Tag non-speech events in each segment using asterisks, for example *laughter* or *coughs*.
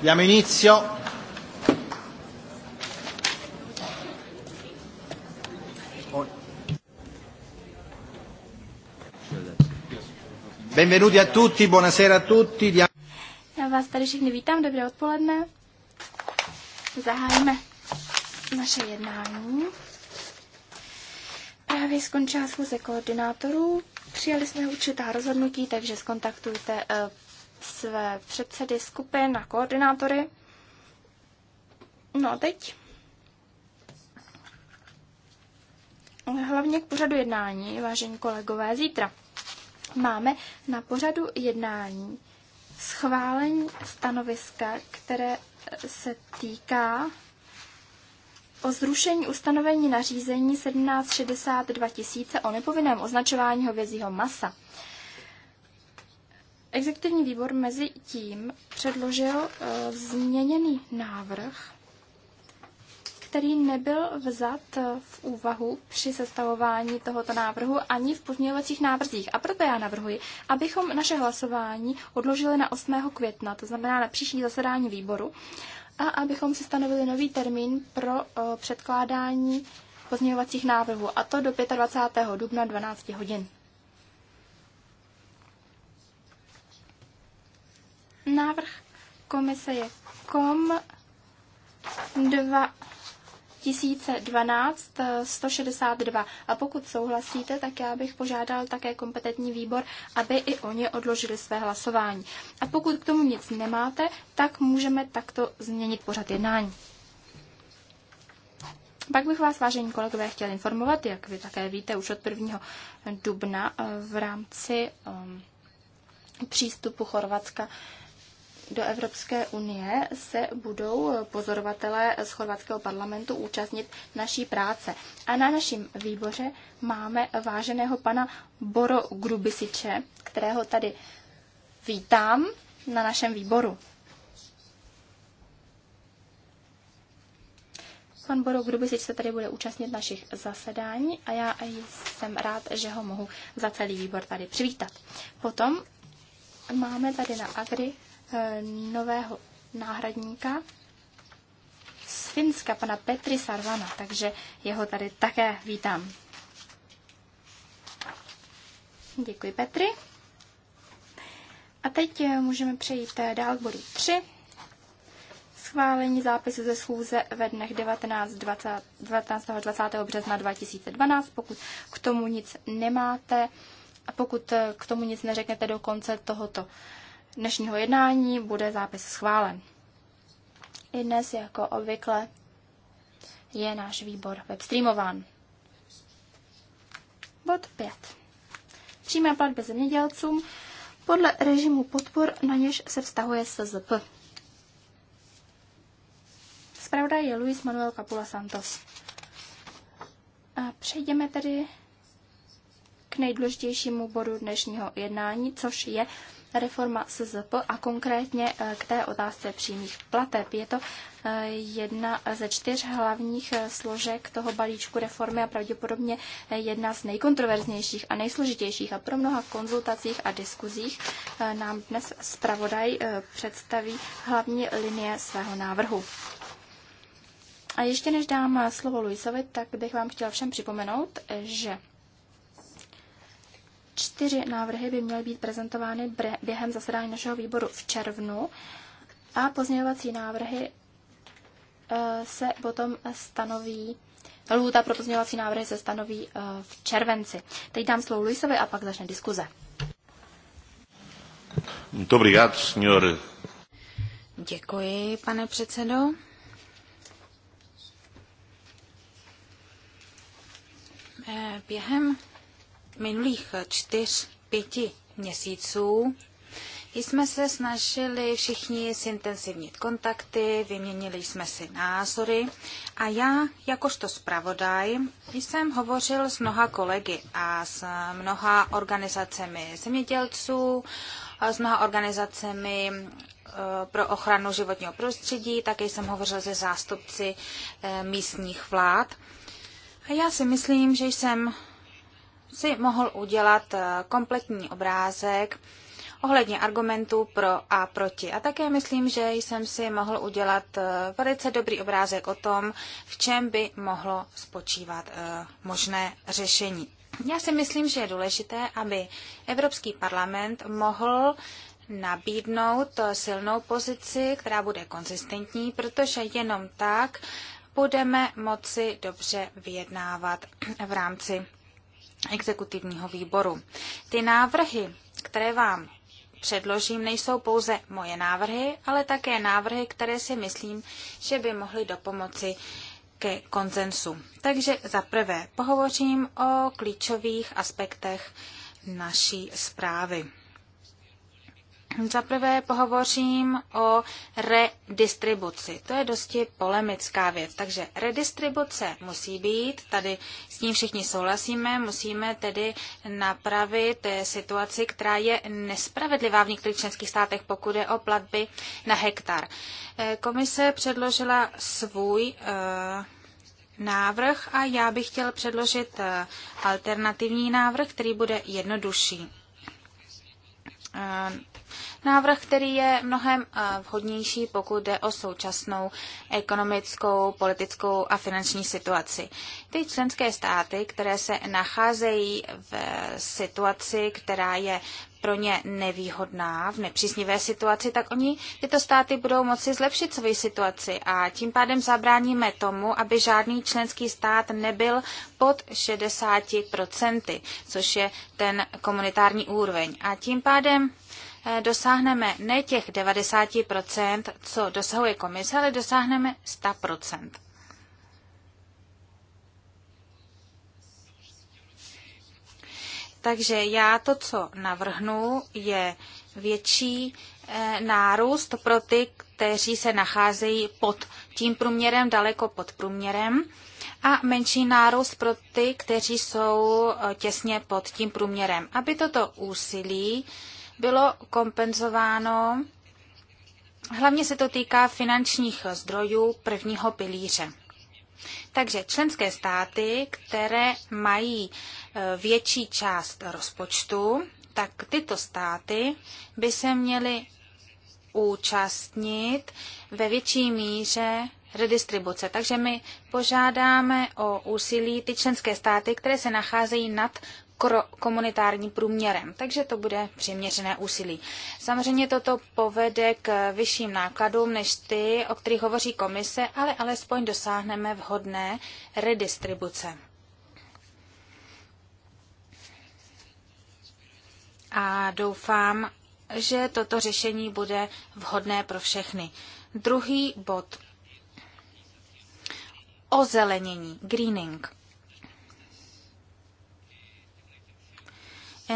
Diamo inizio. Benvenuti a tutti, buonasera a tutti. Já vás tady všichni vítám, dobré odpoledne. Zahájíme naše jednání. Právě skončila schůze koordinátorů. Přijali jsme určitá rozhodnutí, takže skontaktujte eh, své předsedy skupin a koordinátory. No a teď hlavně k pořadu jednání, vážení kolegové, zítra máme na pořadu jednání schválení stanoviska, které se týká o zrušení ustanovení nařízení 1762 2000 o nepovinném označování hovězího masa. Exekutivní výbor mezi tím předložil eh, změněný návrh, který nebyl vzat eh, v úvahu při sestavování tohoto návrhu ani v pozměňovacích návrzích. A proto já navrhuji, abychom naše hlasování odložili na 8. května, to znamená na příští zasedání výboru, a abychom si stanovili nový termín pro eh, předkládání pozměňovacích návrhů, a to do 25. dubna 12 hodin. Návrh komise je KOM 2012 162. Eh, A pokud souhlasíte, tak já bych požádal také kompetentní výbor, aby i oni odložili své hlasování. A pokud k tomu nic nemáte, tak můžeme takto změnit pořad jednání. Pak bych vás, vážení kolegové, chtěl informovat, jak vy také víte, už od 1. dubna eh, v rámci ehm, přístupu Chorvatska do Evropské unie se budou pozorovatelé z chorvatského parlamentu účastnit naší práce. A na našem výboře máme váženého pana Boro Grubisiče, kterého tady vítám na našem výboru. Pan Boro Grubisič se tady bude účastnit našich zasedání a já jsem rád, že ho mohu za celý výbor tady přivítat. Potom máme tady na Agri Eh, nového náhradníka z Finska, pana Petri Sarvana, takže jeho tady také vítám. Děkuji Petri. A teď eh, můžeme přejít eh, dál k bodu 3. Schválení zápisu ze schůze ve dnech 19. 20, 19. 20. března 2012. Pokud k tomu nic nemáte a pokud k tomu nic neřeknete do konce tohoto dnešního jednání bude zápis schválen. I dnes, jako obvykle, je náš výbor webstreamován. Bod 5. Přímé platby zemědělcům podle režimu podpor, na něž se vztahuje SZP. Zpravodaj je Luis Manuel Capula Santos. A přejdeme tedy k nejdůležitějšímu bodu dnešního jednání, což je reforma SZP a konkrétně eh, k té otázce přímých plateb. Je to eh, jedna ze čtyř hlavních eh, složek toho balíčku reformy a pravděpodobně jedna z nejkontroverznějších a nejsložitějších. A pro mnoha konzultacích a diskuzích nám dnes zpravodaj představí hlavní linie svého návrhu. A ještě než dám slovo Luisovi, tak bych vám chtěla všem připomenout, že Čtyři návrhy by měly být prezentovány během zasedání našeho výboru v červnu a pozměňovací návrhy e, se potom stanoví Lhůta pro pozměňovací návrhy se stanoví e, v červenci. Teď dám slovo Luisovi a pak začne diskuze. Dobrý rád, senior. Děkuji, pane předsedo. E, během minulých čtyř, pěti měsíců jsme se snažili všichni zintenzivnit kontakty, vyměnili jsme si názory a já, jakožto zpravodaj, jsem hovořil s mnoha kolegy a s mnoha organizacemi zemědělců, s mnoha organizacemi eh, pro ochranu životního prostředí, také jsem hovořil se zástupci eh, místních vlád. A já si myslím, že jsem si mohl udělat eh, kompletní obrázek ohledně argumentů pro a proti. A také myslím, že jsem si mohl udělat eh, velice dobrý obrázek o tom, v čem by mohlo spočívat eh, možné řešení. Já si myslím, že je důležité, aby Evropský parlament mohl nabídnout silnou pozici, která bude konzistentní, protože jenom tak budeme moci dobře vyjednávat v rámci exekutivního výboru. Ty návrhy, které vám předložím, nejsou pouze moje návrhy, ale také návrhy, které si myslím, že by mohly dopomoci ke konzensu. Takže za prvé pohovořím o klíčových aspektech naší zprávy. Zaprvé pohovořím o redistribuci. To je dosti polemická věc. Takže redistribuce musí být, tady s ním všichni souhlasíme, musíme tedy napravit eh, situaci, která je nespravedlivá v některých členských státech, pokud je o platby na hektar. Eh, komise předložila svůj eh, návrh a já bych chtěl předložit alternativní návrh, který bude jednodušší Návrh, který je mnohem eh, vhodnější, pokud jde o současnou ekonomickou, politickou a finanční situaci. Ty členské státy, které se nacházejí v situaci, která je pro ně nevýhodná, v nepříznivé situaci, tak oni tyto státy budou moci zlepšit svoji situaci a tím pádem zabráníme tomu, aby žádný členský stát nebyl pod 60%, což je ten komunitární úroveň. A tím pádem Eh, dosáhneme ne těch 90%, co dosahuje komise, ale dosáhneme 100%. Takže já to, co navrhnu, je větší eh, nárůst pro ty, kteří se nacházejí pod tím průměrem, daleko pod průměrem a menší nárůst pro ty, kteří jsou eh, těsně pod tím průměrem. Aby toto úsilí bylo kompenzováno. Hlavně se to týká finančních zdrojů prvního pilíře. Takže členské státy, které mají e, větší část rozpočtu, tak tyto státy by se měly účastnit ve větší míře redistribuce. Takže my požádáme o úsilí ty členské státy, které se nacházejí nad komunitárním průměrem, takže to bude přiměřené úsilí. Samozřejmě toto povede k vyšším nákladům než ty, o kterých hovoří komise, ale alespoň dosáhneme vhodné redistribuce. A doufám, že toto řešení bude vhodné pro všechny. Druhý bod. Ozelenění, greening.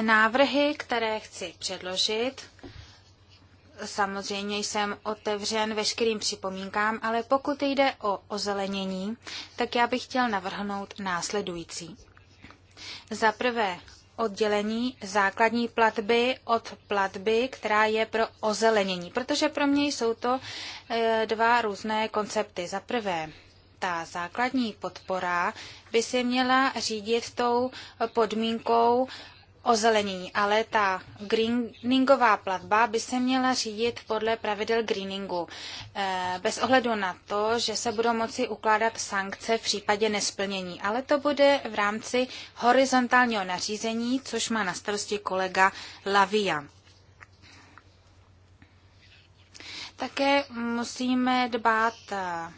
návrhy, které chci předložit. Samozřejmě jsem otevřen veškerým připomínkám, ale pokud jde o ozelenění, tak já bych chtěl navrhnout následující. Za prvé oddělení základní platby od platby, která je pro ozelenění, protože pro mě jsou to e, dva různé koncepty. Za prvé, ta základní podpora by se měla řídit tou podmínkou ozelenění, ale ta greeningová platba by se měla řídit podle pravidel greeningu, eh, bez ohledu na to, že se budou moci ukládat sankce v případě nesplnění, ale to bude v rámci horizontálního nařízení, což má na starosti kolega Lavia. Také musíme dbát eh,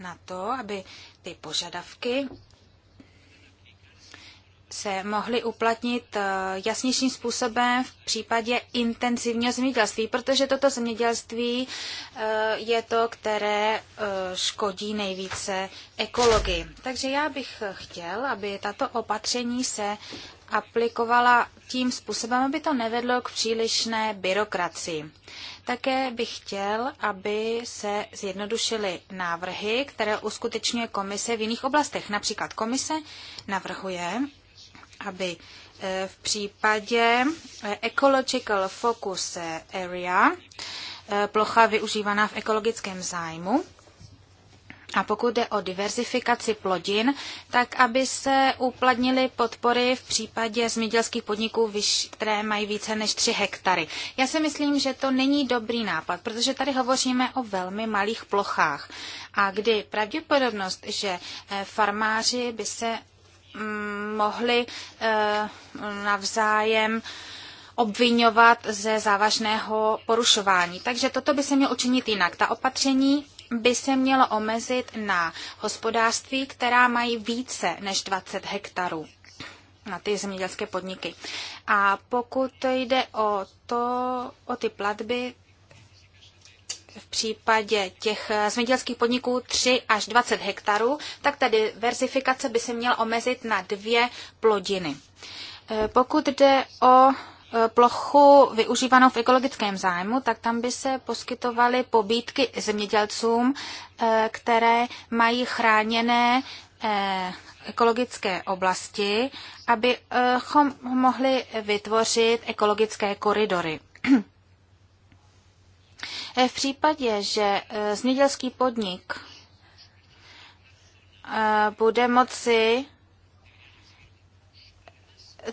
na to, aby ty požadavky se mohly uplatnit eh, jasnějším způsobem v případě intenzivního zemědělství, protože toto zemědělství eh, je to, které eh, škodí nejvíce ekologii. Takže já bych chtěl, aby tato opatření se aplikovala tím způsobem, aby to nevedlo k přílišné byrokracii. Také bych chtěl, aby se zjednodušily návrhy, které uskutečňuje komise v jiných oblastech. Například komise navrhuje, aby eh, v případě eh, Ecological Focus eh, Area, plocha využívaná v ekologickém zájmu, a pokud jde o diverzifikaci plodin, tak aby se uplatnily podpory v případě zemědělských podniků, které mají více než 3 hektary. Já si myslím, že to není dobrý nápad, protože tady hovoříme o velmi malých plochách. A kdy pravděpodobnost, že farmáři by se Mm, mohli eh, navzájem obvinovat ze závažného porušování. Takže toto by se mělo učinit jinak. Ta opatření by se mělo omezit na hospodářství, která mají více než 20 hektarů na ty zemědělské podniky. A pokud jde o to, o ty platby, v případě těch eh, zemědělských podniků 3 až 20 hektarů, tak ta diversifikace by se měla omezit na dvě plodiny. Eh, pokud jde o eh, plochu využívanou v ekologickém zájmu, tak tam by se poskytovaly pobídky zemědělcům, které mají chráněné ekologické oblasti, abychom mohli vytvořit ekologické koridory. *clears throat* Eh, v případě, že eh, zemědělský podnik eh, bude moci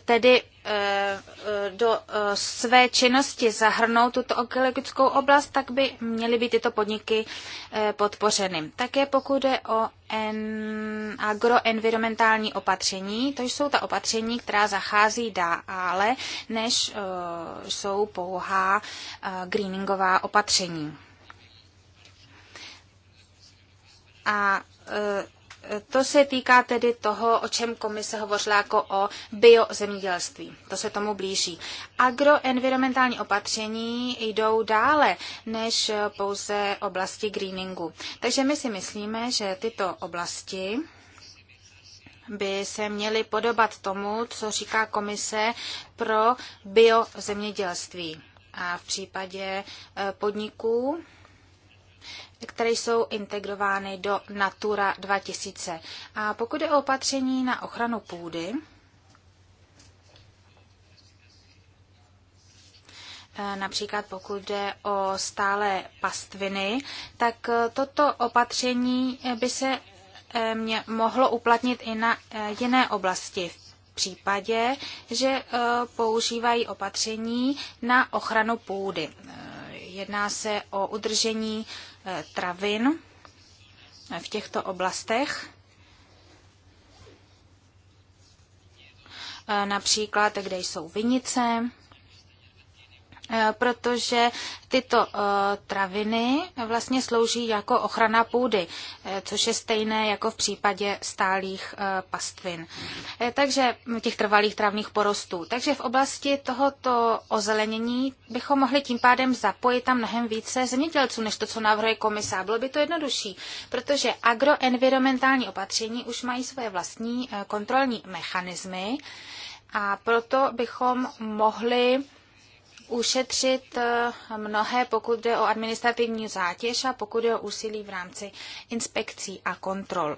tedy eh, eh, do eh, své činnosti zahrnou tuto ekologickou oblast, tak by měly být tyto podniky podpořeny. Také pokud jde o en, agroenvironmentální opatření, to jsou ta opatření, která zachází dále, než jsou pouhá greeningová opatření. A to se týká tedy toho, o čem komise hovořila jako o biozemědělství. To se tomu blíží. Agroenvironmentální opatření jdou dále než pouze oblasti greeningu. Takže my si myslíme, že tyto oblasti by se měly podobat tomu, co říká komise pro biozemědělství. A v případě eh, podniků které jsou integrovány do Natura 2000. A pokud je o opatření na ochranu půdy, eh, například pokud jde o stále pastviny, tak eh, toto opatření eh, by se mě mohlo uplatnit i na jiné oblasti v případě, že používají opatření na ochranu půdy. Jedná se o udržení Eh, travin v těchto oblastech. Eh, například, kde jsou vinice, Eh, protože tyto eh, traviny vlastně slouží jako ochrana půdy, eh, což je stejné jako v případě stálých pastvin. Takže těch trvalých travních porostů. Takže v oblasti tohoto ozelenění bychom mohli tím pádem zapojit tam mnohem více zemědělců, než to, co navrhuje komisa. Bylo by to jednodušší, protože agroenvironmentální opatření už mají svoje vlastní kontrolní mechanismy a proto bychom mohli ušetřit eh, mnohé, pokud jde o administrativní zátěž a pokud jde o úsilí v rámci inspekcí a kontrol.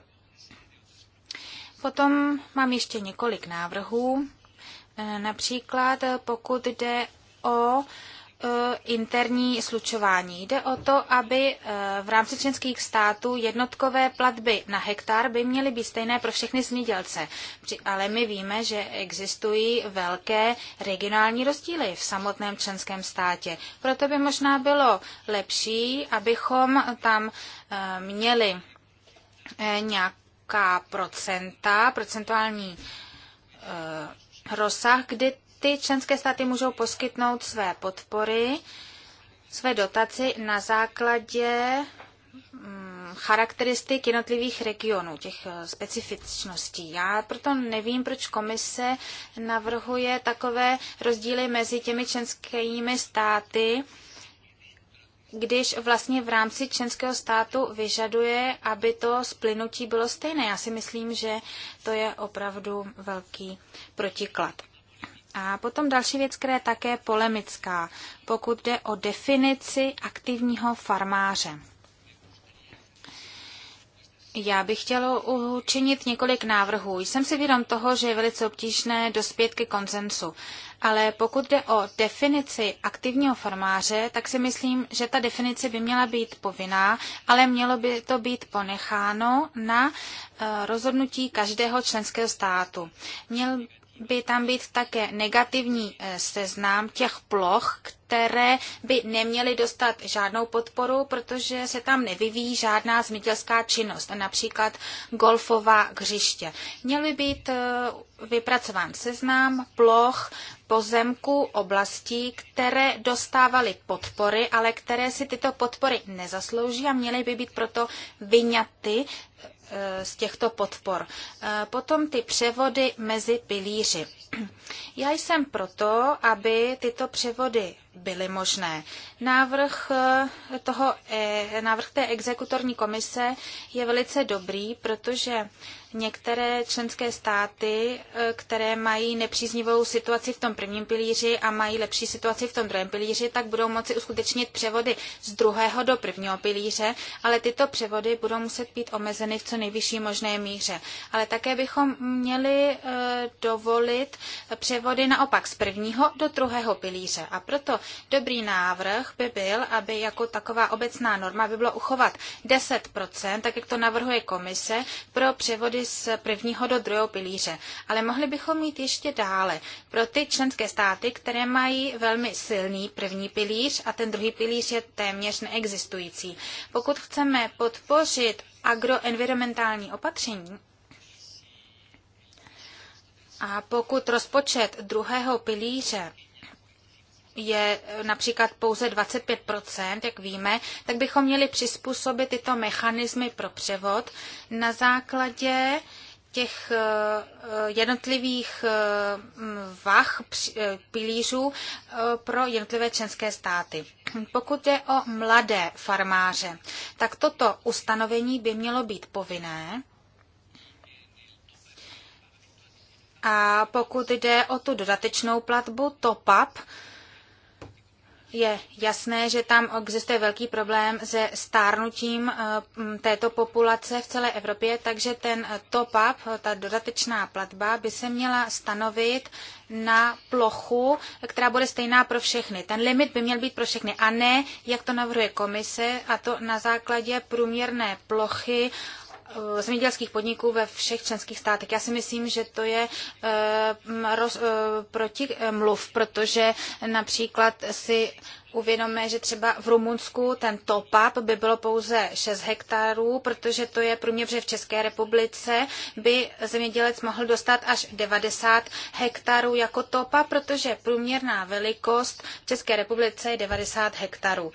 Potom mám ještě několik návrhů, eh, například eh, pokud jde o Eh, interní slučování. Jde o to, aby eh, v rámci členských států jednotkové platby na hektar by měly být stejné pro všechny zemědělce. Ale my víme, že existují velké regionální rozdíly v samotném členském státě. Proto by možná bylo lepší, abychom tam eh, měli nějaká procenta, procentuální rozsah, kdy ty členské státy můžou poskytnout své podpory, své dotaci na základě mm, charakteristik jednotlivých regionů, těch eh, specifičností. Já proto nevím, proč komise navrhuje takové rozdíly mezi těmi členskými státy, když vlastně v rámci členského státu vyžaduje, aby to splynutí bylo stejné. Já si myslím, že to je opravdu velký protiklad. A potom další věc, která je také polemická, pokud jde o definici aktivního farmáře. Já bych chtěla učinit několik návrhů. Jsem si vědom toho, že je velice obtížné dospět ke konsensu, ale pokud jde o definici aktivního farmáře, tak si myslím, že ta definice by měla být povinná, ale mělo by to být ponecháno na eh, rozhodnutí každého členského státu. Měl by tam být také negativní eh, seznám těch ploch, které by neměly dostat žádnou podporu, protože se tam nevyvíjí žádná zemědělská činnost, například golfová hřiště. Měl by být eh, vypracován seznám ploch, pozemků, oblastí, které dostávaly podpory, ale které si tyto podpory nezaslouží a měly by být proto vyňaty Eh, z těchto podpor. Eh, potom ty převody mezi pilíři. *clears throat* Já jsem proto, aby tyto převody byly možné. Návrh, eh, toho, eh, návrh té exekutorní komise je velice dobrý, protože některé členské státy, eh, které mají nepříznivou situaci v tom prvním pilíři a mají lepší situaci v tom druhém pilíři, tak budou moci uskutečnit převody z druhého do prvního pilíře, ale tyto převody budou muset být omezeny v co nejvyšší možné míře. Ale také bychom měli dovolit převody naopak z prvního do druhého pilíře. A proto Dobrý návrh by byl, aby jako taková obecná norma by bylo uchovat 10%, tak jak to navrhuje komise, pro převody z prvního do druhého pilíře. Ale mohli bychom mít ještě dále. Pro ty členské státy, které mají velmi silný první pilíř a ten druhý pilíř je téměř neexistující. Pokud chceme podpořit agroenvironmentální opatření, a pokud rozpočet druhého pilíře je například pouze 25%, jak víme, tak bychom měli přizpůsobit tyto mechanismy pro převod na základě těch eh, eh, jednotlivých eh, vach, pilířů pro jednotlivé členské státy. Pokud je o mladé farmáře, tak toto ustanovení by mělo být povinné. A pokud jde o tu dodatečnou platbu, to pap je jasné, že tam existuje velký problém se stárnutím eh, této populace v celé Evropě, takže ten top-up, eh, ta dodatečná platba, by se měla stanovit na plochu, která bude stejná pro všechny. Ten limit by měl být pro všechny a ne, jak to navrhuje komise, a to na základě průměrné plochy Eh, zemědělských podniků ve všech členských státech. Já si myslím, že to je eh, roz, eh, protimluv, protože například si uvědomme, že třeba v Rumunsku ten top-up by bylo pouze 6 hektarů, protože to je průměr, v České republice by zemědělec mohl dostat až 90 hektarů jako topa, protože průměrná velikost v České republice je 90 hektarů.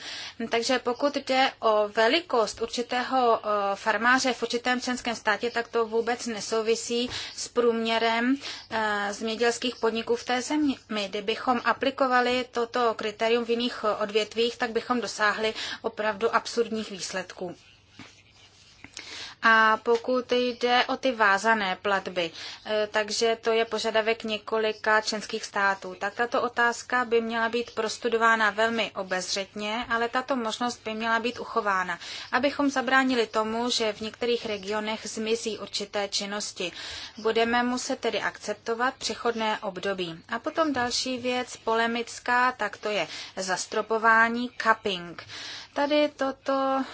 Takže pokud jde o velikost určitého eh, farmáře v určitém členském státě, tak to vůbec nesouvisí s průměrem eh, zemědělských podniků v té zemi. My, kdybychom aplikovali toto kritérium v jiných odvětvích, tak bychom dosáhli opravdu absurdních výsledků a pokud jde o ty vázané platby, e, takže to je požadavek několika členských států. Tak tato otázka by měla být prostudována velmi obezřetně, ale tato možnost by měla být uchována, abychom zabránili tomu, že v některých regionech zmizí určité činnosti. Budeme muset tedy akceptovat přechodné období. A potom další věc, polemická, tak to je zastropování, cupping. Tady toto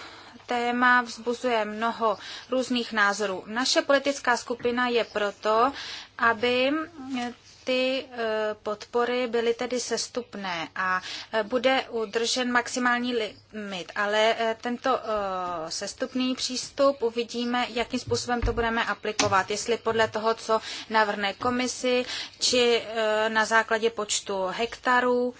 téma vzbuzuje mnoho různých názorů. Naše politická skupina je proto, aby ty e, podpory byly tedy sestupné a e, bude udržen maximální limit, ale e, tento sestupný přístup uvidíme, jakým způsobem to budeme aplikovat, jestli podle toho, co navrhne komisi, či na základě počtu hektarů,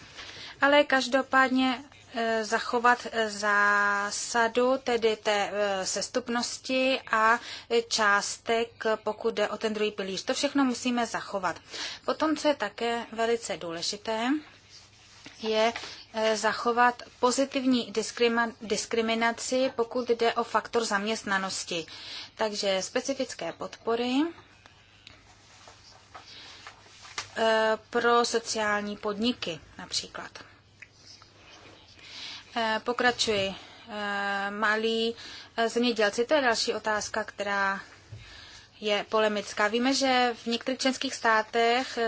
ale každopádně Eh, zachovat zásadu tedy té eh, sestupnosti a částek, pokud jde o ten druhý pilíř. To všechno musíme zachovat. Potom, co je také velice důležité, je eh, zachovat pozitivní diskriminaci, pokud jde o faktor zaměstnanosti. Takže specifické podpory pro sociální podniky například. Eh, pokračuji. Eh, malí eh, zemědělci, to je další otázka, která je polemická. Víme, že v některých členských státech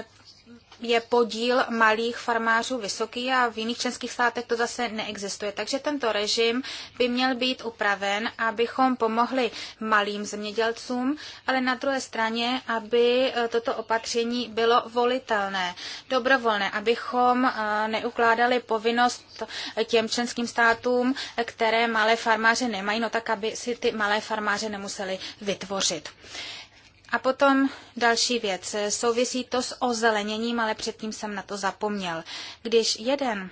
je podíl malých farmářů vysoký a v jiných členských státech to zase neexistuje. Takže tento režim by měl být upraven, abychom pomohli malým zemědělcům, ale na druhé straně, aby e, toto opatření bylo volitelné, dobrovolné, abychom e, neukládali povinnost těm členským státům, které malé farmáře nemají, no tak aby si ty malé farmáře nemuseli vytvořit. A potom další věc. Souvisí to s ozeleněním, ale předtím jsem na to zapomněl. Když jeden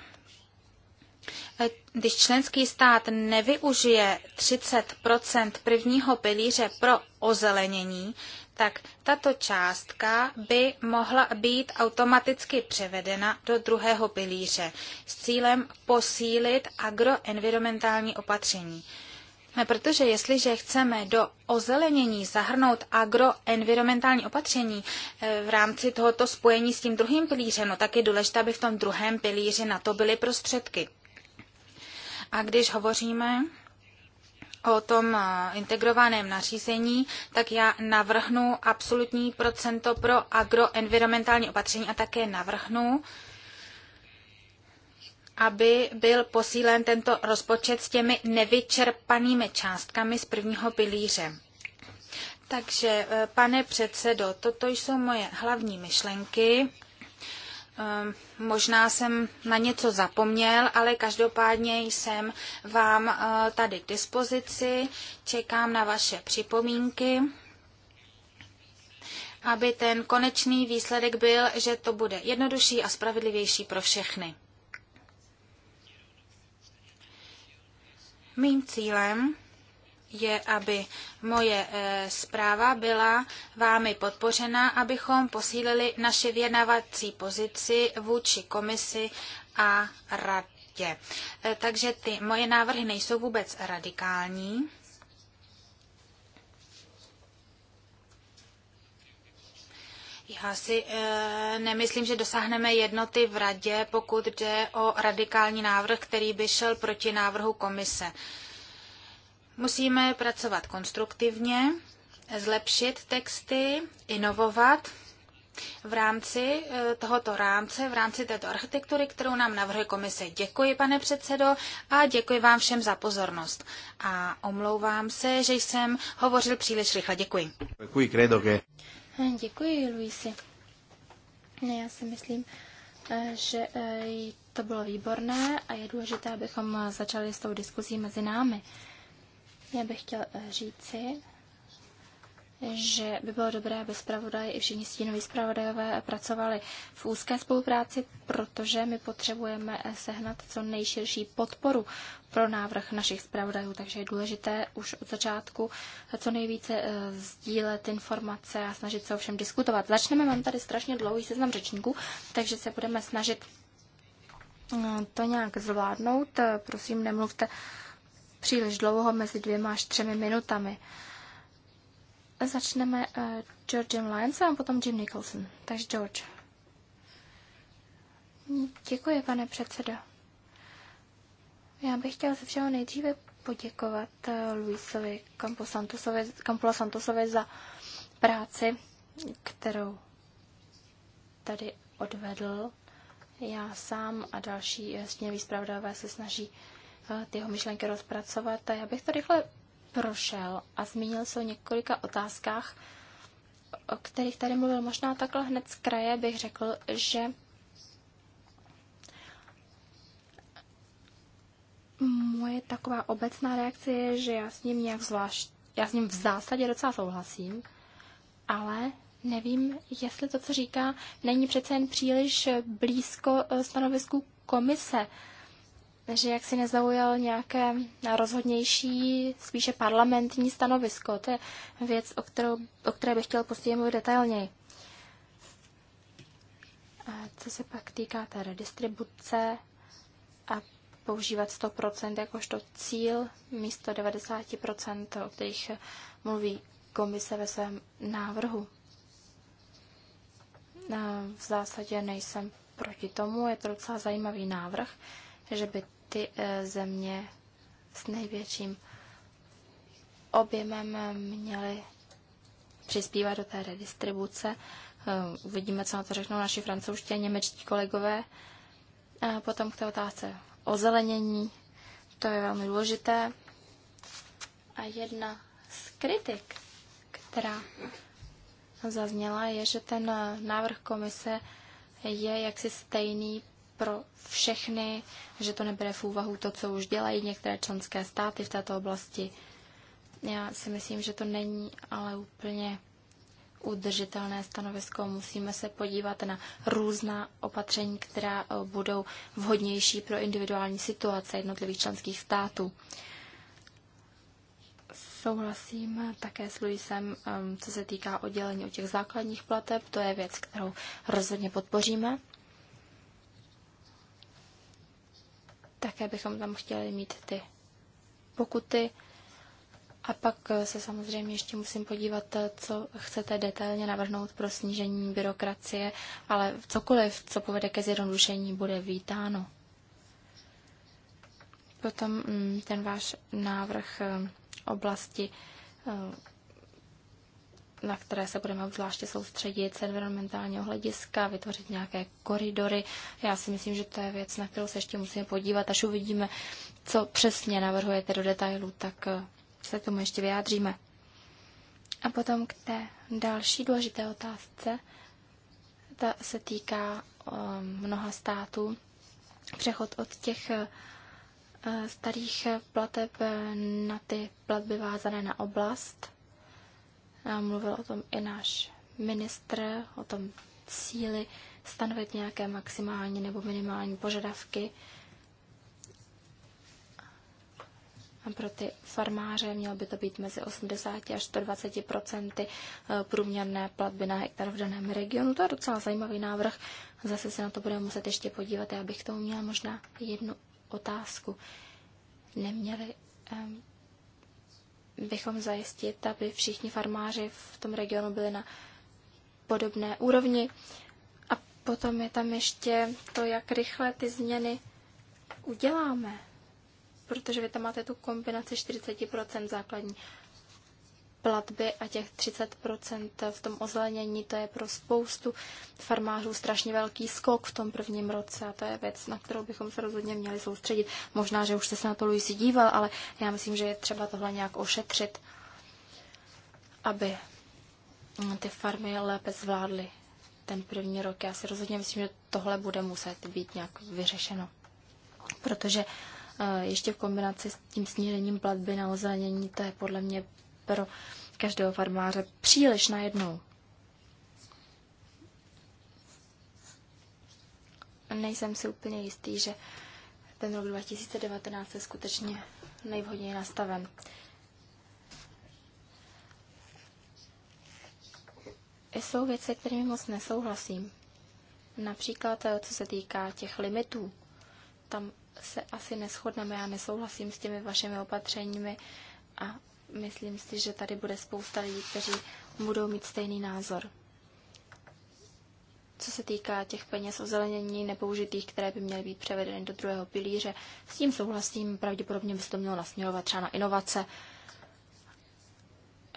eh, když členský stát nevyužije 30 prvního pilíře pro ozelenění, tak tato částka by mohla být automaticky převedena do druhého pilíře s cílem posílit agroenvironmentální opatření. Protože jestliže chceme do ozelenění zahrnout agroenvironmentální opatření eh, v rámci tohoto spojení s tím druhým pilířem, no tak je důležité, aby v tom druhém pilíři na to byly prostředky. A když hovoříme o tom eh, integrovaném nařízení, tak já navrhnu absolutní procento pro agroenvironmentální opatření a také navrhnu, aby byl posílen tento rozpočet s těmi nevyčerpanými částkami z prvního pilíře. Takže, eh, pane předsedo, toto jsou moje hlavní myšlenky. Eh, možná jsem na něco zapomněl, ale každopádně jsem vám eh, tady k dispozici. Čekám na vaše připomínky, aby ten konečný výsledek byl, že to bude jednodušší a spravedlivější pro všechny. Mým cílem je, aby moje eh, zpráva byla vámi podpořena, abychom posílili naši vyjednávací pozici vůči komisi a radě. Eh, takže ty moje návrhy nejsou vůbec radikální. si e, nemyslím, že dosáhneme jednoty v radě, pokud jde o radikální návrh, který by šel proti návrhu komise. Musíme pracovat konstruktivně, zlepšit texty, inovovat v rámci eh, tohoto rámce, v rámci této architektury, kterou nám navrhuje komise. Děkuji, pane předsedo, a děkuji vám všem za pozornost. A omlouvám se, že jsem hovořil příliš rychle. Děkuji. Děkuji, credo, Děkuji, Luisi. No, já si myslím, eh, že eh, to bylo výborné a je důležité, abychom eh, začali s tou diskuzí mezi námi. Já bych chtěl říci, že by bylo dobré, aby zpravodaj i všichni stínoví zpravodajové pracovali v úzké spolupráci, protože my potřebujeme sehnat co nejširší podporu pro návrh našich zpravodajů, takže je důležité už od začátku co nejvíce eh, sdílet informace a snažit se o všem diskutovat. Začneme, mám tady strašně dlouhý seznam řečníků, takže se budeme snažit eh, to nějak zvládnout. Eh, prosím, nemluvte příliš dlouho, mezi dvěma až třemi minutami. Začneme uh, Georgem Lyonsem a potom Jim Nicholson. Takže George. Děkuji, pane předsedo. Já bych chtěl ze všeho nejdříve poděkovat eh, Luisovi Camposantosovi, Santosovi za práci, kterou tady odvedl. Já sám a další jasně výzpravdové se snaží eh, ty jeho myšlenky rozpracovat. A já bych to rychle prošel a zmínil se o několika otázkách, o kterých tady mluvil. Možná takhle hned z kraje bych řekl, že moje taková obecná reakce je, že já s ním nějak zvlášť, já s ním v zásadě docela souhlasím, ale nevím, jestli to, co říká, není přece jen příliš blízko eh, stanovisku komise že jak si nezaujal nějaké rozhodnější, spíše parlamentní stanovisko. To je věc, o, kterou, o které bych chtěl později mluvit detailněji. A co se pak týká té redistribuce a používat 100% jakožto cíl místo 90%, o kterých mluví komise ve svém návrhu. A v zásadě nejsem proti tomu, je to docela zajímavý návrh, že by ty eh, země s největším objemem eh, měly přispívat do té redistribuce. Eh, uvidíme, co na to řeknou naši francouzští a němečtí kolegové. A potom k té otázce o zelenění, To je velmi důležité. A jedna z kritik, která zazněla, je, že ten návrh komise je jaksi stejný pro všechny, že to nebere v úvahu to, co už dělají některé členské státy v této oblasti. Já si myslím, že to není ale úplně udržitelné stanovisko. Musíme se podívat na různá opatření, která eh, budou vhodnější pro individuální situace jednotlivých členských států. Souhlasím také s Luisem, eh, co se týká oddělení od těch základních plateb. To je věc, kterou rozhodně podpoříme. Také bychom tam chtěli mít ty pokuty. A pak se samozřejmě ještě musím podívat, co chcete detailně navrhnout pro snížení byrokracie, ale cokoliv, co povede ke zjednodušení, bude vítáno. Potom mm, ten váš návrh eh, oblasti eh, na které se budeme obzvláště soustředit z environmentálního hlediska, vytvořit nějaké koridory. Já si myslím, že to je věc, na kterou se ještě musíme podívat, až uvidíme, co přesně navrhujete do detailu, tak eh, se tomu ještě vyjádříme. A potom k té další důležité otázce. Ta se týká eh, mnoha států. Přechod od těch eh, starých plateb na ty platby vázané na oblast. Mluvil o tom i náš ministr, o tom cíli stanovit nějaké maximální nebo minimální požadavky. A pro ty farmáře mělo by to být mezi 80 až 120 procenty eh, průměrné platby na hektar v daném regionu. To je docela zajímavý návrh. Zase se na to budeme muset ještě podívat. Já bych k tomu měla možná jednu otázku. Neměli bychom zajistit, aby všichni farmáři v tom regionu byli na podobné úrovni. A potom je tam ještě to, jak rychle ty změny uděláme. Protože vy tam máte tu kombinaci 40% základní platby a těch 30% v tom ozelenění, to je pro spoustu farmářů strašně velký skok v tom prvním roce a to je věc, na kterou bychom se rozhodně měli soustředit. Možná, že už jste se na to Luisi díval, ale já myslím, že je třeba tohle nějak ošetřit, aby ty farmy lépe zvládly ten první rok. Já si rozhodně myslím, že tohle bude muset být nějak vyřešeno, protože eh, ještě v kombinaci s tím snížením platby na ozelenění, to je podle mě pro každého farmáře příliš najednou. Nejsem si úplně jistý, že ten rok 2019 je skutečně nejvhodněji nastaven. Jsou věci, kterými moc nesouhlasím. Například, eh, co se týká těch limitů. Tam se asi neschodneme, já nesouhlasím s těmi vašimi opatřeními a myslím si, že tady bude spousta lidí, kteří budou mít stejný názor. Co se týká těch peněz o zelenění nepoužitých, které by měly být převedeny do druhého pilíře, s tím souhlasím, pravděpodobně by se to mělo nasměrovat třeba na inovace.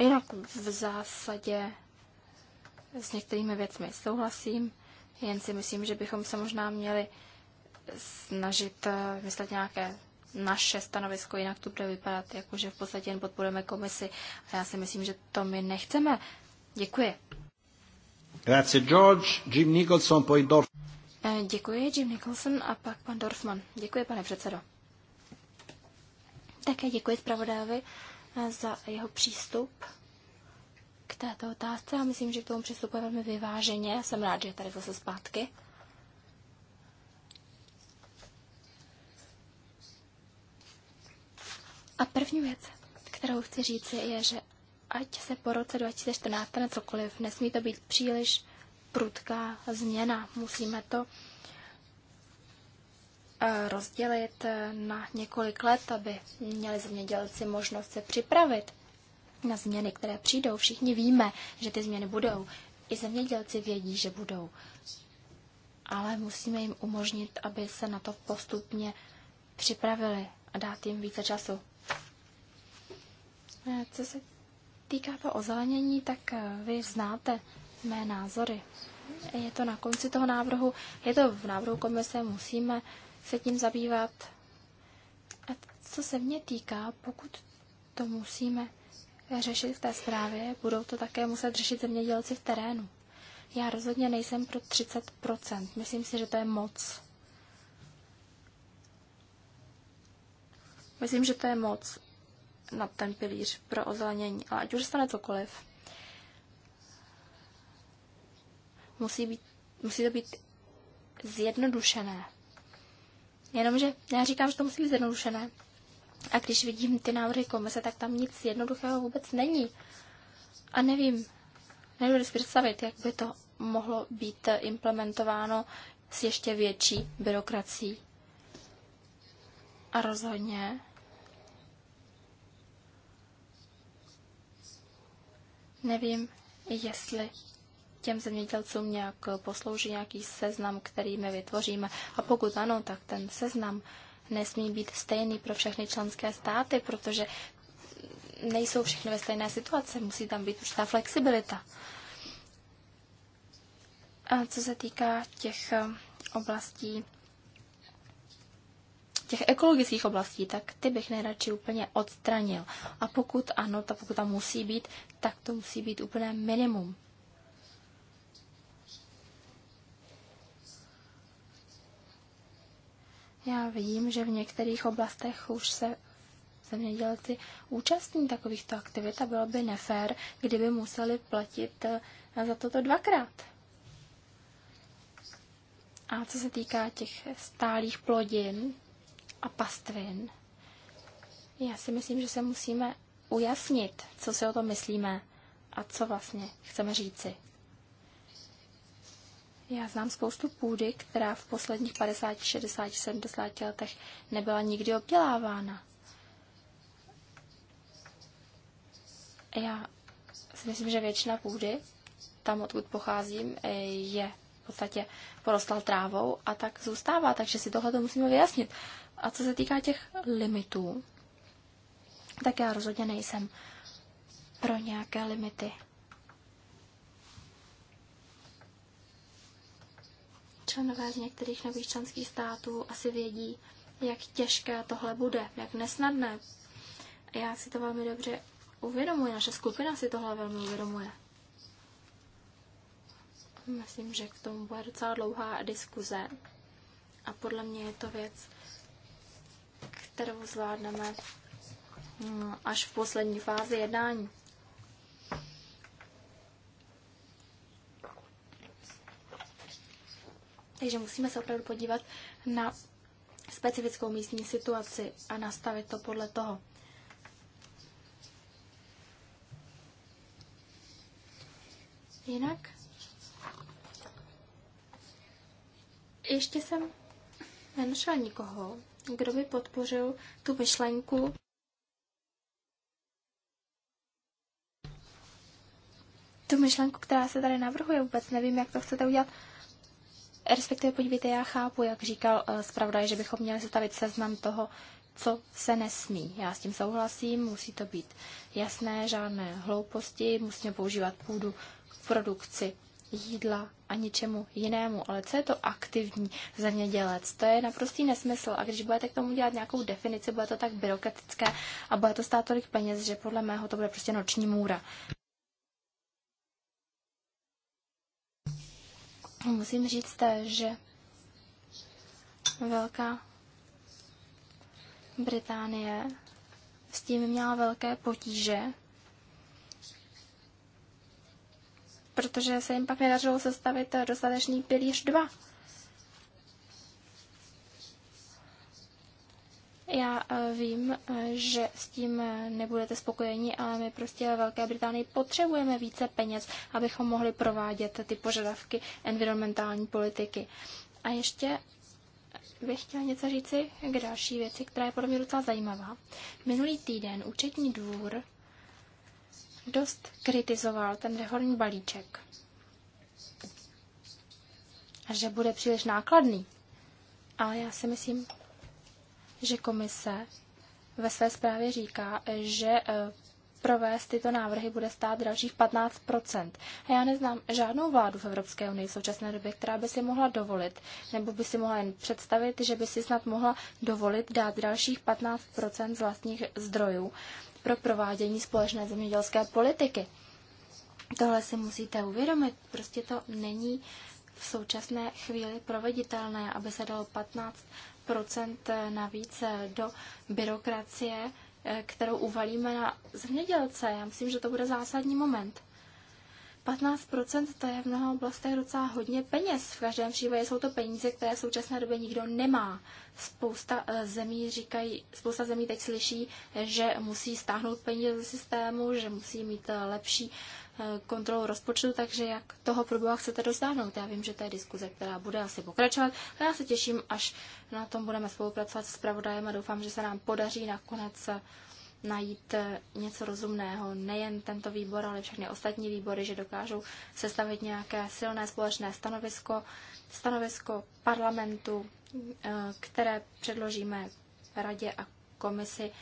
Jinak v zásadě s některými věcmi souhlasím, jen si myslím, že bychom se možná měli snažit eh, myslet nějaké naše stanovisko, jinak to bude vypadat jako, že v podstatě jen podporujeme komisi a já si myslím, že to my nechceme. Děkuji. Grazie George, Jim Nicholson, poi Dorf. Eh, děkuji, Jim Nicholson a pak pan Dorfman. Děkuji, pane předsedo. Také děkuji zpravodajovi eh, za jeho přístup k této otázce a myslím, že k tomu přistupuje velmi vyváženě. Jsem rád, že je tady zase zpátky. A první věc, kterou chci říct, je, že ať se po roce 2014 stane cokoliv, nesmí to být příliš prudká změna. Musíme to eh, rozdělit eh, na několik let, aby měli zemědělci možnost se připravit na změny, které přijdou. Všichni víme, že ty změny budou. I zemědělci vědí, že budou. Ale musíme jim umožnit, aby se na to postupně připravili a dát jim více času. Eh, co se týká toho ozelenění, tak eh, vy znáte mé názory. Je to na konci toho návrhu, je to v návrhu komise, musíme se tím zabývat. A co se mě týká, pokud to musíme řešit v té zprávě, budou to také muset řešit zemědělci v terénu. Já rozhodně nejsem pro 30%. Myslím si, že to je moc. Myslím, že to je moc na ten pilíř pro ozelenění. Ale ať už stane cokoliv, musí, být, musí to být zjednodušené. Jenomže já říkám, že to musí být zjednodušené. A když vidím ty návrhy komise, tak tam nic jednoduchého vůbec není. A nevím, nedovedu si představit, jak by to mohlo být implementováno s ještě větší byrokracií. A rozhodně Nevím, jestli těm zemědělcům nějak poslouží nějaký seznam, který my vytvoříme. A pokud ano, tak ten seznam nesmí být stejný pro všechny členské státy, protože nejsou všechny ve stejné situaci, musí tam být určitá flexibilita. A co se týká těch eh, oblastí těch ekologických oblastí, tak ty bych nejradši úplně odstranil. A pokud ano, ta pokud tam musí být, tak to musí být úplné minimum. Já vím, že v některých oblastech už se zemědělci účastní takovýchto aktivit a bylo by nefér, kdyby museli platit eh, za toto dvakrát. A co se týká těch stálých plodin, a pastvin. Já si myslím, že se musíme ujasnit, co si o tom myslíme a co vlastně chceme říci. Já znám spoustu půdy, která v posledních 50, 60, 70 letech nebyla nikdy obdělávána. Já si myslím, že většina půdy, tam odkud pocházím, je v podstatě porostlá trávou a tak zůstává, takže si tohle musíme vyjasnit. A co se týká těch limitů, tak já rozhodně nejsem pro nějaké limity. Členové z některých nových členských států asi vědí, jak těžké tohle bude, jak nesnadné. Já si to velmi dobře uvědomuji, naše skupina si tohle velmi uvědomuje. Myslím, že k tomu bude docela dlouhá diskuze a podle mě je to věc, kterou zvládneme mm, až v poslední fázi jednání. Takže musíme se opravdu podívat na specifickou místní situaci a nastavit to podle toho. Jinak ještě jsem nenašla nikoho, kdo by podpořil tu myšlenku tu myšlenku, která se tady navrhuje, vůbec nevím, jak to chcete udělat. Respektive podívejte, já chápu, jak říkal eh, zpravodaj, že bychom měli zastavit seznam toho, co se nesmí. Já s tím souhlasím, musí to být jasné, žádné hlouposti, musíme používat půdu k produkci jídla a ničemu jinému. Ale co je to aktivní zemědělec? To je naprostý nesmysl. A když budete k tomu dělat nějakou definici, bude to tak byrokratické a bude to stát tolik peněz, že podle mého to bude prostě noční můra. Musím říct, že Velká Británie s tím měla velké potíže, protože se jim pak nedařilo sestavit eh, dostatečný pilíř 2. Já eh, vím, eh, že s tím nebudete spokojeni, ale my prostě ve Velké Británii potřebujeme více peněz, abychom mohli provádět ty požadavky environmentální politiky. A ještě bych chtěla něco říci k další věci, která je podle mě docela zajímavá. Minulý týden účetní dvůr dost kritizoval ten reformní balíček. A že bude příliš nákladný. Ale já si myslím, že komise ve své zprávě říká, že eh, provést tyto návrhy bude stát dalších 15 A já neznám žádnou vládu v Evropské unii v současné době, která by si mohla dovolit, nebo by si mohla jen představit, že by si snad mohla dovolit dát dalších 15 z vlastních zdrojů pro provádění společné zemědělské politiky. Tohle si musíte uvědomit. Prostě to není v současné chvíli proveditelné, aby se dalo 15 navíc do byrokracie, eh, kterou uvalíme na zemědělce. Já myslím, že to bude zásadní moment. 15% to je v mnoha oblastech docela hodně peněz. V každém případě jsou to peníze, které v současné době nikdo nemá. Spousta eh, zemí říkají, spousta zemí teď slyší, že musí stáhnout peníze ze systému, že musí mít eh, lepší eh, kontrolu rozpočtu, takže jak toho problému chcete dosáhnout. Já vím, že to je diskuze, která bude asi pokračovat a já se těším, až na tom budeme spolupracovat s pravodajem a doufám, že se nám podaří nakonec najít eh, něco rozumného. Nejen tento výbor, ale všechny ostatní výbory, že dokážou sestavit nějaké silné společné stanovisko, stanovisko parlamentu, eh, které předložíme radě a komisi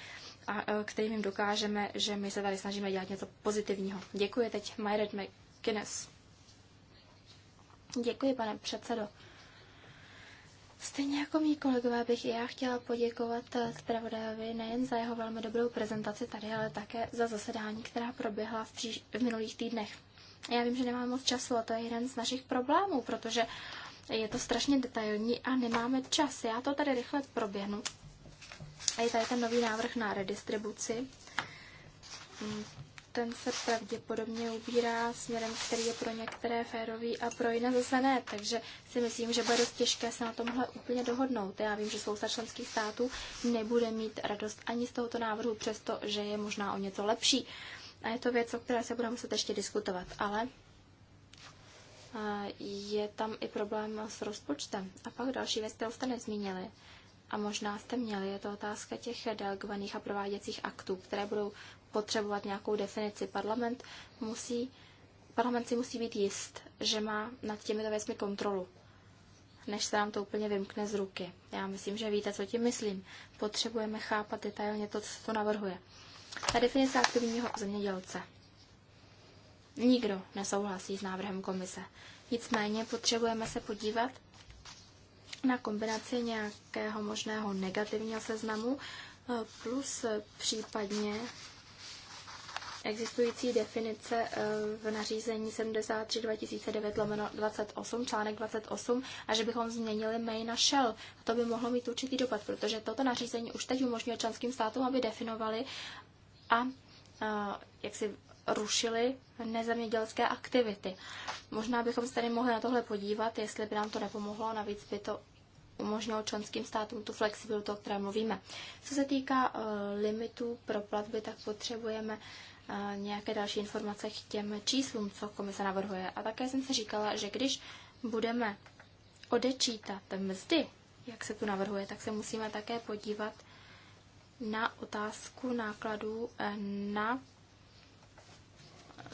a eh, kterým jim dokážeme, že my se tady snažíme dělat něco pozitivního. Děkuji teď Mayred McGuinness. Děkuji, pane předsedo. Stejně jako mý kolegové bych i já chtěla poděkovat eh, zpravodajovi nejen za jeho velmi dobrou prezentaci tady, ale také za zasedání, která proběhla v, příž- v minulých týdnech. Já vím, že nemám moc času a to je jeden z našich problémů, protože je to strašně detailní a nemáme čas. Já to tady rychle proběhnu. A je tady ten nový návrh na redistribuci mm, ten se pravděpodobně ubírá směrem, který je pro některé férový a pro jiné zase ne. Takže si myslím, že bude dost těžké se na tomhle úplně dohodnout. Já vím, že spousta členských států nebude mít radost ani z tohoto návrhu, přesto, že je možná o něco lepší. A je to věc, o které se budeme muset ještě diskutovat. Ale je tam i problém s rozpočtem. A pak další věc, kterou jste nezmínili, a možná jste měli, je to otázka těch delegovaných a prováděcích aktů, které budou potřebovat nějakou definici. Parlament, musí, parlament si musí být jist, že má nad těmito věcmi kontrolu, než se nám to úplně vymkne z ruky. Já myslím, že víte, co tím myslím. Potřebujeme chápat detailně to, co to navrhuje. Ta definice aktivního zemědělce. Nikdo nesouhlasí s návrhem komise. Nicméně potřebujeme se podívat na kombinaci nějakého možného negativního seznamu eh, plus případně existující definice eh, v nařízení 73 2009 lomeno 28, článek 28, a že bychom změnili main na shell. A to by mohlo mít určitý dopad, protože toto nařízení už teď umožňuje členským státům, aby definovali a eh, jak si rušili nezemědělské aktivity. Možná bychom se tady mohli na tohle podívat, jestli by nám to nepomohlo, navíc by to umožnilo členským státům tu flexibilitu, o které mluvíme. Co se týká eh, limitů pro platby, tak potřebujeme nějaké další informace k těm číslům, co komise navrhuje. A také jsem si říkala, že když budeme odečítat mzdy, jak se tu navrhuje, tak se musíme také podívat na otázku nákladů eh, na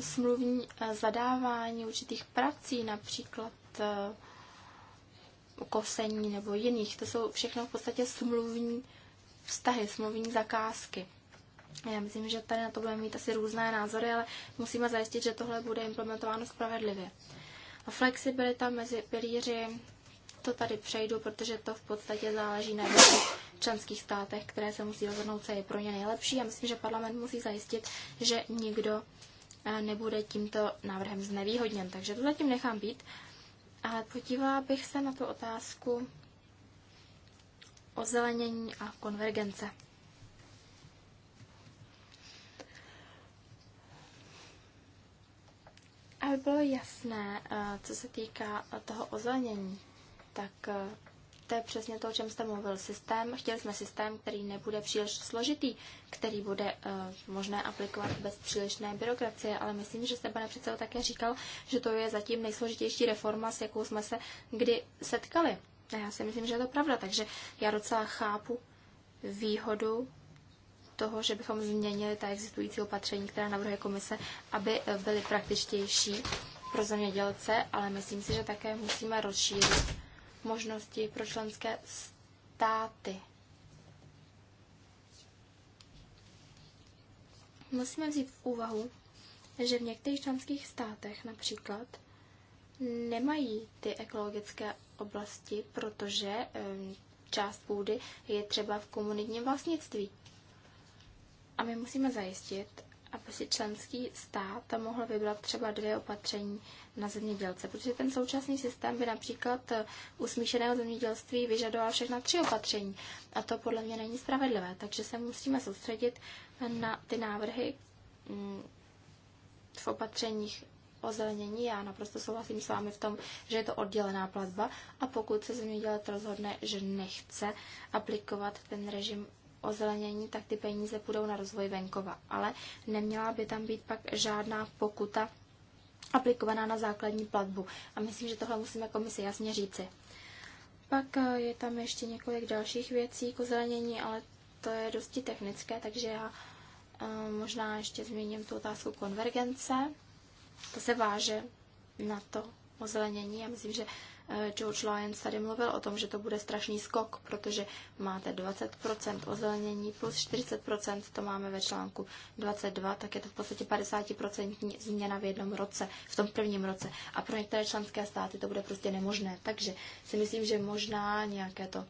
smluvní eh, zadávání určitých prací, například eh, kosení nebo jiných. To jsou všechno v podstatě smluvní vztahy, smluvní zakázky. Já myslím, že tady na to budeme mít asi různé názory, ale musíme zajistit, že tohle bude implementováno spravedlivě. A flexibilita mezi pilíři, to tady přejdu, protože to v podstatě záleží na věcech členských státech, které se musí rozhodnout, co je pro ně nejlepší. Já myslím, že parlament musí zajistit, že nikdo eh, nebude tímto návrhem znevýhodněn. Takže to zatím nechám být. Ale podívala bych se na tu otázku ozelenění a konvergence. Aby bylo jasné, eh, co se týká eh, toho ozelnění, tak eh, to je přesně to, o čem jste mluvil. Systém, chtěli jsme systém, který nebude příliš složitý, který bude možné aplikovat bez přílišné byrokracie, ale myslím, že jste, pane předsedo, také říkal, že to je zatím nejsložitější reforma, s jakou jsme se kdy setkali. A já si myslím, že je to pravda, takže já docela chápu výhodu toho, že bychom změnili ta existující opatření, která navrhuje komise, aby byly praktičtější pro zemědělce, ale myslím si, že také musíme rozšířit možnosti pro členské státy. Musíme vzít v úvahu, že v některých členských státech například nemají ty ekologické oblasti, protože část půdy je třeba v komunitním vlastnictví. A my musíme zajistit, aby si členský stát tam mohl vybrat třeba dvě opatření na zemědělce, protože ten současný systém by například eh, u smíšeného zemědělství vyžadoval všechna tři opatření a to podle mě není spravedlivé, takže se musíme soustředit na ty návrhy mm, v opatřeních zelenění. Já naprosto souhlasím s vámi v tom, že je to oddělená platba a pokud se zemědělec rozhodne, že nechce aplikovat ten režim ozelenění, tak ty peníze půjdou na rozvoj venkova. Ale neměla by tam být pak žádná pokuta aplikovaná na základní platbu. A myslím, že tohle musíme komisi jasně říci. Pak eh, je tam ještě několik dalších věcí k ozelenění, ale to je dosti technické, takže já eh, možná ještě zmíním tu otázku konvergence. To se váže na to ozelenění. Já myslím, že Eh, George Lyons tady mluvil o tom, že to bude strašný skok, protože máte 20% ozelenění plus 40%, to máme ve článku 22, tak je to v podstatě 50% změna v jednom roce, v tom prvním roce. A pro některé členské státy to bude prostě nemožné. Takže si myslím, že možná nějaké to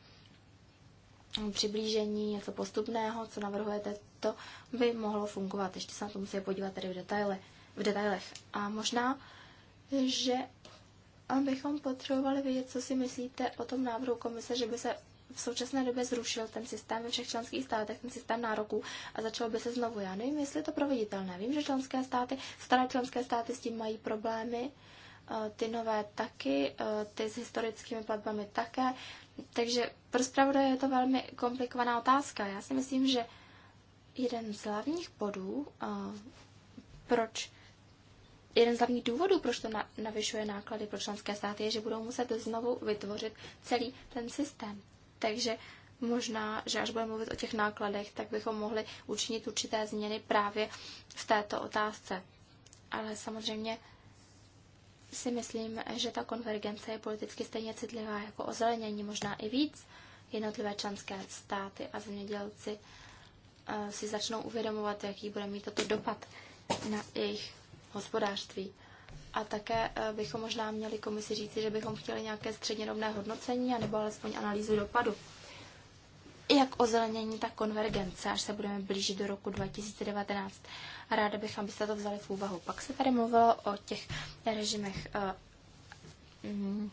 přiblížení, něco postupného, co navrhujete, to by mohlo fungovat. Ještě se na to musí podívat tady v, detaile, v detailech. A možná, že bychom potřebovali vědět, co si myslíte o tom návrhu komise, že by se v současné době zrušil ten systém ve všech členských státech, ten systém nároků a začalo by se znovu. Já nevím, jestli je to proveditelné. Vím, že členské státy, staré členské státy s tím mají problémy, eh, ty nové taky, eh, ty s historickými platbami také. Takže pro zpravodaje je to velmi komplikovaná otázka. Já si myslím, že jeden z hlavních bodů, eh, proč jeden z hlavních důvodů, proč to navyšuje náklady pro členské státy, je, že budou muset znovu vytvořit celý ten systém. Takže možná, že až budeme mluvit o těch nákladech, tak bychom mohli učinit určité změny právě v této otázce. Ale samozřejmě si myslím, že ta konvergence je politicky stejně citlivá jako ozelenění, možná i víc. Jednotlivé členské státy a zemědělci eh, si začnou uvědomovat, jaký bude mít toto dopad na jejich hospodářství. A také eh, bychom možná měli komisi říci, že bychom chtěli nějaké střednědobné hodnocení anebo alespoň analýzu dopadu. Jak ozelenění, tak konvergence, až se budeme blížit do roku 2019. A ráda bych, abyste to vzali v úvahu. Pak se tady mluvilo o těch režimech eh, mm,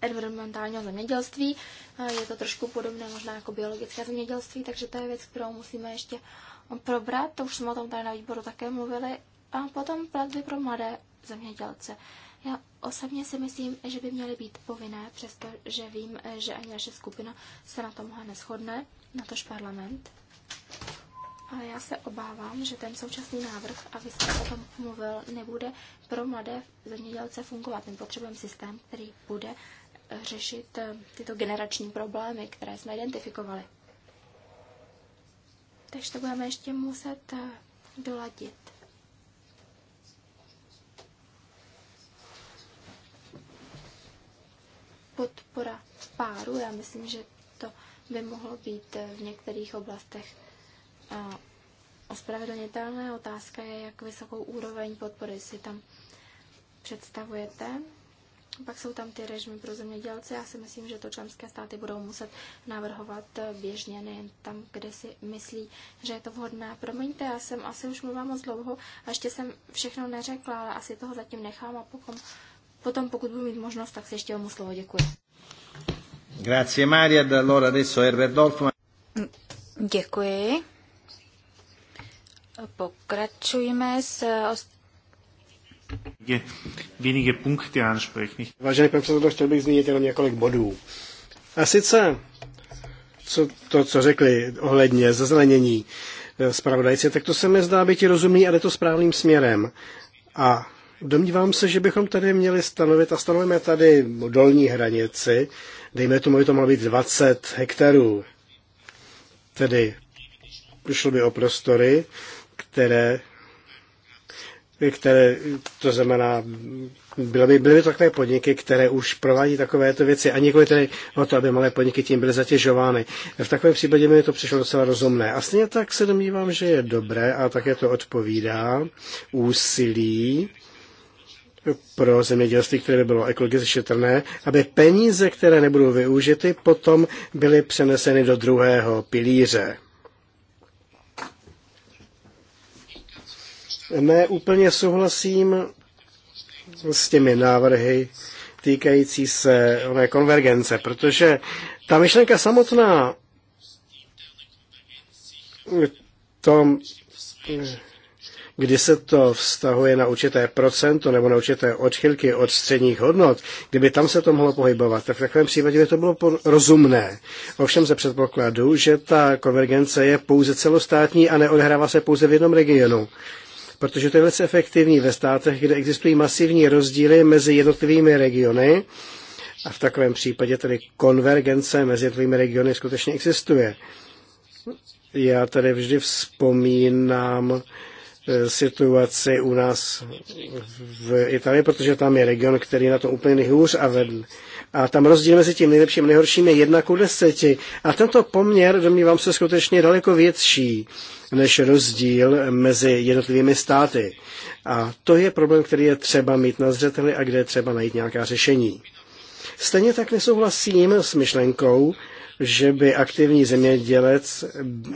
environmentálního zemědělství. Eh, je to trošku podobné možná jako biologické zemědělství, takže to je věc, kterou musíme ještě probrat, to už jsme o tom tady na výboru také mluvili, a potom platby pro mladé zemědělce. Já osobně si myslím, že by měly být povinné, přestože vím, že ani naše skupina se na tomhle neschodne, na tož parlament. Ale já se obávám, že ten současný návrh, a vy jste o tom mluvil, nebude pro mladé zemědělce fungovat. My potřebujeme systém, který bude řešit eh, tyto generační problémy, které jsme identifikovali takže to budeme ještě muset eh, doladit. Podpora páru, já myslím, že to by mohlo být eh, v některých oblastech eh, ospravedlnitelné. Otázka je, jak vysokou úroveň podpory si tam představujete. Pak jsou tam ty režimy pro zemědělce. Já si myslím, že to členské státy budou muset navrhovat eh, běžně, nejen tam, kde si myslí, že je to vhodné. Promiňte, já jsem asi už mluvila moc dlouho a ještě jsem všechno neřekla, ale asi toho zatím nechám a potom, potom pokud budu mít možnost, tak si ještě mu slovo děkuji. Grazie Maria, allora adesso Herbert Dolfman. Děkuji. Pokračujeme s wenige Punkte ansprechen. Vážený pan předsedo, chtěl bych zmínit jenom několik bodů. A sice co, to, co řekli ohledně zazelenění eh, zpravodajce, tak to se mi zdá být rozumný, ale to správným směrem. A domnívám se, že bychom tady měli stanovit, a stanovíme tady dolní hranici, dejme tomu, že to mohlo být 20 hektarů. Tedy šlo by o prostory, které které, to znamená, byly by, byly by to takové podniky, které už provádí takovéto věci a nikoli tedy o to, aby malé podniky tím byly zatěžovány. V takovém případě mi to přišlo docela rozumné. A stejně tak se domnívám, že je dobré a také to odpovídá úsilí pro zemědělství, které by bylo ekologicky šetrné, aby peníze, které nebudou využity, potom byly přeneseny do druhého pilíře. Ne, úplně souhlasím s těmi návrhy týkající se oné konvergence, protože ta myšlenka samotná to, kdy se to vztahuje na určité procento nebo na určité odchylky od středních hodnot, kdyby tam se to mohlo pohybovat, tak v takovém případě by to bylo rozumné. Ovšem ze předpokladu, že ta konvergence je pouze celostátní a neodhrává se pouze v jednom regionu protože to je velice efektivní ve státech, kde existují masivní rozdíly mezi jednotlivými regiony a v takovém případě tedy konvergence mezi jednotlivými regiony skutečně existuje. Já tady vždy vzpomínám e, situaci u nás v Itálii, protože tam je region, který je na tom úplně nejhůř a vedl. A tam rozdíl mezi tím nejlepším a nejhorším je jedna ku deseti. A tento poměr, domnívám se, skutečně daleko větší než rozdíl mezi jednotlivými státy. A to je problém, který je třeba mít na zřeteli a kde je třeba najít nějaká řešení. Stejně tak nesouhlasím s myšlenkou, že by aktivní zemědělec,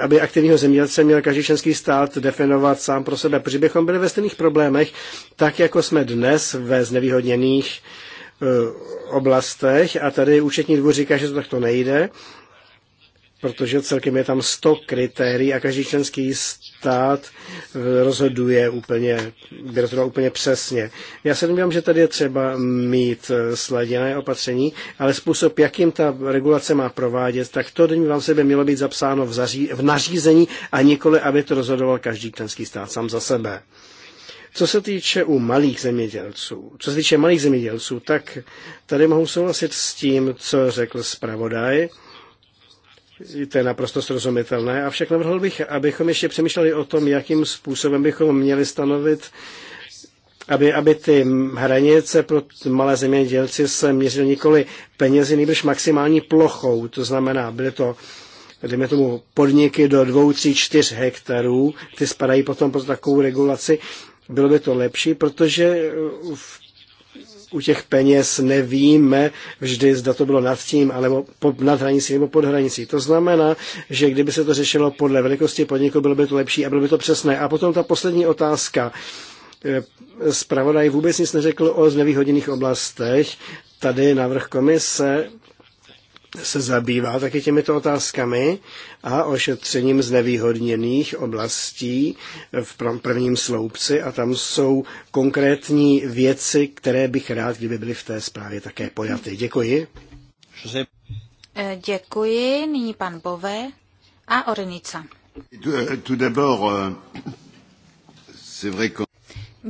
aby aktivního zemědělce měl každý členský stát definovat sám pro sebe, protože bychom byli ve stejných problémech, tak jako jsme dnes ve znevýhodněných eh, oblastech a tady účetní dvůr říká, že to takto nejde protože celkem je tam 100 kritérií a každý členský stát eh, rozhoduje úplně, by rozhodoval úplně přesně. Já se domnívám, že tady je třeba mít eh, sladěné opatření, ale způsob, jakým ta regulace má provádět, tak to domnívám se by mělo být zapsáno v, zaří, v nařízení a nikoli, aby to rozhodoval každý členský stát sám za sebe. Co se týče u malých zemědělců, co se týče malých zemědělců, tak tady mohu souhlasit s tím, co řekl zpravodaj to je naprosto srozumitelné. však navrhl bych, abychom ještě přemýšleli o tom, jakým způsobem bychom měli stanovit, aby, aby ty hranice pro malé zemědělci se měřily nikoli penězi, nejbrž maximální plochou. To znamená, byly to dejme tomu, podniky do 2, 3, 4 hektarů, ty spadají potom pod takovou regulaci, bylo by to lepší, protože eh, v u těch peněz nevíme vždy, zda to bylo nad tím, alebo pod, nad hranicí nebo pod hranicí. To znamená, že kdyby se to řešilo podle velikosti podniku, bylo by to lepší a bylo by to přesné. A potom ta poslední otázka. Spravodaj e, vůbec nic neřekl o znevýhodněných oblastech. Tady návrh komise se zabývá taky těmito otázkami a ošetřením znevýhodněných oblastí v prvním sloupci a tam jsou konkrétní věci, které bych rád, kdyby byly v té zprávě také pojaty. Děkuji. Eh, děkuji. Nyní pan Bové a Orenica. Eh, euh,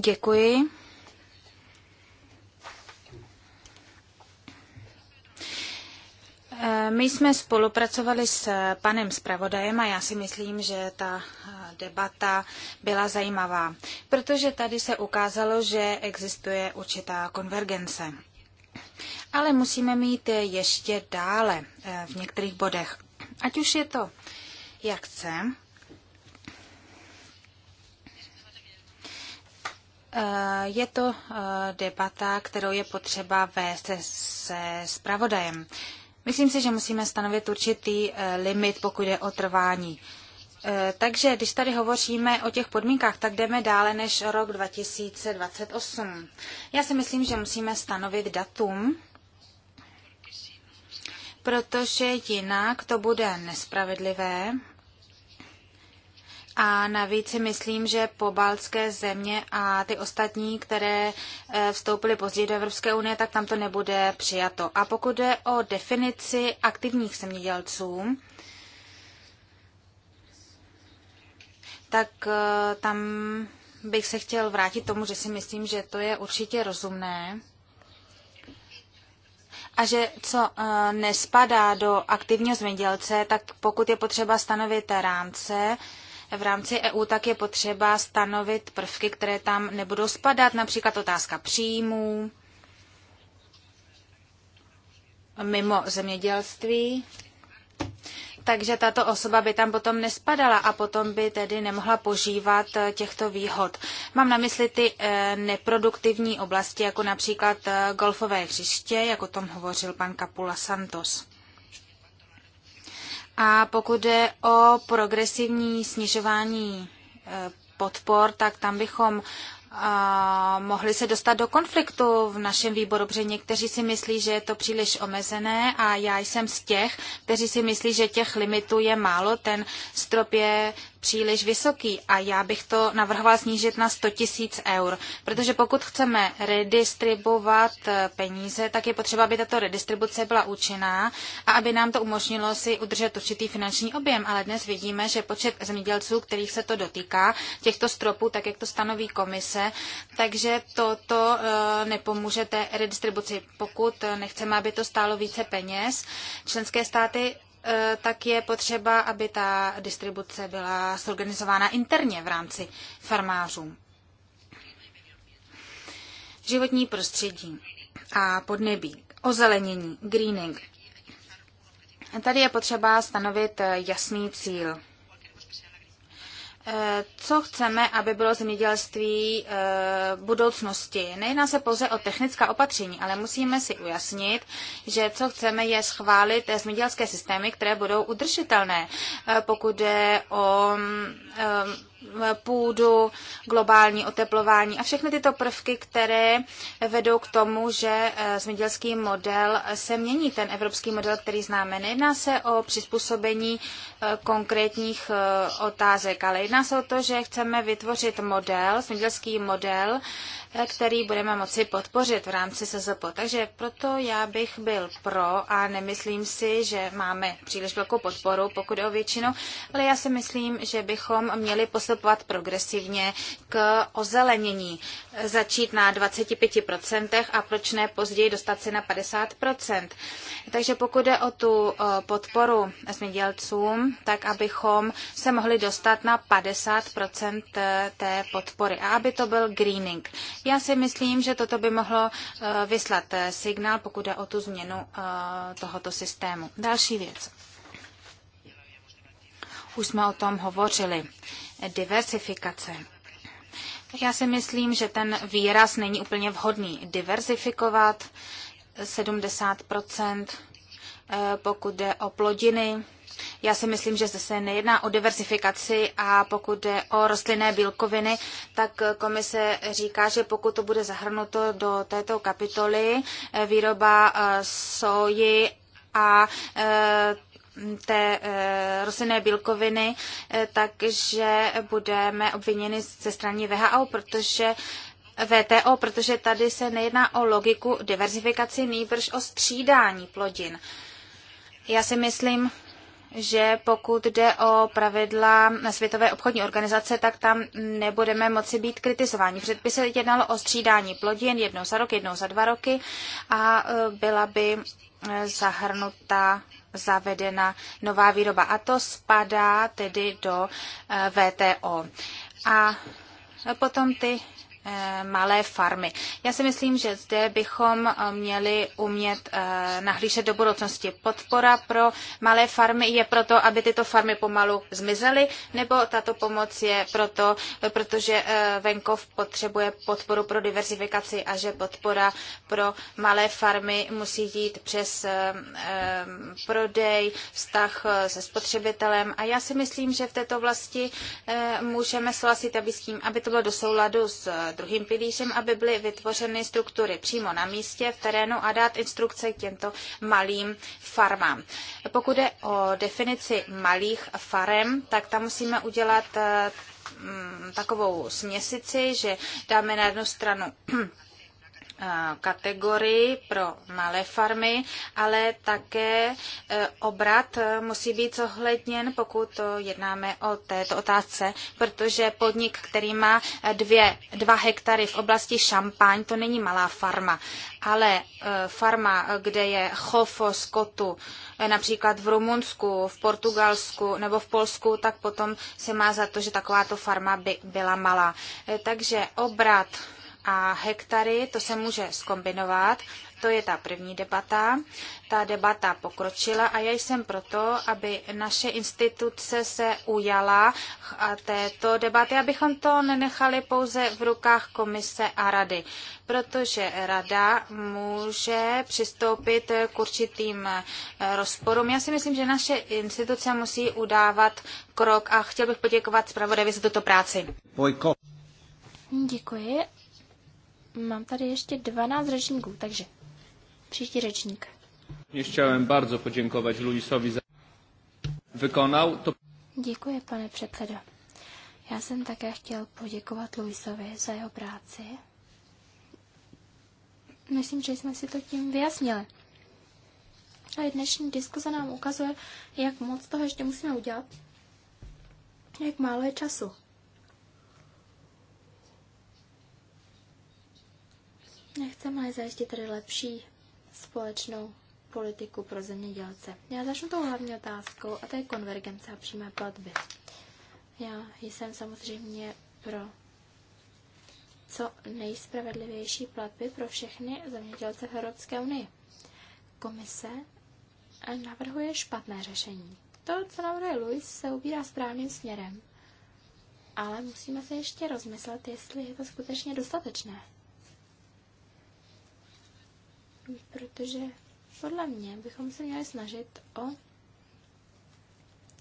děkuji. Eh, my jsme spolupracovali s panem zpravodajem a já si myslím, že ta eh, debata byla zajímavá, protože tady se ukázalo, že existuje určitá konvergence. Ale musíme mít ještě dále eh, v některých bodech. Ať už je to jak chce, Je to debata, kterou je potřeba vést se zpravodajem. Myslím si, že musíme stanovit určitý eh, limit, pokud je o trvání. Eh, takže když tady hovoříme o těch podmínkách, tak jdeme dále než rok 2028. Já si myslím, že musíme stanovit datum, protože jinak to bude nespravedlivé a navíc si myslím, že po balské země a ty ostatní, které eh, vstoupily později do Evropské unie, tak tam to nebude přijato. A pokud jde o definici aktivních zemědělců, tak eh, tam bych se chtěl vrátit tomu, že si myslím, že to je určitě rozumné a že co eh, nespadá do aktivního zemědělce, tak pokud je potřeba stanovit rámce, v rámci EU, tak je potřeba stanovit prvky, které tam nebudou spadat, například otázka příjmů, mimo zemědělství. Takže tato osoba by tam potom nespadala a potom by tedy nemohla požívat eh, těchto výhod. Mám na mysli ty eh, neproduktivní oblasti, jako například eh, golfové hřiště, jako o tom hovořil pan Kapula Santos. A pokud jde o progresivní snižování eh, podpor, tak tam bychom a eh, mohli se dostat do konfliktu v našem výboru, protože někteří si myslí, že je to příliš omezené a já jsem z těch, kteří si myslí, že těch limitů je málo. Ten strop je příliš vysoký a já bych to navrhovala snížit na 100 tisíc eur, protože pokud chceme redistribuovat eh, peníze, tak je potřeba, aby tato redistribuce byla účinná a aby nám to umožnilo si udržet určitý finanční objem, ale dnes vidíme, že počet zemědělců, kterých se to dotýká, těchto stropů, tak jak to stanoví komise, takže toto eh, nepomůže té redistribuci. Pokud eh, nechceme, aby to stálo více peněz, členské státy Eh, tak je potřeba, aby ta distribuce byla zorganizována interně v rámci farmářů. Životní prostředí a podnebí, ozelenění, greening. Tady je potřeba stanovit jasný cíl co chceme, aby bylo zemědělství eh, budoucnosti. Nejedná se pouze o technická opatření, ale musíme si ujasnit, že co chceme je schválit zemědělské systémy, které budou udržitelné, eh, pokud je. o mm, eh, půdu, globální oteplování a všechny tyto prvky, které vedou k tomu, že eh, zemědělský model se mění, ten evropský model, který známe. Nejedná se o přizpůsobení eh, konkrétních eh, otázek, ale jedná se o to, že chceme vytvořit model, zemědělský model, který budeme moci podpořit v rámci SZP. Takže proto já bych byl pro a nemyslím si, že máme příliš velkou podporu, pokud je o většinu, ale já si myslím, že bychom měli postupovat progresivně k ozelenění. Začít na 25% a proč ne později dostat se na 50%. Takže pokud je o tu eh, podporu smědělcům, tak abychom se mohli dostat na 50% eh, té podpory a aby to byl greening. Já si myslím, že toto by mohlo eh, vyslat eh, signál, pokud jde o tu změnu eh, tohoto systému. Další věc. Už jsme o tom hovořili. Diversifikace. Já si myslím, že ten výraz není úplně vhodný. Diversifikovat 70 pokud jde o plodiny, já si myslím, že zde se nejedná o diversifikaci a pokud jde o rostlinné bílkoviny, tak komise říká, že pokud to bude zahrnuto do této kapitoly eh, výroba eh, soji a eh, té rostlinné bílkoviny, takže budeme obviněni ze strany VHO, protože VTO, protože tady se nejedná o logiku diversifikaci, nýbrž o střídání plodin. Já si myslím, že pokud jde o pravidla Světové obchodní organizace, tak tam nebudeme moci být kritizováni. Předby se jednalo o střídání plodin jednou za rok, jednou za dva roky a e, byla by e, zahrnuta zavedena nová výroba. A to spadá tedy do e, VTO. A potom ty Eh, malé farmy. Já si myslím, že zde bychom eh, měli umět eh, nahlížet do budoucnosti. Podpora pro malé farmy je proto, aby tyto farmy pomalu zmizely, nebo tato pomoc je proto, protože venkov potřebuje podporu pro diverzifikaci a že podpora pro malé farmy musí jít přes prodej, vztah se spotřebitelem. A já si myslím, že v této vlasti můžeme souhlasit aby s tím, aby to bylo do souladu s druhým pilířem, aby byly vytvořeny struktury přímo na místě, v terénu a dát instrukce k těmto malým farmám. Pokud je o definici malých farem, tak tam musíme udělat eh, takovou směsici, že dáme na jednu stranu Eh, kategorii pro malé farmy, ale také eh, obrat eh, musí být zohledněn, pokud jednáme o této otázce, protože podnik, který má dvě, dva hektary v oblasti šampaň, to není malá farma, ale farma, kde je chov skotu, například v Rumunsku, v Portugalsku nebo v Polsku, tak potom se má za to, že takováto farma by byla malá. Takže obrat a hektary, to se může skombinovat. To je ta první debata. Ta debata pokročila a já jsem proto, aby naše instituce se ujala a této debaty, abychom to nenechali pouze v rukách komise a rady, protože rada může přistoupit k určitým rozporům. Já si myslím, že naše instituce musí udávat krok a chtěl bych poděkovat zpravodajovi za tuto práci. Děkuji Mám tady ještě 12 řečníků, takže příští řečník. Mě chciałem bardzo poděkovat Luisovi za vykonal to. Děkuji, pane předsedo. Já jsem také chtěl poděkovat Luisovi za jeho práci. Myslím, že jsme si to tím vyjasnili. A dnešní diskuze nám ukazuje, jak moc toho ještě musíme udělat, jak málo je času. ale zajistit tedy lepší společnou politiku pro zemědělce. Já začnu tou hlavní otázkou a to je konvergence a přímé platby. Já jsem samozřejmě pro co nejspravedlivější platby pro všechny zemědělce v Evropské unii. Komise navrhuje špatné řešení. To, co navrhuje Luis, se ubírá správným směrem. Ale musíme se ještě rozmyslet, jestli je to skutečně dostatečné protože podle mě bychom se měli snažit o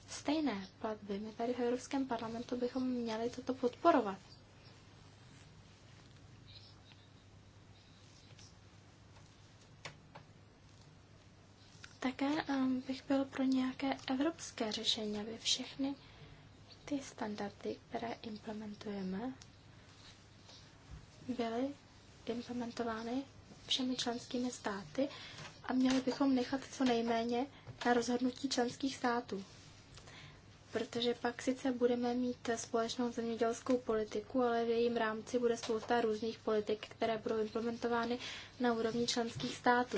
stejné platby. My tady v Evropském parlamentu bychom měli toto podporovat. Také ehm, bych byl pro nějaké evropské řešení, aby všechny ty standardy, které implementujeme, byly implementovány všemi členskými státy a měli bychom nechat co nejméně na rozhodnutí členských států. Protože pak sice budeme mít společnou zemědělskou politiku, ale v jejím rámci bude spousta různých politik, které budou implementovány na úrovni členských států.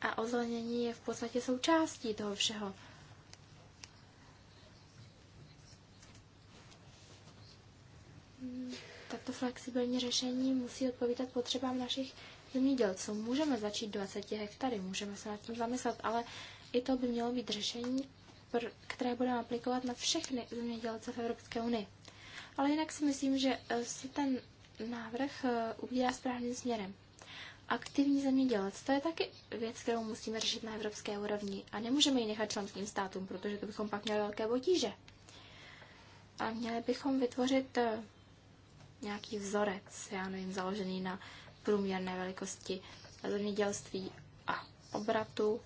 A ozelenění je v podstatě součástí toho všeho takto flexibilní řešení musí odpovídat potřebám našich zemědělců. Můžeme začít 20 hektary, můžeme se nad tím zamyslet, ale i to by mělo být řešení, které budeme aplikovat na všechny zemědělce v Evropské unii. Ale jinak si myslím, že eh, se ten návrh eh, ubírá správným směrem. Aktivní zemědělec, to je taky věc, kterou musíme řešit na evropské úrovni a nemůžeme ji nechat členským státům, protože to bychom pak měli velké potíže. A měli bychom vytvořit eh, nějaký vzorec, já nevím, založený na průměrné velikosti zemědělství a obratu.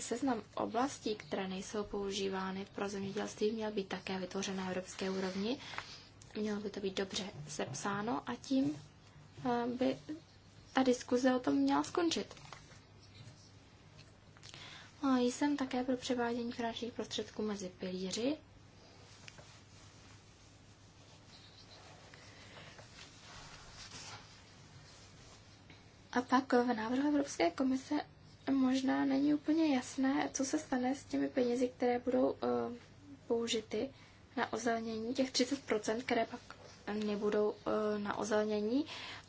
Seznam oblastí, které nejsou používány pro zemědělství, měl být také vytvořen na evropské úrovni. Mělo by to být dobře sepsáno a tím eh, by ta diskuze o tom měla skončit. jsem také pro převádění finančních prostředků mezi pilíři A pak v návrhu Evropské komise možná není úplně jasné, co se stane s těmi penězi, které budou eh, použity na ozelnění, těch 30%, které pak nebudou eh, na ozelnění.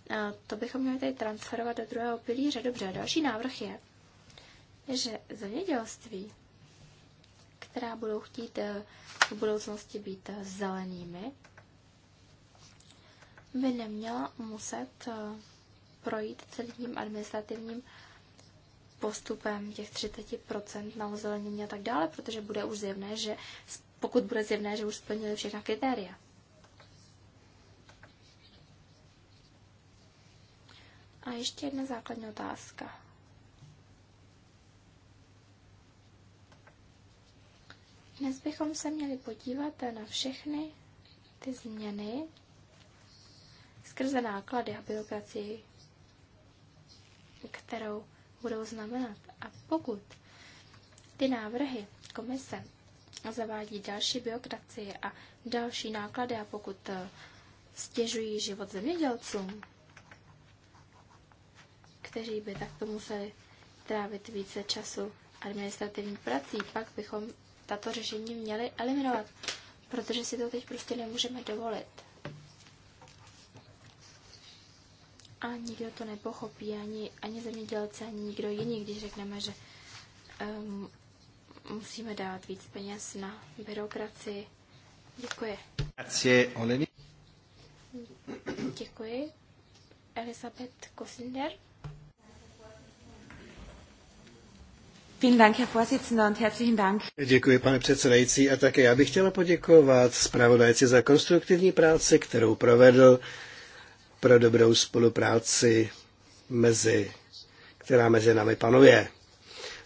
Eh, to bychom měli tady transferovat do druhého pilíře. Dobře, další návrh je, že zemědělství, která budou chtít v budoucnosti být zelenými, by neměla muset projít celým administrativním postupem těch 30% na ozelenění a tak dále, protože bude už zjevné, že pokud bude zjevné, že už splnili všechna kritéria. A ještě jedna základní otázka. Dnes bychom se měli podívat na všechny ty změny skrze náklady a byrokracii, kterou budou znamenat. A pokud ty návrhy komise zavádí další byrokracie a další náklady a pokud eh, stěžují život zemědělcům, kteří by takto museli trávit více času administrativní prací, pak bychom tato řešení měli eliminovat, protože si to teď prostě nemůžeme dovolit. A nikdo to nepochopí, ani, ani zemědělci, ani nikdo jiný, když řekneme, že um, musíme dávat víc peněz na byrokracii. Děkuji. Děkuji. Elisabeth Kosinder. Děkuji, pane předsedající, a také já bych chtěla poděkovat zpravodajci za konstruktivní práci, kterou provedl pro dobrou spolupráci, mezi, která mezi námi panuje.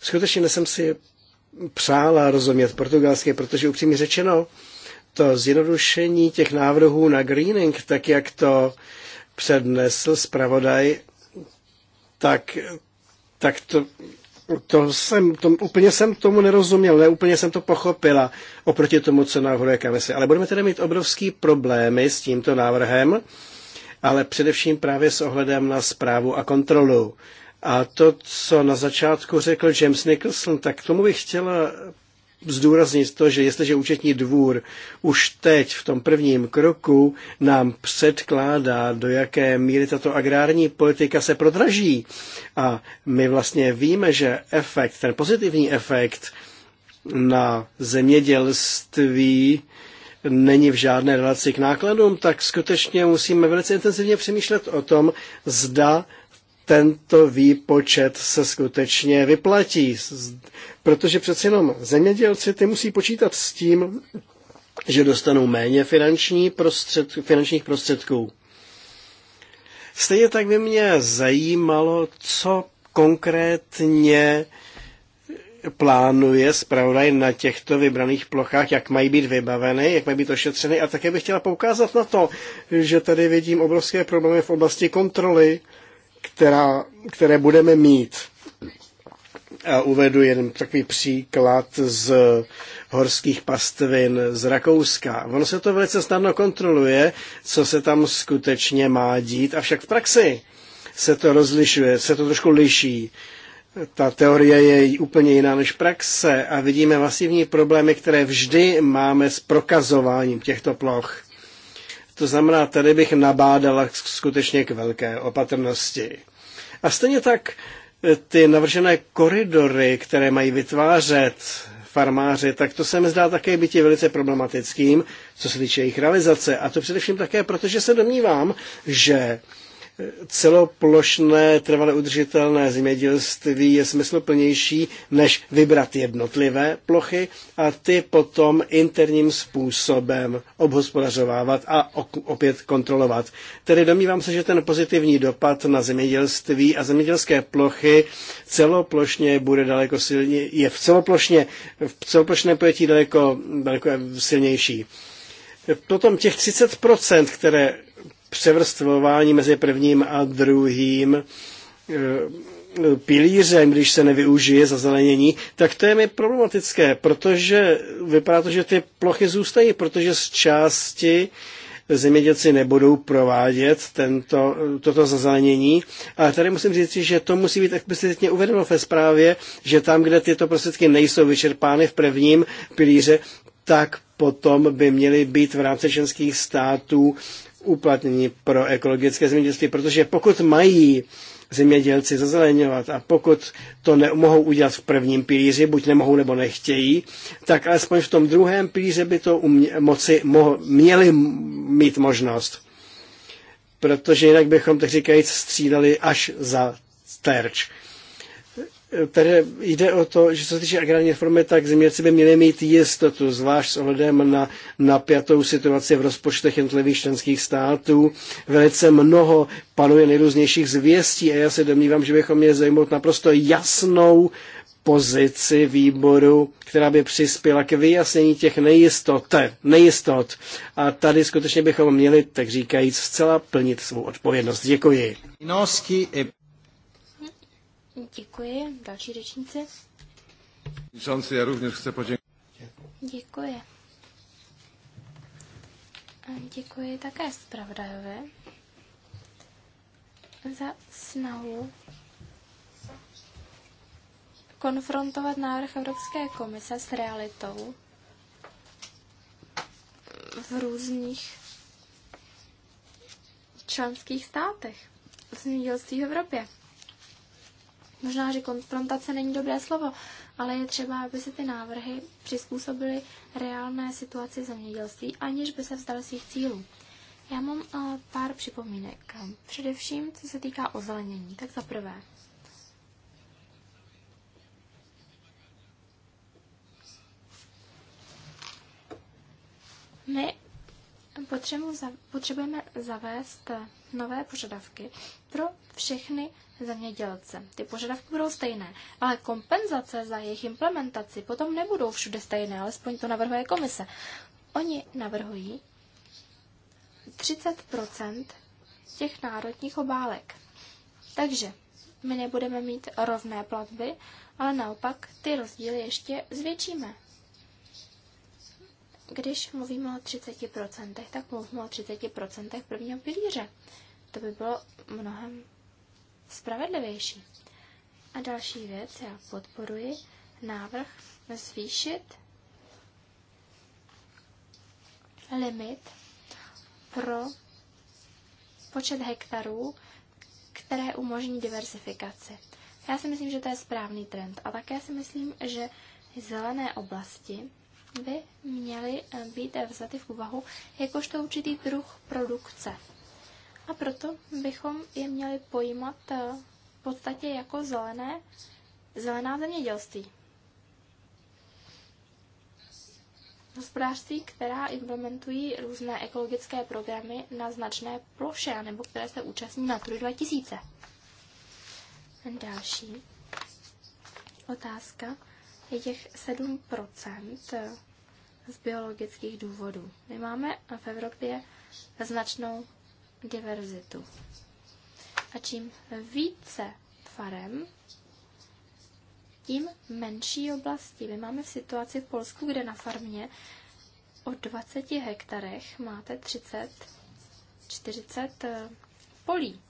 Skutečně jsem si přála rozumět portugalsky, protože upřímně řečeno, to zjednodušení těch návrhů na greening, tak jak to přednesl zpravodaj, tak, tak to, to jsem, to, úplně jsem tomu nerozuměl, ne úplně jsem to pochopila oproti tomu, co navrhuje kamise. Ale budeme tedy mít obrovský problémy s tímto návrhem, ale především právě s ohledem na zprávu a kontrolu. A to, co na začátku řekl James Nicholson, tak tomu bych chtěla zdůraznit to, že jestliže účetní dvůr už teď v tom prvním kroku nám předkládá, do jaké míry tato agrární politika se prodraží. A my vlastně víme, že efekt, ten pozitivní efekt na zemědělství není v žádné relaci k nákladům, tak skutečně musíme velice intenzivně přemýšlet o tom, zda tento výpočet se skutečně vyplatí. Protože přeci jenom zemědělci ty musí počítat s tím, že dostanou méně finanční prostřed, finančních prostředků. Stejně tak by mě zajímalo, co konkrétně plánuje zpravodaj na těchto vybraných plochách, jak mají být vybaveny, jak mají být ošetřeny. A také bych chtěla poukázat na to, že tady vidím obrovské problémy v oblasti kontroly, která, které budeme mít. A uvedu jen takový příklad z horských pastvin z Rakouska. Ono se to velice snadno kontroluje, co se tam skutečně má dít, avšak v praxi se to rozlišuje, se to trošku liší ta teorie je úplně jiná než praxe a vidíme masivní problémy, které vždy máme s prokazováním těchto ploch. To znamená, tady bych nabádala skutečně k velké opatrnosti. A stejně tak eh, ty navržené koridory, které mají vytvářet farmáři, tak to se mi zdá také být velice problematickým, co se týče jejich realizace. A to především také, protože se domnívám, že celoplošné trvale udržitelné zemědělství je smysluplnější, než vybrat jednotlivé plochy a ty potom interním způsobem obhospodařovávat a opět kontrolovat. Tedy domnívám se, že ten pozitivní dopad na zemědělství a zemědělské plochy celoplošně bude daleko silně, je v celoplošně, v celoplošné pojetí daleko, daleko silnější. Potom těch 30%, které převrstvování mezi prvním a druhým e, pilířem, když se nevyužije za zelenění, tak to je mi problematické, protože vypadá to, že ty plochy zůstají, protože z části zemědělci nebudou provádět tento, toto zazelenění. A tady musím říct, že to musí být explicitně uvedeno ve zprávě, že tam, kde tyto prostředky nejsou vyčerpány v prvním pilíře, tak potom by měly být v rámci členských států uplatnění pro ekologické zemědělství, protože pokud mají zemědělci zazeleňovat a pokud to nemohou udělat v prvním pilíři, buď nemohou nebo nechtějí, tak alespoň v tom druhém pilíře by to umě- moci mo- měli mít možnost. Protože jinak bychom, tak říkajíc, střídali až za terč. Tady jde o to, že co se týče agrární reformy, tak zemědělci by měli mít jistotu, zvlášť s ohledem na napjatou situaci v rozpočtech jednotlivých členských států. Velice mnoho panuje nejrůznějších zvěstí a já se domnívám, že bychom měli zajmout naprosto jasnou pozici výboru, která by přispěla k vyjasnění těch nejistot. nejistot. A tady skutečně bychom měli, tak říkajíc, zcela plnit svou odpovědnost. Děkuji. Děkuji. Další řečnice. Šanci, já rovněž chci poděkovat. Děkuji. děkuji také zpravodajovi za snahu konfrontovat návrh Evropské komise s realitou v různých členských státech v zemědělství v Evropě. Možná, že konfrontace není dobré slovo, ale je třeba, aby se ty návrhy přizpůsobily reálné situaci zemědělství, aniž by se vzdali svých cílů. Já mám uh, pár připomínek. Především, co se týká ozelenění. Tak za prvé. My potřebujeme zavést nové požadavky pro všechny zemědělce. Ty požadavky budou stejné, ale kompenzace za jejich implementaci potom nebudou všude stejné, alespoň to navrhuje komise. Oni navrhují 30 těch národních obálek. Takže my nebudeme mít rovné platby, ale naopak ty rozdíly ještě zvětšíme. Když mluvíme o 30%, tak mluvíme o 30% prvního pilíře. To by bylo mnohem spravedlivější. A další věc, já podporuji návrh zvýšit limit pro počet hektarů, které umožní diversifikaci. Já si myslím, že to je správný trend. A také si myslím, že zelené oblasti by měly eh, být vzaty v úvahu jakožto určitý druh produkce. A proto bychom je měli pojímat eh, v podstatě jako zelené, zelená zemědělství. Hospodářství, která implementují různé ekologické programy na značné ploše, nebo které se účastní Natury 2000. Další otázka je těch 7 eh, z biologických důvodů. My máme v Evropě značnou diverzitu. A čím více farem, tím menší oblasti. My máme v situaci v Polsku, kde na farmě o 20 hektarech máte 30, 40 eh, polí.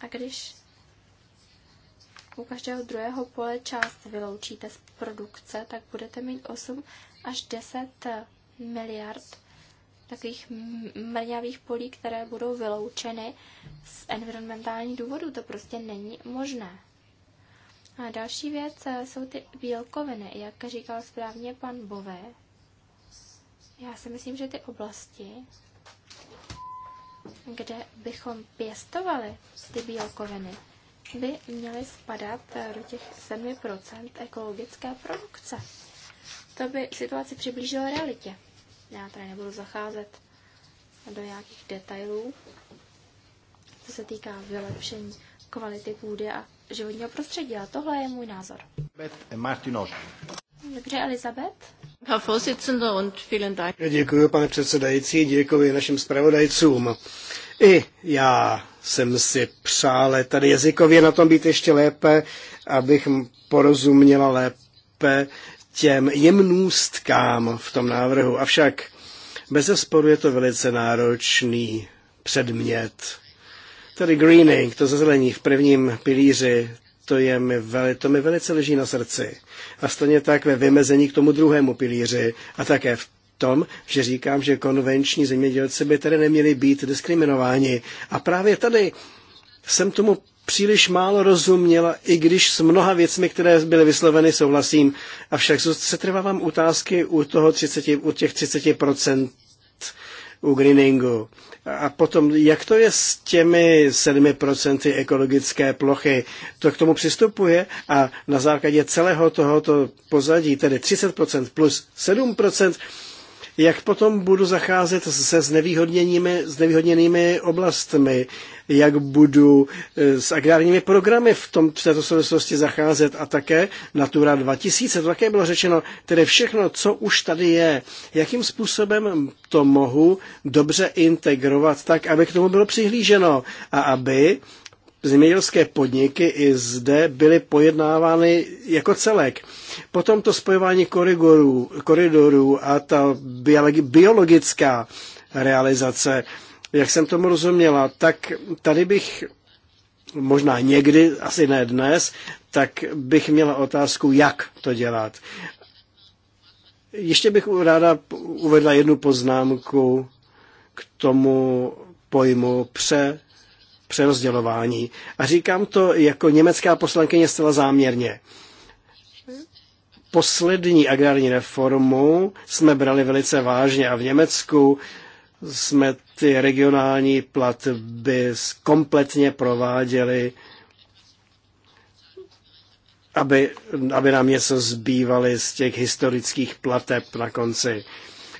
A když u každého druhého pole část vyloučíte z produkce, tak budete mít 8 až 10 eh, miliard takových mrňavých polí, které budou vyloučeny z environmentálních důvodů. To prostě není možné. A další věc eh, jsou ty bílkoviny, jak říkal správně pan Bové. Já si myslím, že ty oblasti, kde bychom pěstovali ty bílkoviny, by měly spadat eh, do těch 7% ekologické produkce. To by situaci přiblížilo realitě. Já tady nebudu zacházet do nějakých detailů, co se týká vylepšení kvality půdy a životního prostředí. A tohle je můj názor. Dobře, Elizabeth. Děkuji, pane předsedající, děkuji našim zpravodajcům. I já jsem si přále tady jazykově na tom být ještě lépe, abych porozuměla lépe těm jemnůstkám v tom návrhu. Avšak bez zesporu je to velice náročný předmět. Tedy greening, to zazelení v prvním pilíři, to, je mi veli, to mi velice leží na srdci. A stejně tak ve vymezení k tomu druhému pilíři a také v tom, že říkám, že konvenční zemědělci by tedy neměli být diskriminováni. A právě tady jsem tomu příliš málo rozuměla, i když s mnoha věcmi, které byly vysloveny, souhlasím. Avšak se trvávám otázky u, toho 30, u těch 30% u greeningu. A potom, jak to je s těmi 7% ekologické plochy? To k tomu přistupuje a na základě celého tohoto pozadí, tedy 30% plus 7%, jak potom budu zacházet se znevýhodněnými, znevýhodněnými oblastmi? Jak budu eh, s agrárními programy v, tom, v této souvislosti zacházet? A také Natura 2000, to také bylo řečeno, tedy všechno, co už tady je, jakým způsobem to mohu dobře integrovat tak, aby k tomu bylo přihlíženo a aby zemědělské podniky i zde byly pojednávány jako celek. Potom to spojování koridorů, koridorů a ta biologická realizace, jak jsem tomu rozuměla, tak tady bych možná někdy, asi ne dnes, tak bych měla otázku, jak to dělat. Ještě bych ráda uvedla jednu poznámku k tomu pojmu pře, přerozdělování. A říkám to jako německá poslankyně zcela záměrně poslední agrární reformu jsme brali velice vážně a v Německu jsme ty regionální platby kompletně prováděli, aby, aby nám něco zbývaly z těch historických plateb na konci.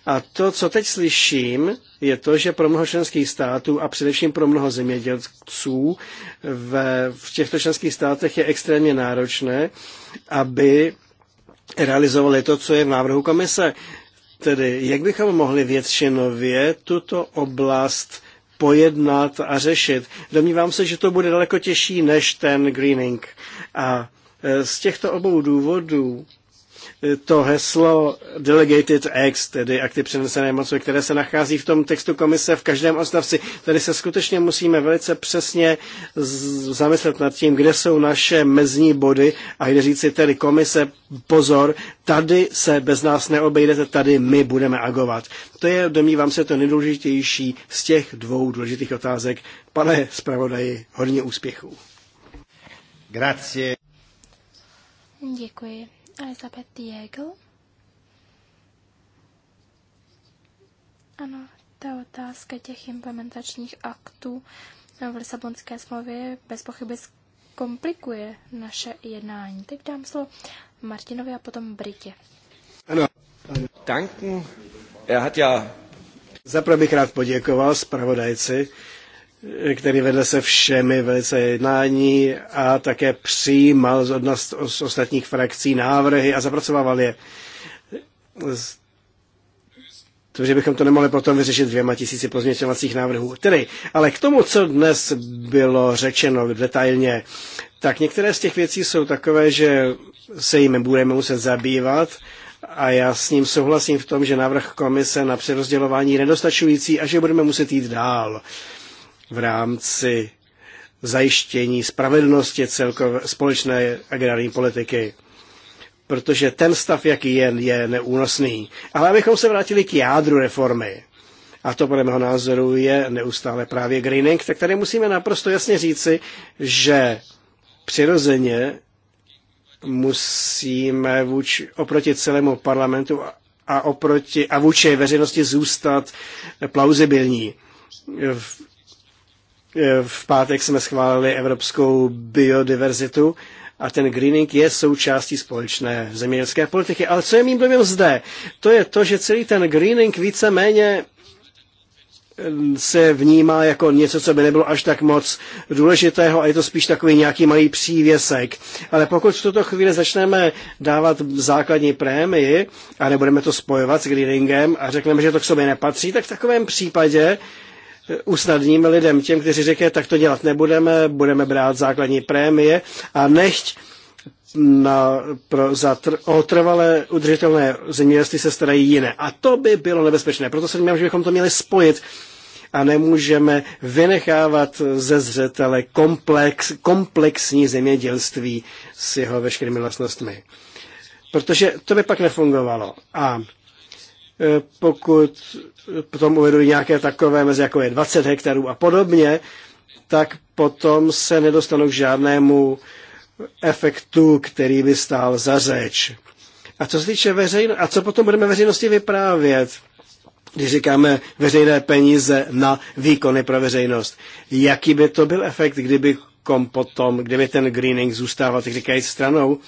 A to, co teď slyším, je to, že pro mnoho členských států a především pro mnoho zemědělců v, v těchto členských státech je extrémně náročné, aby realizovali to, co je v návrhu komise. Tedy, jak bychom mohli většinově tuto oblast pojednat a řešit. Domnívám se, že to bude daleko těžší než ten greening. A e, z těchto obou důvodů to heslo Delegated Acts, tedy akty přenesené moci, které se nachází v tom textu komise v každém odstavci. Tady se skutečně musíme velice přesně zamyslet nad tím, kde jsou naše mezní body a kde říci tedy komise, pozor, tady se bez nás neobejdete, tady my budeme agovat. To je, domnívám se, to nejdůležitější z těch dvou důležitých otázek. Pane zpravodaji, hodně úspěchů. Grazie. Děkuji. Elizabeth Diego. Ano, ta otázka těch implementačních aktů v Lisabonské smlouvě bez pochyby zkomplikuje naše jednání. Teď dám slovo Martinovi a potom Britě. Ano. Danken. Er hat ja... Zaprvé bych rád poděkoval zpravodajci který vedl se všemi velice jednání a také přijímal z, od nás, z ostatních frakcí návrhy a zapracovával je. To, že bychom to nemohli potom vyřešit dvěma tisíci pozměňovacích návrhů. Tedy, ale k tomu, co dnes bylo řečeno detailně, tak některé z těch věcí jsou takové, že se jim budeme muset zabývat a já s ním souhlasím v tom, že návrh komise na přerozdělování je nedostačující a že budeme muset jít dál. Uh, v rámci zajištění spravedlnosti celkové společné agrární politiky. Protože ten stav, jaký je, je neúnosný. Ale abychom se vrátili k jádru reformy, a to podle mého názoru je neustále právě greening, tak tady musíme naprosto jasně říci, že přirozeně musíme vůči, oproti celému parlamentu a, oproti, a vůči veřejnosti zůstat plauzibilní. Eh, v pátek jsme schválili evropskou biodiverzitu a ten greening je součástí společné zemědělské politiky. Ale co je mým dojmem zde? To je to, že celý ten greening víceméně ehm, se vnímá jako něco, co by nebylo až tak moc důležitého a je to spíš takový nějaký malý přívěsek. Ale pokud v tuto chvíli začneme dávat základní prémii a nebudeme to spojovat s greeningem a řekneme, že to k sobě nepatří, tak v takovém případě usnadníme lidem, těm, kteří říkají, tak to dělat nebudeme, budeme brát základní prémie a nechť na, pro, za tr, o trvalé udržitelné zemědělství se starají jiné. A to by bylo nebezpečné. Proto se domnívám, že bychom to měli spojit a nemůžeme vynechávat ze zřetele komplex, komplexní zemědělství s jeho veškerými vlastnostmi. Protože to by pak nefungovalo. A e, pokud potom uvedují nějaké takové mezi jako je 20 hektarů a podobně, tak potom se nedostanou k žádnému efektu, který by stál za řeč. A co se týče veřejno, a co potom budeme veřejnosti vyprávět, když říkáme veřejné peníze na výkony pro veřejnost. Jaký by to byl efekt, kdyby kom potom, kdyby ten greening zůstával, tak říkají stranou,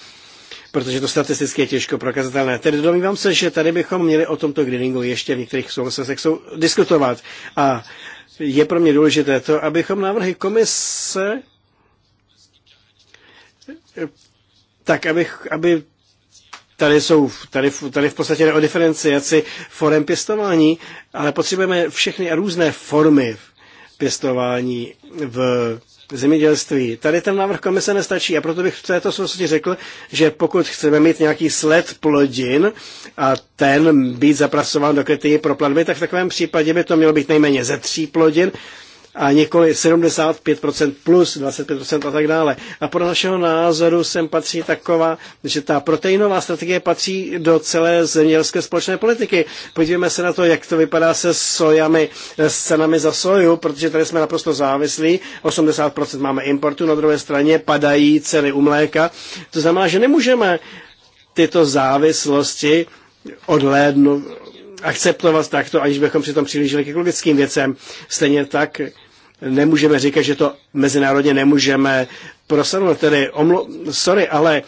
protože to statisticky je těžko prokazatelné. Tedy domnívám se, že tady bychom měli o tomto greeningu ještě v některých souvislostech sou, diskutovat. A je pro mě důležité to, abychom návrhy komise tak, abych, aby tady jsou, tady, tady v podstatě jde o diferenciaci forem pěstování, ale potřebujeme všechny různé formy pěstování v zemědělství. Tady ten návrh komise nestačí a proto bych v této souvislosti řekl, že pokud chceme mít nějaký sled plodin a ten být zapracován do kritérií pro platby, tak v takovém případě by to mělo být nejméně ze tří plodin a nikoli 75% plus 25% a tak dále. A podle našeho názoru sem patří taková, že ta proteinová strategie patří do celé zemědělské společné politiky. Podívejme se na to, jak to vypadá se sojami, eh, s cenami za soju, protože tady jsme naprosto závislí. 80% máme importu, na druhé straně padají ceny u mléka. To znamená, že nemůžeme tyto závislosti odhlédnout, akceptovat takto, aniž bychom přitom přilížili k ekologickým věcem. Stejně tak nemůžeme říkat, že to mezinárodně nemůžeme prosadnout. Tedy, omlu- sorry, ale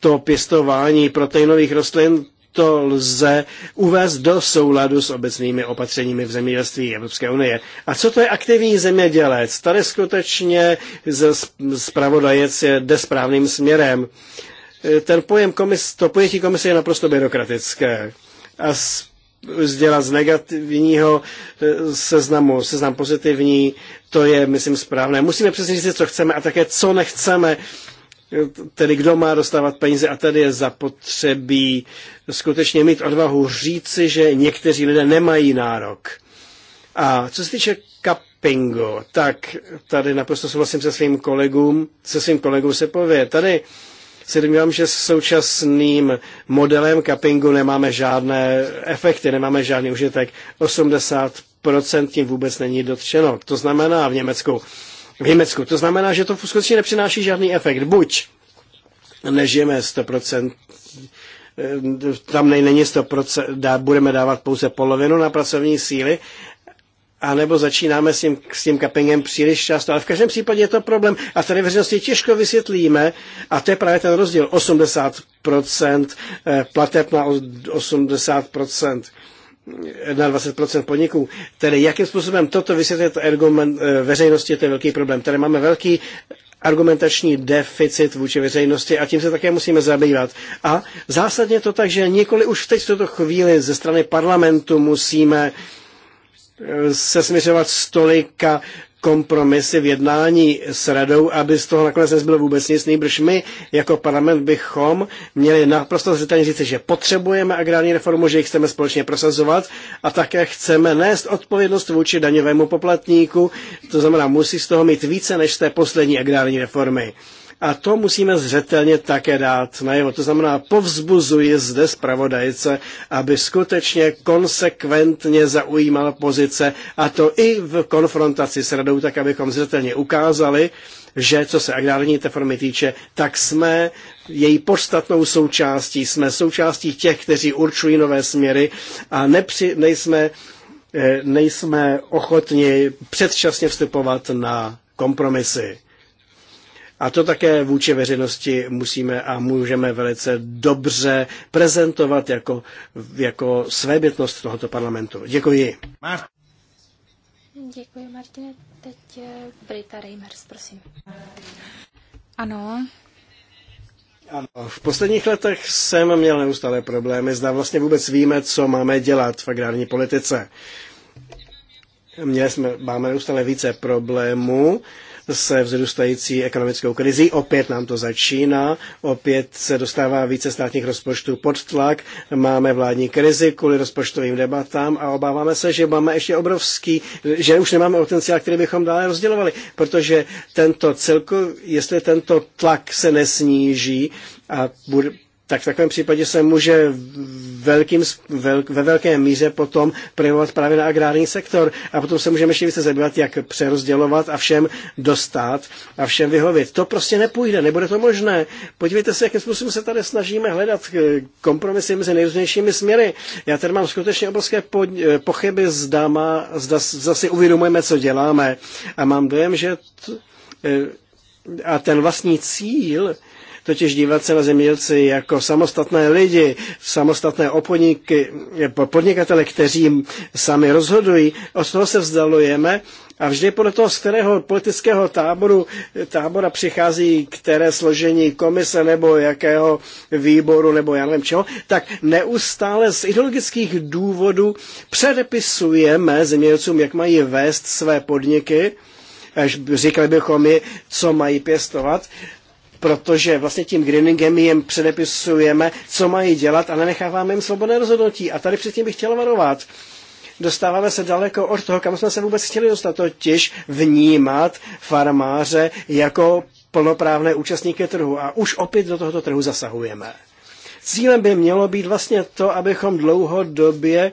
to pěstování proteinových rostlin to lze uvést do souladu s obecnými opatřeními v zemědělství Evropské unie. A co to je aktivní zemědělec? Tady skutečně zpravodajec jde správným směrem. E, ten pojem komis, to pojetí komise je naprosto byrokratické. A dělat z negativního eh, seznamu, seznam pozitivní, to je, myslím, správné. Musíme přesně říct, co chceme a také, co nechceme tedy kdo má dostávat peníze a tady je zapotřebí skutečně mít odvahu říci, že někteří lidé nemají nárok. A co se týče cuppingu, tak tady naprosto souhlasím se svým kolegům, se svým kolegou pově. Tady se domnívám, že s současným modelem cuppingu nemáme žádné efekty, nemáme žádný užitek. 80% tím vůbec není dotčeno. To znamená v Německu. V Německu. To znamená, že to skutečně nepřináší žádný efekt. Buď nežijeme 100%, eh, tam není 100%, dá, budeme dávat pouze polovinu na pracovní síly, a nebo začínáme s tím, s tím cuppingem příliš často, ale v každém případě je to problém a tady veřejnosti těžko vysvětlíme a to je právě ten rozdíl 80% eh, plateb na 80% eh, na 20% podniků. Tedy jakým způsobem toto vysvětlit argument, eh, veřejnosti, to je velký problém. Tady máme velký argumentační deficit vůči veřejnosti a tím se také musíme zabývat. A zásadně to tak, že nikoli už teď v tuto chvíli ze strany parlamentu musíme uh, se směřovat stolika kompromisy v jednání s radou, aby z toho nakonec nezbylo vůbec nic. Nejbrž my jako parlament bychom měli naprosto zřetelně říci, že potřebujeme agrární reformu, že ji chceme společně prosazovat a také chceme nést odpovědnost vůči daňovému poplatníku. To znamená, musí z toho mít více než z té poslední agrární reformy. A to musíme zřetelně také dát najevo. To znamená, povzbuzuji zde zpravodajce, aby skutečně konsekventně zaujímal pozice, a to i v konfrontaci s radou, tak abychom zřetelně ukázali, že co se agrární reformy týče, tak jsme její podstatnou součástí, jsme součástí těch, kteří určují nové směry a nepři, nejsme, eh, nejsme ochotni předčasně vstupovat na kompromisy. A to také vůči veřejnosti musíme a můžeme velice dobře prezentovat jako, jako svébytnost tohoto parlamentu. Děkuji. Děkuji, Martine. Teď eh, Brita Reimers, prosím. Ano. Ano, v posledních letech jsem měl neustále problémy, zda vlastně vůbec víme, co máme dělat v agrární politice. Měli jsme, máme neustále více problémů se vzrůstající ekonomickou krizí. Opět nám to začíná, opět se dostává více státních rozpočtů pod tlak, máme vládní krizi kvůli rozpočtovým debatám a obáváme se, že máme ještě obrovský, že už nemáme potenciál, který bychom dále rozdělovali, protože tento celko, jestli tento tlak se nesníží a bude, tak v takovém případě se může velkým, velk, ve velké míře potom projevovat právě na agrární sektor. A potom se můžeme ještě více zabývat, jak přerozdělovat a všem dostat a všem vyhovět. To prostě nepůjde, nebude to možné. Podívejte se, jakým způsobem se tady snažíme hledat eh, kompromisy mezi nejrůznějšími směry. Já tady mám skutečně obrovské po, eh, pochyby, zda, má, zda, zda si uvědomujeme, co děláme. A mám dojem, že t, eh, a ten vlastní cíl, totiž dívat se na zemědělce jako samostatné lidi, samostatné obchodníky, podnikatele, kteří sami rozhodují. Od toho se vzdalujeme a vždy podle toho, z kterého politického táboru, tábora přichází které složení komise nebo jakého výboru nebo já nevím čeho, tak neustále z ideologických důvodů předepisujeme zemědělcům, jak mají vést své podniky, až říkali bychom mi, co mají pěstovat protože vlastně tím greeningem jim předepisujeme, co mají dělat a nenecháváme jim svobodné rozhodnutí. A tady předtím bych chtěl varovat dostáváme se daleko od toho, kam jsme se vůbec chtěli dostat, totiž vnímat farmáře jako plnoprávné účastníky trhu. A už opět do tohoto trhu zasahujeme. Cílem by mělo být vlastně to, abychom dlouhodobě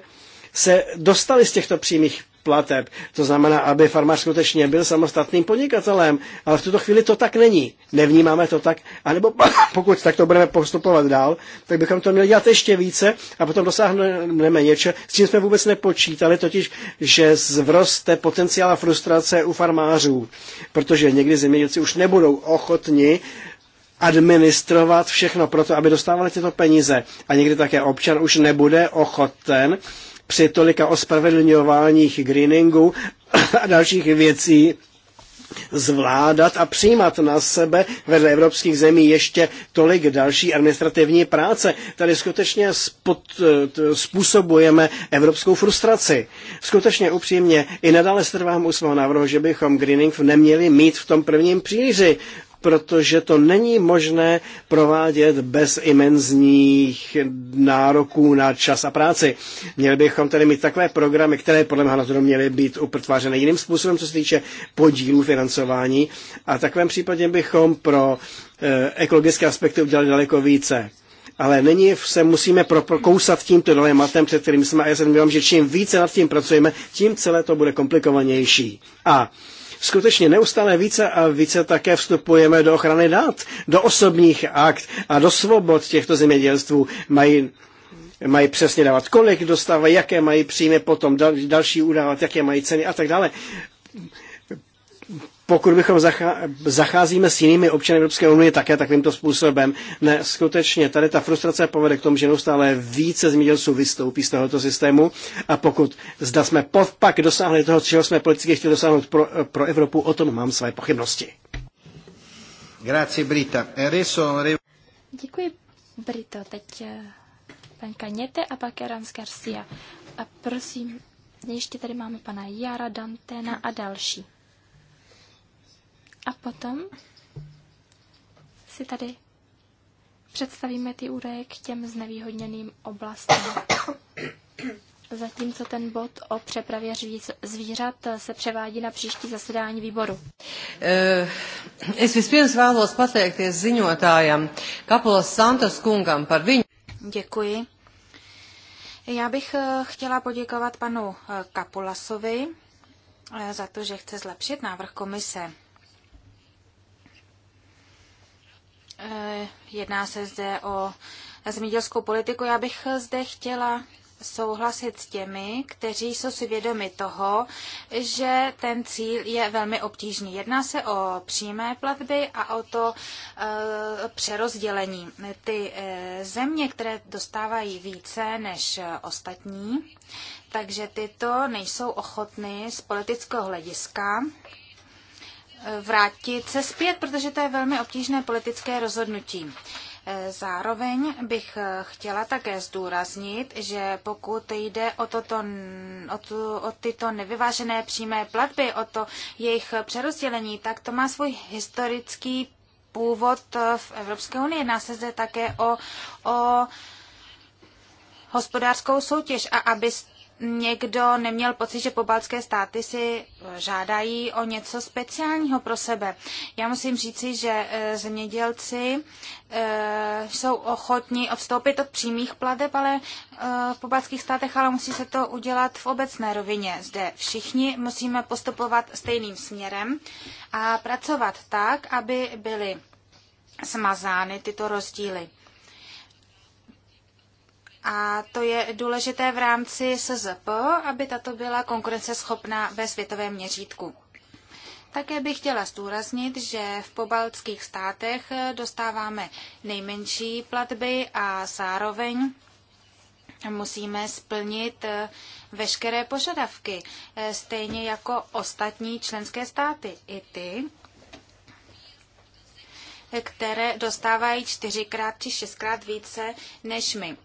se dostali z těchto přímých plateb. To znamená, aby farmář skutečně byl samostatným podnikatelem, ale v tuto chvíli to tak není. Nevnímáme to tak, anebo *coughs* pokud tak to budeme postupovat dál, tak bychom to měli dělat ještě více a potom dosáhneme něče, s čím jsme vůbec nepočítali, totiž, že zvroste potenciál frustrace u farmářů, protože někdy zemědělci už nebudou ochotni administrovat všechno proto, aby dostávali tyto peníze. A někdy také občan už nebude ochoten uh, při tolika ospravedlňováních greeningu a dalších věcí zvládat a přijímat na sebe vedle evropských zemí ještě tolik další administrativní práce. Tady skutečně spod, způsobujeme evropskou frustraci. Skutečně upřímně i nadále strvám u svého návrhu, že bychom greening neměli mít v tom prvním příliři protože to není možné provádět bez imenzních nároků na čas a práci. Měli bychom tedy mít takové programy, které podle mého názoru měly být upotvářeny jiným způsobem, co se týče podílů financování a v takovém případě bychom pro eh, ekologické aspekty udělali daleko více ale není se musíme prokousat tímto dilematem, před kterým jsme a já se domnívám, že čím více nad tím pracujeme, tím celé to bude komplikovanější. A skutečně neustále více a více také vstupujeme do ochrany dat, do osobních akt a do svobod těchto zemědělství. Mají mají přesně dávat, kolik dostávají, jaké mají příjmy, potom další udávat, jaké mají ceny a tak dále pokud bychom zacházíme s jinými občany Evropské unie také takovýmto způsobem, ne, skutečně tady ta frustrace povede k tomu, že neustále více zemědělců vystoupí z tohoto systému a pokud zda jsme pak dosáhli toho, čeho jsme politicky chtěli dosáhnout pro, pro Evropu, o tom mám své pochybnosti. Grazie, Brita. E Děkuji, Brito. Teď eh, pan Kaněte a pak Rans Garcia. A prosím, ještě tady máme pana Jara Dantena a další. A potom si tady představíme ty údaje k těm znevýhodněným oblastem. Zatímco ten bod o přepravě zvířat se převádí na příští zasedání výboru. Eh, Kapulas Santos kungam Děkuji. Já bych eh, chtěla poděkovat panu eh, Kapulasovi za to, že chce zlepšit návrh komise. Eh, jedná se zde o zemědělskou politiku. Já bych zde chtěla souhlasit s těmi, kteří jsou si vědomi toho, že ten cíl je velmi obtížný. Jedná se o přímé platby a o to e, přerozdělení. Ty e, země, které dostávají více než ostatní, takže tyto nejsou ochotny z politického hlediska vrátit se zpět, protože to je velmi obtížné politické rozhodnutí. E, zároveň bych e, chtěla také zdůraznit, že pokud jde o, toto, o, tu, o tyto nevyvážené přímé platby, o to jejich přerozdělení, tak to má svůj historický původ e, v Evropské unii. Jedná se zde také o, o hospodářskou soutěž a aby někdo neměl pocit, že pobaltské státy si eh, žádají o něco speciálního pro sebe. Já musím říci, že eh, zemědělci eh, jsou ochotní odstoupit od přímých plateb, ale v pobaltských státech, ale musí se to udělat v obecné rovině. Zde všichni musíme postupovat stejným směrem a pracovat tak, aby byly smazány tyto rozdíly. A to je důležité v rámci SZP, aby tato byla konkurenceschopná ve světovém měřítku. Také bych chtěla zdůraznit, že v pobaltských státech dostáváme nejmenší platby a zároveň musíme splnit veškeré požadavky, stejně jako ostatní členské státy, i ty, které dostávají čtyřikrát či šestkrát více než my.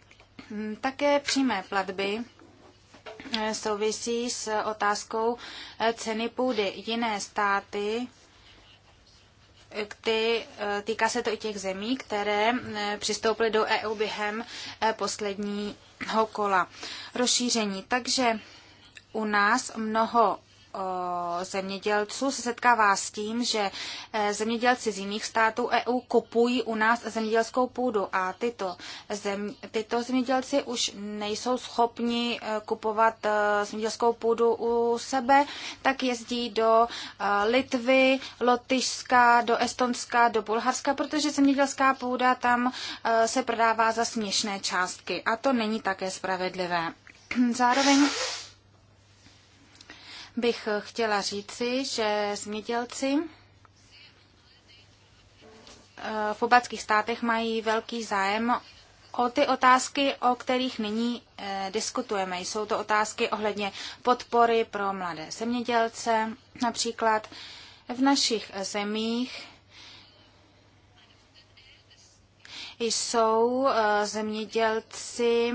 Mm, také přímé platby eh, souvisí s otázkou eh, ceny půdy. Jiné státy, eh, ty, týká se to i těch zemí, které přistoupily do EU během posledního kola rozšíření. Takže u nás mnoho zemědělců se setkává s tím, že e, zemědělci z jiných států EU kupují u nás zemědělskou půdu a tyto, zem, tyto zemědělci už nejsou schopni e, kupovat e, zemědělskou půdu u sebe, tak jezdí do Litvy, Lotyšska, do Estonska, do Bulharska, protože zemědělská půda tam se prodává za směšné částky a to není také spravedlivé. *clears throat* Zároveň bych chtěla říci, že zemědělci eh, v obackých státech mají velký zájem o ty otázky, o kterých nyní eh, diskutujeme. Jsou to otázky ohledně podpory pro mladé zemědělce. Například v našich eh, zemích jsou eh, zemědělci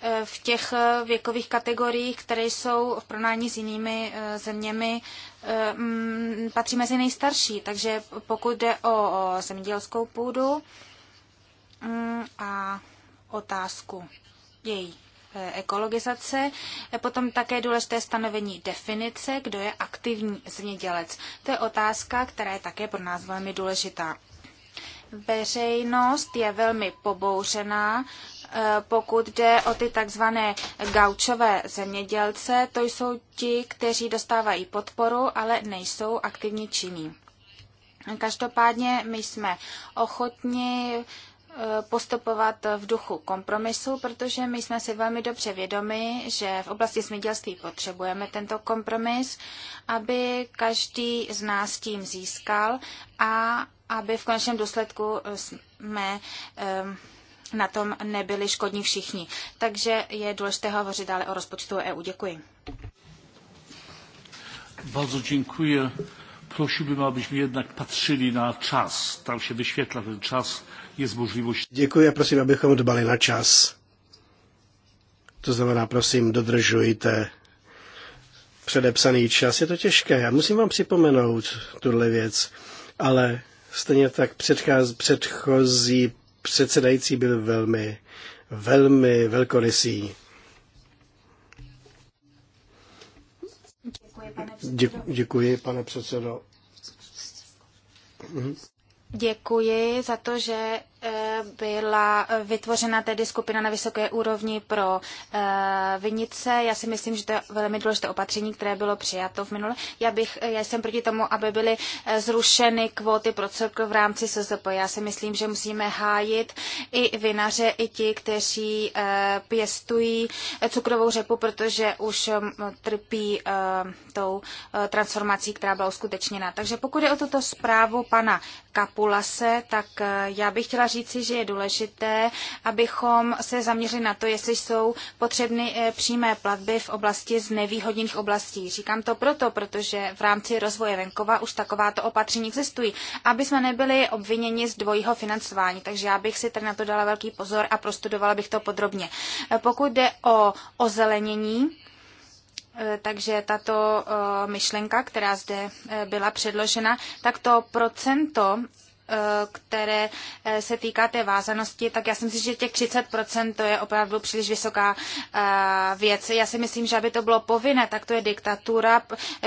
eh, v těch eh, věkových kategoriích, které jsou v pronání s jinými zeměmi, patří mezi nejstarší. Takže pokud jde o zemědělskou půdu mm, a otázku její ekologizace. Potom také důležité stanovení definice, kdo je aktivní zemědělec. To je otázka, která je také pro nás velmi důležitá. Veřejnost je velmi pobouřená, eh, pokud jde o ty takzvané gaučové zemědělce, to jsou ti, kteří dostávají podporu, ale nejsou aktivně činní. Každopádně my jsme ochotni eh, postupovat v duchu kompromisu, protože my jsme si velmi dobře vědomi, že v oblasti zemědělství potřebujeme tento kompromis, aby každý z nás tím získal a aby v konečném důsledku eh, jsme eh, na tom nebyli škodní všichni. Takže je důležité hovořit dále o rozpočtu EU. Děkuji. Bardzo dziękuję. Prosiłbym, abyśmy jednak patrzyli na czas. Tam się wyświetla ten czas. Jest możliwość. Děkuji prosím, abychom dbali na čas. To znamená, prosím, dodržujte předepsaný čas. Je to těžké. Já musím vám připomenout tuhle věc, ale Stejně tak předcház, předchozí předsedající byl velmi, velmi velkorysý. Děkuji, pane předsedo. Děkuji, mhm. za to, že byla vytvořena tedy skupina na vysoké úrovni pro eh, vinice. Já si myslím, že to je velmi důležité opatření, které bylo přijato v minulé. Já, bych, eh, já jsem proti tomu, aby byly eh, zrušeny kvóty pro cukr v rámci SZP. Já si myslím, že musíme hájit i vinaře, i ti, kteří pěstují cukrovou řepu, protože už trpí tou transformací, která byla uskutečněna. Takže pokud je o tuto zprávu pana Kapulase, tak já bych chtěla říci, že je důležité, abychom se zaměřili na to, jestli jsou potřebny eh, přímé platby v oblasti z nevýhodněných oblastí. Říkám to proto, protože v rámci rozvoje venkova už takováto opatření existují, aby jsme nebyli obviněni z dvojího financování. Takže já bych si tady na to dala velký pozor a prostudovala bych to podrobně. Eh, pokud jde o ozelenění, eh, takže tato myšlenka, která zde byla předložena, tak to procento Eh, které eh, se týká té vázanosti, tak já si myslím, že těch 30% to je opravdu příliš vysoká eh, věc. Já si myslím, že aby to bylo povinné, tak to je diktatura,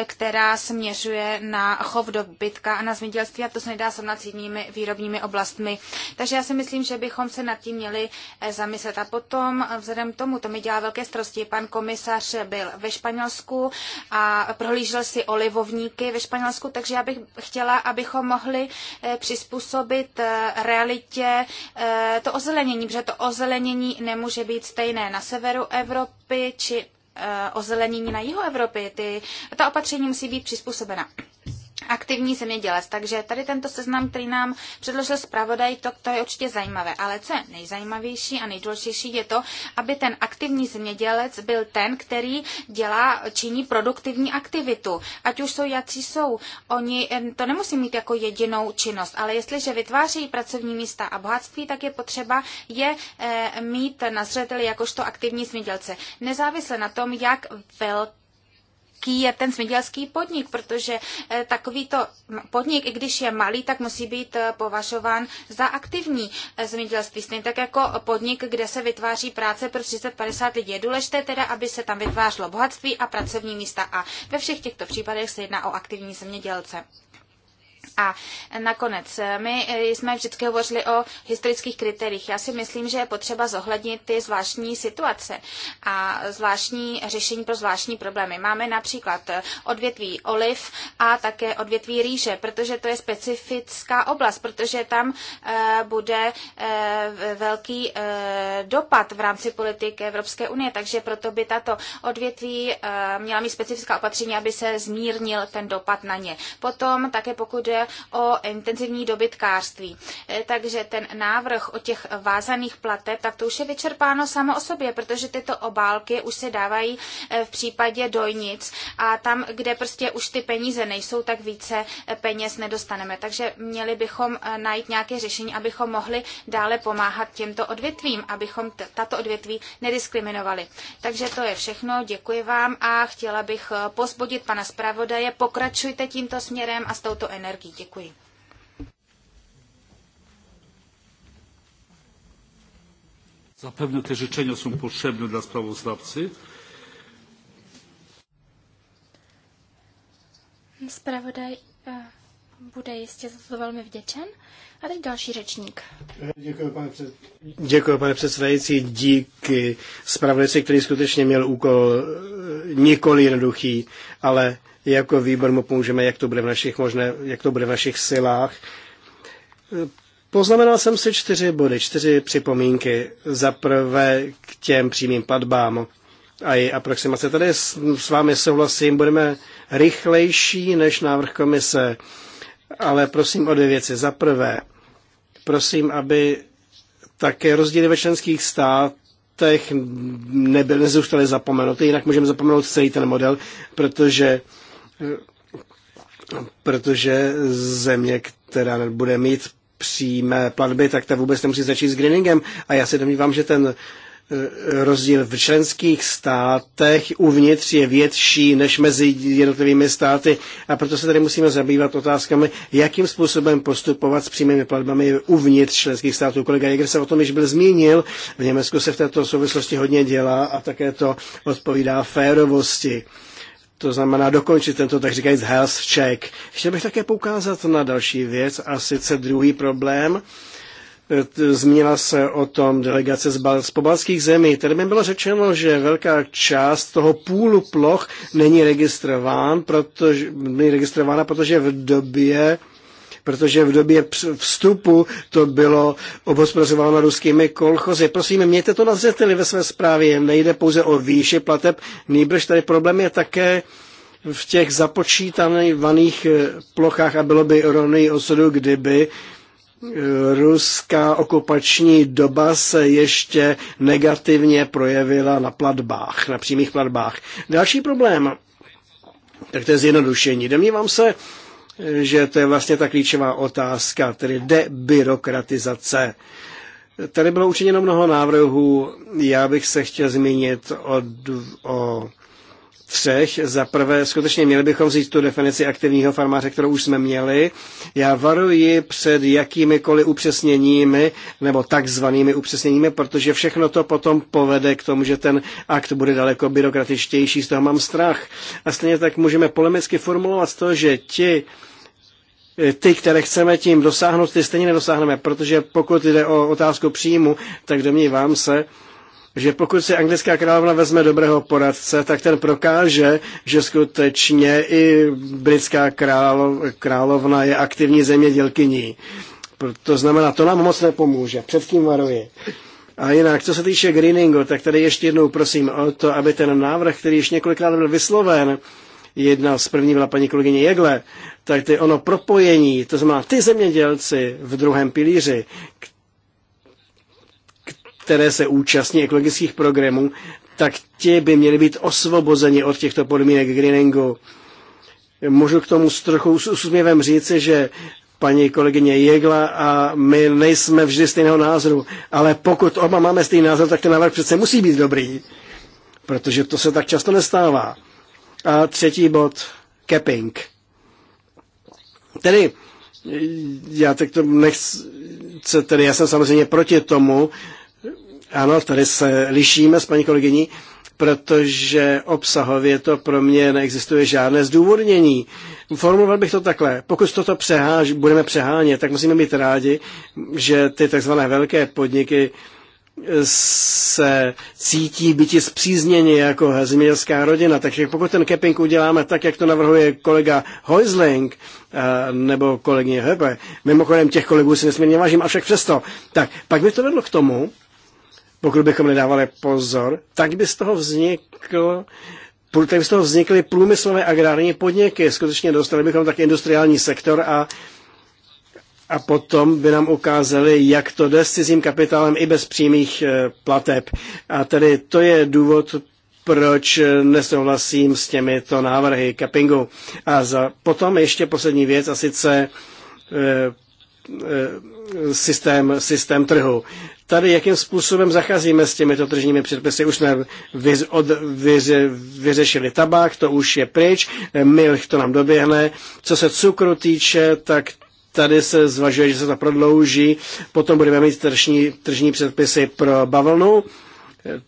která směřuje na chov dobytka a na zemědělství a to se nedá sovnat s jinými výrobními oblastmi. Takže já si myslím, že bychom se nad tím měli zamyslet. A potom, vzhledem k tomu, to mi dělá velké strosti, pan komisař byl ve Španělsku a prohlížel si olivovníky ve Španělsku, takže já bych chtěla, abychom mohli přispět přizpůsobit eh, realitě eh, to ozelenění, protože to ozelenění nemůže být stejné na severu Evropy či eh, ozelenění na jihu Evropy. Ty, ta opatření musí být přizpůsobena aktivní zemědělec. Takže tady tento seznam, který nám předložil zpravodaj, to, to je určitě zajímavé. Ale co je nejzajímavější a nejdůležitější je to, aby ten aktivní zemědělec byl ten, který dělá, činí produktivní aktivitu. Ať už jsou jací jsou, oni to nemusí mít jako jedinou činnost, ale jestliže vytváří pracovní místa a bohatství, tak je potřeba je e, mít na zřeteli jakožto aktivní zemědělce. Nezávisle na tom, jak velký jaký je ten zemědělský podnik, protože eh, takovýto podnik, i když je malý, tak musí být eh, považován za aktivní eh, zemědělství. Stejně tak jako podnik, kde se vytváří práce pro 350 lidí. Je důležité teda, aby se tam vytvářelo bohatství a pracovní místa. A ve všech těchto případech se jedná o aktivní zemědělce. A nakonec, eh, my eh, jsme vždycky hovořili o historických kritériích. Já si myslím, že je potřeba zohlednit ty zvláštní situace a zvláštní řešení pro zvláštní problémy. Máme například eh, odvětví oliv a také odvětví rýže, protože to je specifická oblast, protože tam bude velký dopad v rámci politiky Evropské unie, takže proto by tato odvětví měla mít specifická opatření, aby se zmírnil ten dopad na ně. Potom také pokud jde o intenzivní dobytkářství. Eh, takže ten návrh o těch vázaných plateb, tak to už je vyčerpáno samo o sobě, protože tyto obálky už se dávají eh, v případě dojnic a tam, kde prostě už ty peníze nejsou, tak více eh, peněz nedostaneme. Takže měli bychom najít nějaké řešení, abychom mohli dále pomáhat těmto odvětvím, abychom tato odvětví nediskriminovali. Takže to je všechno, děkuji vám a chtěla bych pozbudit pana zpravodaje, pokračujte tímto směrem a s touto energií. Děkuji. Zapewne te życzenia są potrzebne dla sprawozdawcy. Sprawodaj e, bude jistě za to velmi vděčen. A teď další řečník. Děkuji, pane, před... Děkuji, pane předsedající. Díky spravodajci, který skutečně měl úkol e, nikoli jednoduchý, ale jako výbor mu pomůžeme, jak to bude v našich, možné, jak to bude v našich silách. Poznamenal jsem si čtyři body, čtyři připomínky. Za prvé k těm přímým padbám a i aproximace. Tady s, s vámi souhlasím, budeme rychlejší než návrh komise, ale prosím o dvě věci. Za prvé, prosím, aby také rozdíly ve členských státech nebyly, nezůstaly zapomenuty, jinak můžeme zapomenout celý ten model, protože protože země, která bude mít přímé platby, tak ta vůbec nemusí začít s greeningem. A já se domnívám, že ten eh, rozdíl v členských státech uvnitř je větší než mezi jednotlivými státy a proto se tady musíme zabývat otázkami, jakým způsobem postupovat s přímými platbami uvnitř členských států. Kolega Jäger se o tom již byl zmínil, v Německu se v této souvislosti hodně dělá a také to odpovídá férovosti to znamená dokončit tento, tak říkajíc, health check. Chtěl bych také poukázat na další věc, a sice druhý problém. E, zmínila se o tom delegace z, Bal- z pobalských zemí. Tady mi bylo řečeno, že velká část toho půlu ploch není registrován, protože, není registrována, protože v době protože v době vstupu to bylo obhospodařováno ruskými kolchozy. Prosím, mějte to na zřeteli ve své zprávě. Nejde pouze o výši plateb, nejbrž tady problém je také v těch započítaných plochách a bylo by ironii osudu, kdyby e, ruská okupační doba se ještě negativně projevila na platbách, na přímých platbách. Další problém, tak to je zjednodušení. Domnívám se, že to je vlastně ta klíčová otázka, tedy debyrokratizace. Tady bylo učiněno mnoho návrhů, já bych se chtěl zmínit o, o třech. Za prvé, skutečně měli bychom vzít tu definici aktivního farmáře, kterou už jsme měli. Já varuji před jakýmikoliv upřesněními nebo takzvanými upřesněními, protože všechno to potom povede k tomu, že ten akt bude daleko byrokratičtější, z toho mám strach. A stejně tak můžeme polemicky formulovat to, že ti, ty, které chceme tím dosáhnout, ty stejně nedosáhneme, protože pokud jde o otázku příjmu, tak domnívám se, že pokud si anglická královna vezme dobrého poradce, tak ten prokáže, že skutečně i britská králov, královna je aktivní zemědělkyní. To znamená, to nám moc nepomůže. Před tím varuji. A jinak, co se týče greeningu, tak tady ještě jednou prosím o to, aby ten návrh, který již několikrát byl vysloven, jedna z první byla paní kolegyně Jegle, tak ty ono propojení, to znamená ty zemědělci v druhém pilíři, které se účastní ekologických programů, tak ti by měli být osvobozeni od těchto podmínek greeningu. Můžu k tomu s trochu s úsměvem říci, že paní kolegyně Jegla a my nejsme vždy stejného názoru, ale pokud oba máme stejný názor, tak ten návrh přece musí být dobrý, protože to se tak často nestává. A třetí bod, capping. Tedy já tak to nechci, tedy já jsem samozřejmě proti tomu, ano, tady se lišíme s paní kolegyní, protože obsahově to pro mě neexistuje žádné zdůvodnění. Formuloval bych to takhle. Pokud toto přeháž, budeme přehánět, tak musíme být rádi, že ty tzv. velké podniky se cítí byti zpřízněni jako zemědělská rodina. Takže pokud ten capping uděláme tak, jak to navrhuje kolega Heusling eh, nebo kolegyně Hebe, mimochodem těch kolegů si nesmírně vážím, avšak přesto, tak pak by to vedlo k tomu, pokud bychom nedávali pozor, tak by z toho vznikl tak by z toho vznikly průmyslové agrární podniky. Skutečně dostali bychom tak industriální sektor a, a potom by nám ukázali, jak to jde s cizím kapitálem i bez přímých e, plateb. A tedy to je důvod, proč nesouhlasím s těmito návrhy kapingu. A za, potom ještě poslední věc, a sice e, Eh, systém, systém trhu. Tady jakým způsobem zacházíme s těmito tržními předpisy? Už jsme vyř, od, vyře, vyřešili tabák, to už je pryč, eh, milk to nám doběhne. Co se cukru týče, tak tady se zvažuje, že se to prodlouží. Potom budeme mít tržní, tržní předpisy pro bavlnu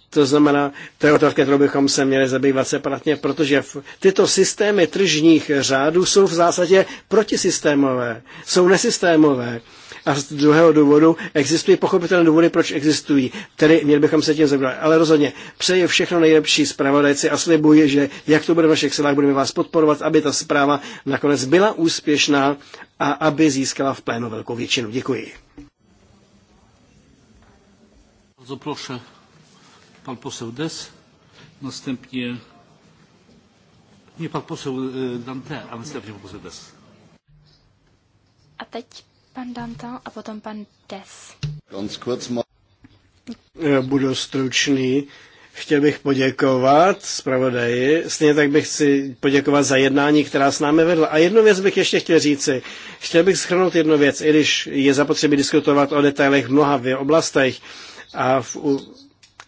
to znamená, to je otázka, kterou bychom se měli zabývat separatně, protože tyto systémy tržních řádů jsou v zásadě protisystémové, jsou nesystémové. A z druhého důvodu existují pochopitelné důvody, proč existují. Tedy měli bychom se tím zabývat. Ale rozhodně přeji všechno nejlepší zpravodajci a slibuji, že jak to bude v našich silách, budeme vás podporovat, aby ta zpráva nakonec byla úspěšná a aby získala v plénu velkou většinu. Děkuji. Zaprošen pan poseł Des, następnie nie pan poseł e, Dante, a następně pan poseł Des. A teď pan Danton a potom pan Des. budu stručný. Chtěl bych poděkovat zpravodaji, stejně tak bych chci poděkovat za jednání, která s námi vedla. A jednu věc bych ještě chtěl říci. Chtěl bych schrnout jednu věc, i když je zapotřebí diskutovat o detailech v mnoha oblastech a v,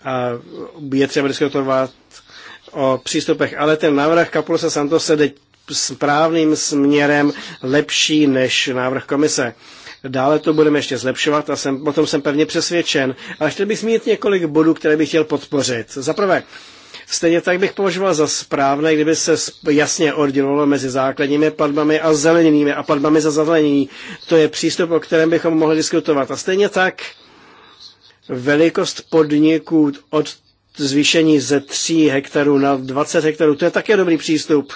a je třeba diskutovat o přístupech. Ale ten návrh Santos se jde správným směrem lepší než návrh komise. Dále to budeme ještě zlepšovat a jsem, o tom jsem pevně přesvědčen. Ale chtěl bych zmínit několik bodů, které bych chtěl podpořit. Za prvé, Stejně tak bych považoval za správné, kdyby se jasně oddělovalo mezi základními platbami a zelenými a platbami za zelenění. To je přístup, o kterém bychom mohli diskutovat. A stejně tak velikost podniků od zvýšení ze 3 hektarů na 20 hektarů, to je také dobrý přístup.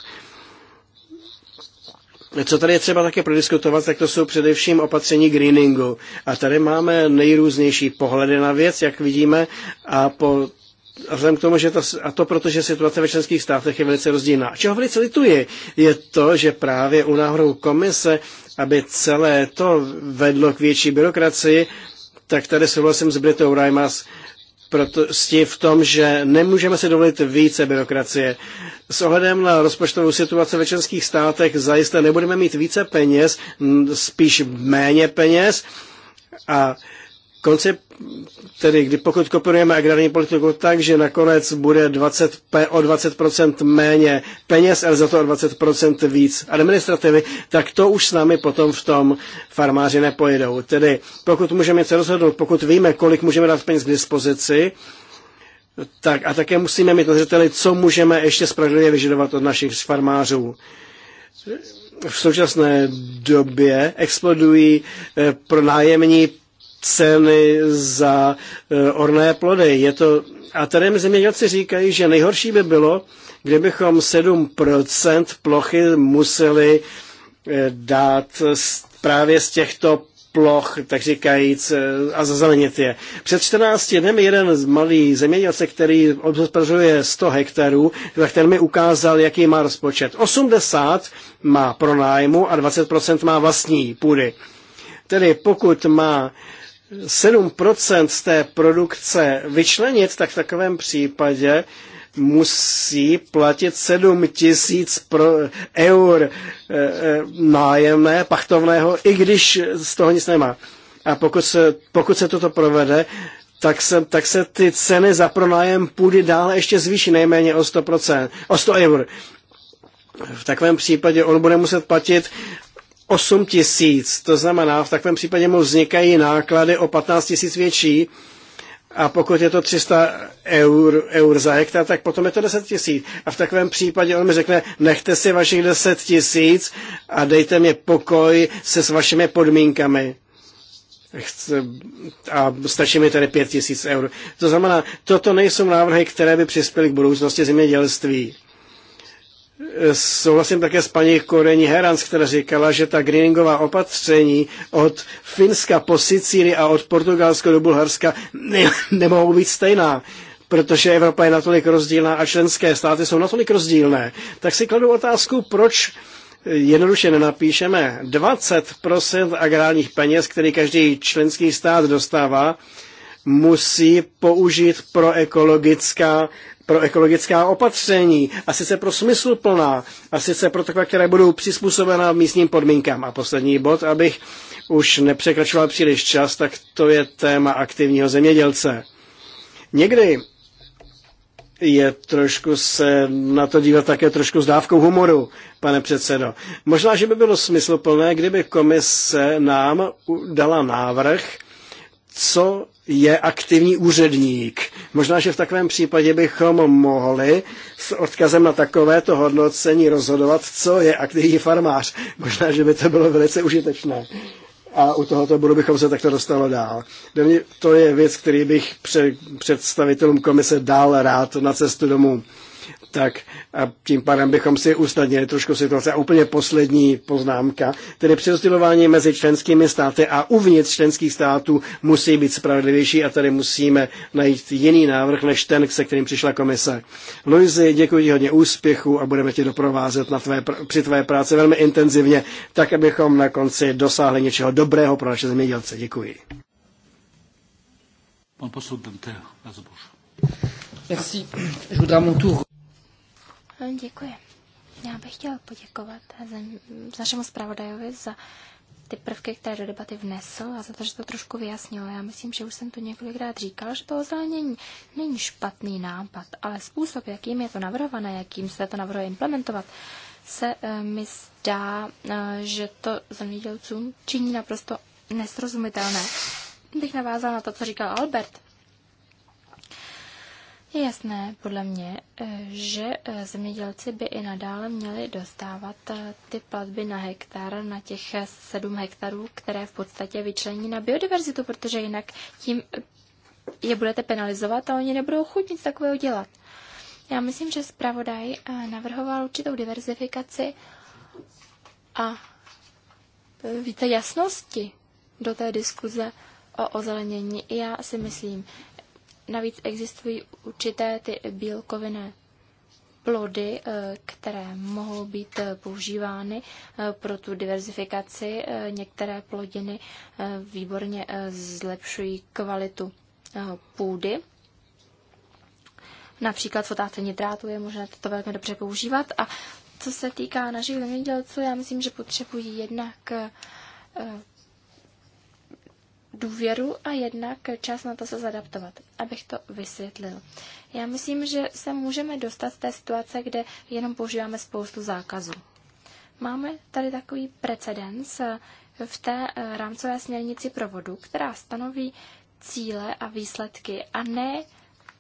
Co tady je třeba také prodiskutovat, tak to jsou především opatření greeningu. A tady máme nejrůznější pohledy na věc, jak vidíme, a po a vzhledem k tomu, že to, a to že situace ve členských státech je velice rozdílná. A čeho velice lituji, je to, že právě u náhodou komise, aby celé to vedlo k větší byrokracii, tak tady souhlasím s Britou Raimas proto, s tím v tom, že nemůžeme si dovolit více byrokracie. S ohledem na rozpočtovou situaci ve členských státech zajisté nebudeme mít více peněz, spíš méně peněz a uh, koncept, tedy kdy pokud kopírujeme agrární politiku tak, že nakonec bude 20, o 20% méně peněz, ale za to o 20% víc administrativy, tak to už s námi potom v tom farmáři nepojedou. Tedy pokud můžeme něco rozhodnout, pokud víme, kolik můžeme dát peněz k dispozici, tak a také musíme mít na zřeteli, co můžeme ještě spravedlivě vyžadovat od našich farmářů v současné době explodují eh, pro nájemní ceny za eh, orné plody. Je to, a tady zemědělci říkají, že nejhorší by bylo, kdybychom 7% plochy museli eh, dát právě z těchto ploch, tak říkajíc, eh, a zazelenit je. Před 14 dnem jeden z malý zemědělce, který obhospodařuje 100 hektarů, tak ten mi ukázal, jaký má rozpočet. 80 má pronájmu a 20% má vlastní půdy. Tedy pokud má 7% z té produkce vyčlenit, tak v takovém případě musí platit 7 tisíc eur e, e, nájemné pachtovného, i když z toho nic nemá. A pokud se, pokud se toto provede, tak se, tak se ty ceny za pronájem půdy dále ještě zvýší nejméně o 100%, o 100 eur. V takovém případě on bude muset platit 8 tisíc. To znamená, v takovém případě mu vznikají náklady o 15 tisíc větší. A pokud je to 300 eur, eur za hektar, tak potom je to 10 tisíc. A v takovém případě on mi řekne, nechte si vašich 10 tisíc a dejte mi pokoj se s vašimi podmínkami. A stačí mi tady 5 tisíc eur. To znamená, toto nejsou návrhy, které by přispěly k budoucnosti zemědělství. Souhlasím také s paní Koreni Herans, která říkala, že ta greeningová opatření od Finska po Sicílii a od Portugalska do Bulharska ne- nemohou být stejná protože Evropa je natolik rozdílná a členské státy jsou natolik rozdílné, tak si kladu otázku, proč jednoduše nenapíšeme 20% agrárních peněz, který každý členský stát dostává, musí použít pro ekologická pro ekologická opatření, a sice pro smysluplná, a sice pro takové, které budou přizpůsobena místním podmínkám. A poslední bod, abych už nepřekračoval příliš čas, tak to je téma aktivního zemědělce. Někdy je trošku se na to dívat také trošku s dávkou humoru, pane předsedo. Možná, že by bylo smysluplné, kdyby komise nám dala návrh, co je aktivní úředník. Možná, že v takovém případě bychom mohli s odkazem na takovéto hodnocení rozhodovat, co je aktivní farmář. Možná, že by to bylo velice užitečné. A u tohoto bodu bychom se takto dostalo dál. To je věc, který bych představitelům komise dal rád na cestu domů tak a tím pádem bychom si usnadnili trošku situace. A úplně poslední poznámka, tedy přerozdělování mezi členskými státy a uvnitř členských států musí být spravedlivější a tady musíme najít jiný návrh než ten, se kterým přišla komise. Luizi, děkuji hodně úspěchu a budeme tě doprovázet na tvé, při tvé práci velmi intenzivně, tak abychom na konci dosáhli něčeho dobrého pro naše zemědělce. Děkuji. Pan poslou, Merci. Je voudrais à mon tour Děkuji. Já bych chtěla poděkovat za, našemu zpravodajovi za ty prvky, které do debaty vnesl a za to, že to trošku vyjasnilo. Já myslím, že už jsem tu několikrát říkal, že to ozelenění není špatný nápad, ale způsob, jakým je to navrhované, jakým se to navrhuje implementovat, se eh, mi zdá, eh, že to zemědělcům činí naprosto nesrozumitelné. Bych navázala na to, co říkal Albert. Je jasné, podle mě, eh, že eh, zemědělci by i nadále měli dostávat eh, ty platby na hektar, na těch 7 hektarů, které v podstatě vyčlení na biodiverzitu, protože jinak tím je budete penalizovat a oni nebudou chuť nic takového dělat. Já myslím, že zpravodaj navrhoval určitou diverzifikaci a více jasnosti do té diskuze o ozelenění. Já si myslím, Navíc existují určité ty bílkovinné plody, eh, které mohou být eh, používány eh, pro tu diverzifikaci. Některé plodiny výborně zlepšují kvalitu půdy. Například v otázce je možné toto velmi dobře používat. A co se týká našich zemědělců, já myslím, že potřebují jednak důvěru a jednak čas na to se zadaptovat, abych to vysvětlil. Já myslím, že se můžeme dostat z té situace, kde jenom používáme spoustu zákazů. Máme tady takový precedens eh, v té eh, rámcové směrnici provodu, která stanoví cíle a výsledky a ne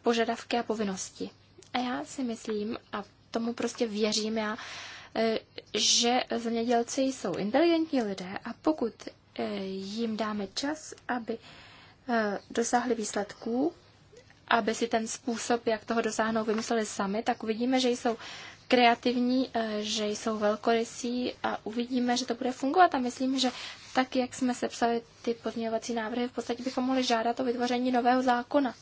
požadavky a povinnosti. A já si myslím, a tomu prostě věřím já, eh, že zemědělci jsou inteligentní lidé a pokud Eh, jim dáme čas, aby eh, dosáhli výsledků, aby si ten způsob, jak toho dosáhnou, vymysleli sami, tak uvidíme, že jsou kreativní, eh, že jsou velkorysí a uvidíme, že to bude fungovat. A myslím, že tak, jak jsme sepsali ty pozměňovací návrhy, v podstatě bychom mohli žádat o vytvoření nového zákona.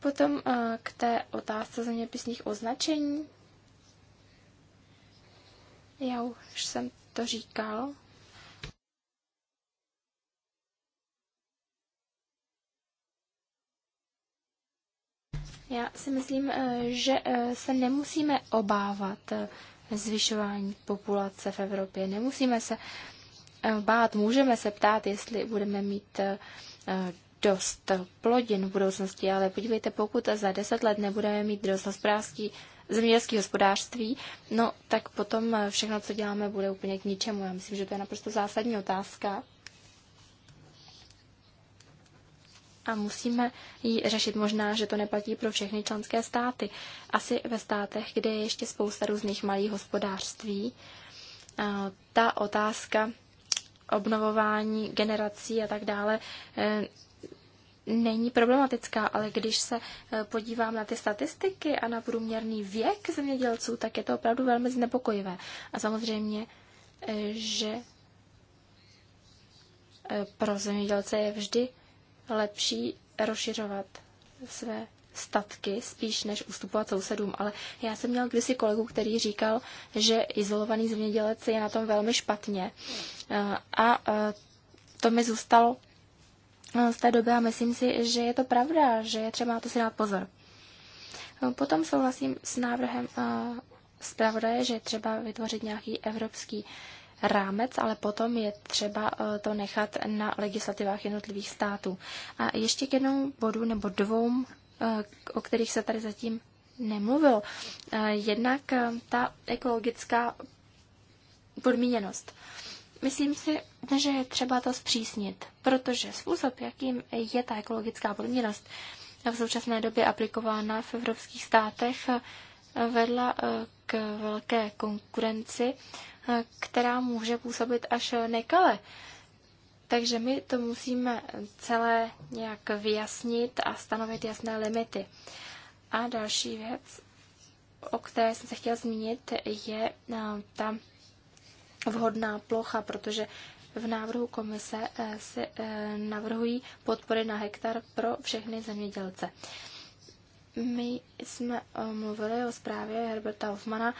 Potom k té otázce zeměpisných označení. Já už jsem to říkal. Já si myslím, eh, že eh, se nemusíme obávat eh, zvyšování populace v Evropě. Nemusíme se bát, můžeme se ptát, jestli budeme mít dost plodin v budoucnosti, ale podívejte, pokud za deset let nebudeme mít dost hospodářství, zemědělský hospodářství, no tak potom všechno, co děláme, bude úplně k ničemu. Já myslím, že to je naprosto zásadní otázka a musíme ji řešit. Možná, že to neplatí pro všechny členské státy. Asi ve státech, kde je ještě spousta různých malých hospodářství, ta otázka obnovování generací a tak dále e, není problematická, ale když se e, podívám na ty statistiky a na průměrný věk zemědělců, tak je to opravdu velmi znepokojivé. A samozřejmě, e, že pro zemědělce je vždy lepší rozšiřovat své statky spíš než ustupovat sousedům. Ale já jsem měl kdysi kolegu, který říkal, že izolovaný zemědělec je na tom velmi špatně. A to mi zůstalo z té doby a myslím si, že je to pravda, že je třeba na to si dát pozor. Potom souhlasím s návrhem zpravodaje, že třeba vytvořit nějaký evropský rámec, ale potom je třeba eh, to nechat na legislativách jednotlivých států. A ještě k jednomu bodu nebo dvou, eh, o kterých se tady zatím nemluvilo. Eh, jednak ta ekologická podmíněnost. Myslím si, že je třeba to zpřísnit, protože způsob, jakým je ta ekologická podmíněnost v současné době aplikována v evropských státech, vedla k velké konkurenci která může působit až nekale. Takže my to musíme celé nějak vyjasnit a stanovit jasné limity. A další věc, o které jsem se chtěla zmínit, je eh, ta vhodná plocha, protože v návrhu komise eh, se eh, navrhují podpory na hektar pro všechny zemědělce. My jsme mluvili o zprávě Herberta Hoffmana,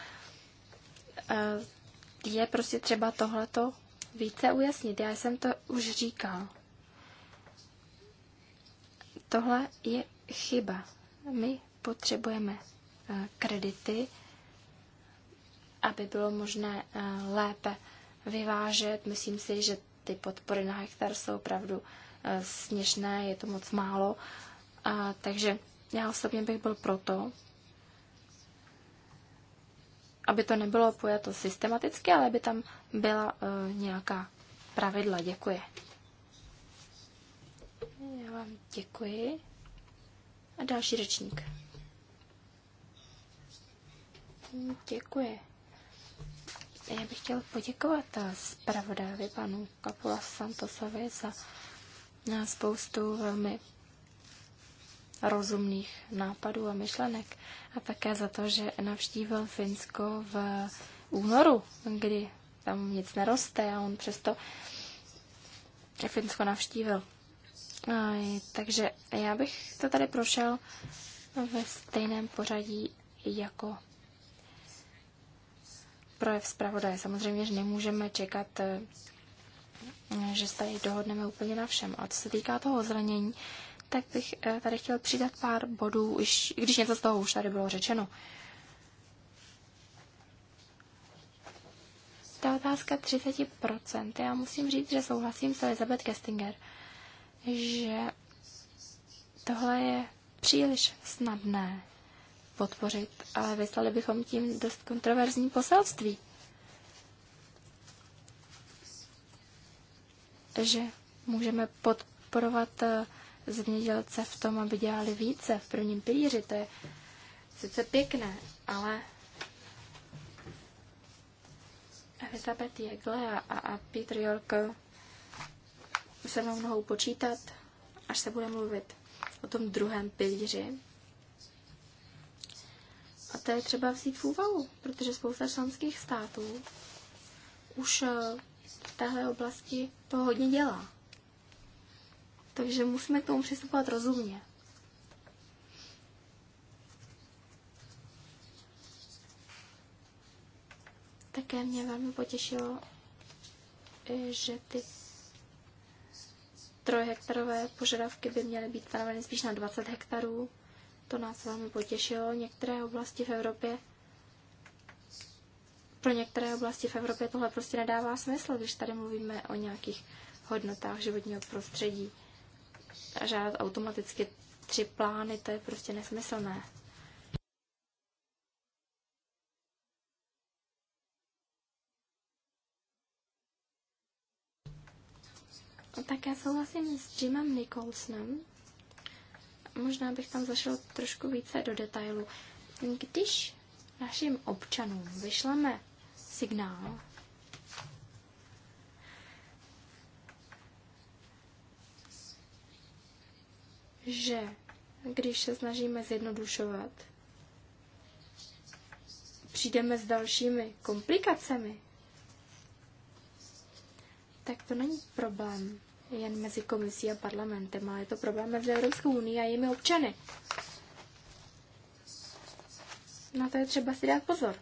je prostě třeba tohleto více ujasnit. Já jsem to už říkal. Tohle je chyba. My potřebujeme eh, kredity, aby bylo možné eh, lépe vyvážet. Myslím si, že ty podpory na hektar jsou opravdu eh, směšné, je to moc málo. A, takže já osobně bych byl proto, aby to nebylo pojato systematicky, ale aby tam byla e, nějaká pravidla. Děkuji. Já vám děkuji. A další řečník. Děkuji. Já bych chtěl poděkovat zpravodajovi panu Kapula Santosovi za spoustu velmi rozumných nápadů a myšlenek a také za to, že navštívil Finsko v únoru, kdy tam nic neroste a on přesto Finsko navštívil. Aj, takže já bych to tady prošel ve stejném pořadí jako projev zpravodaje. Samozřejmě, že nemůžeme čekat, eh, že se tady dohodneme úplně na všem. A co se týká toho zranění, tak bych eh, tady chtěl přidat pár bodů, i když něco z toho už tady bylo řečeno. Ta otázka 30%. Já musím říct, že souhlasím s Elizabeth Kestinger, že tohle je příliš snadné podpořit, ale vyslali bychom tím dost kontroverzní poselství. Že můžeme podporovat eh, zemědělce v tom, aby dělali více v prvním pilíři. To je sice pěkné, ale Elizabeth Jegle a, a Peter York se mnou mohou počítat, až se bude mluvit o tom druhém pilíři. A to je třeba vzít v úvahu, protože spousta členských států už eh, v téhle oblasti to hodně dělá. Takže musíme k tomu přistupovat rozumně. Také mě velmi potěšilo, eh, že ty trojhektarové požadavky by měly být stanoveny spíš na 20 hektarů. To nás velmi potěšilo. Některé oblasti v Evropě pro některé oblasti v Evropě tohle prostě nedává smysl, když tady mluvíme o nějakých hodnotách životního prostředí žádat automaticky tři plány, to je prostě nesmyslné. já souhlasím s Jimem Nicholsonem. Možná bych tam zašel trošku více do detailu. Když našim občanům vyšleme signál, že když se snažíme zjednodušovat, přijdeme s dalšími komplikacemi, tak to není problém jen mezi komisí a parlamentem, ale je to problém mezi Evropskou unii a jejími občany. Na to je třeba si dát pozor.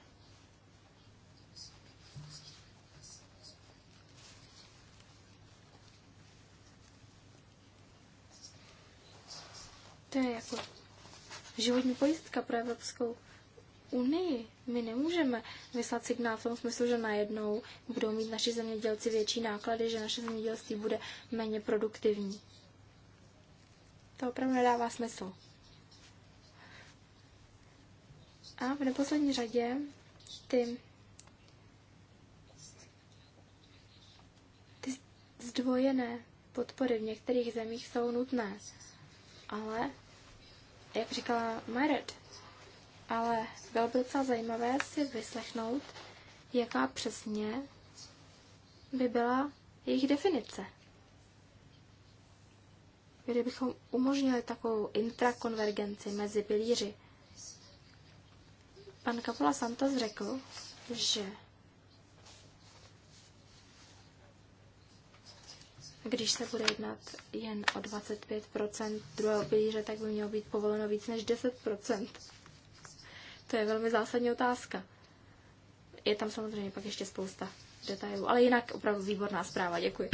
To je jako životní pojistka pro Evropskou unii. My nemůžeme vyslat signál v tom smyslu, že najednou budou mít naši zemědělci větší náklady, že naše zemědělství bude méně produktivní. To opravdu nedává smysl. A v neposlední řadě ty, ty zdvojené podpory v některých zemích jsou nutné, ale jak říkala Meredith, Ale bylo by docela zajímavé si vyslechnout, jaká přesně by byla jejich definice. Kdybychom umožnili takovou intrakonvergenci mezi pilíři. Pan kapula Santos řekl, že Když se bude jednat jen o 25 druhého pilíře, tak by mělo být povoleno víc než 10 To je velmi zásadní otázka. Je tam samozřejmě pak ještě spousta detailů, ale jinak opravdu výborná zpráva. Děkuji.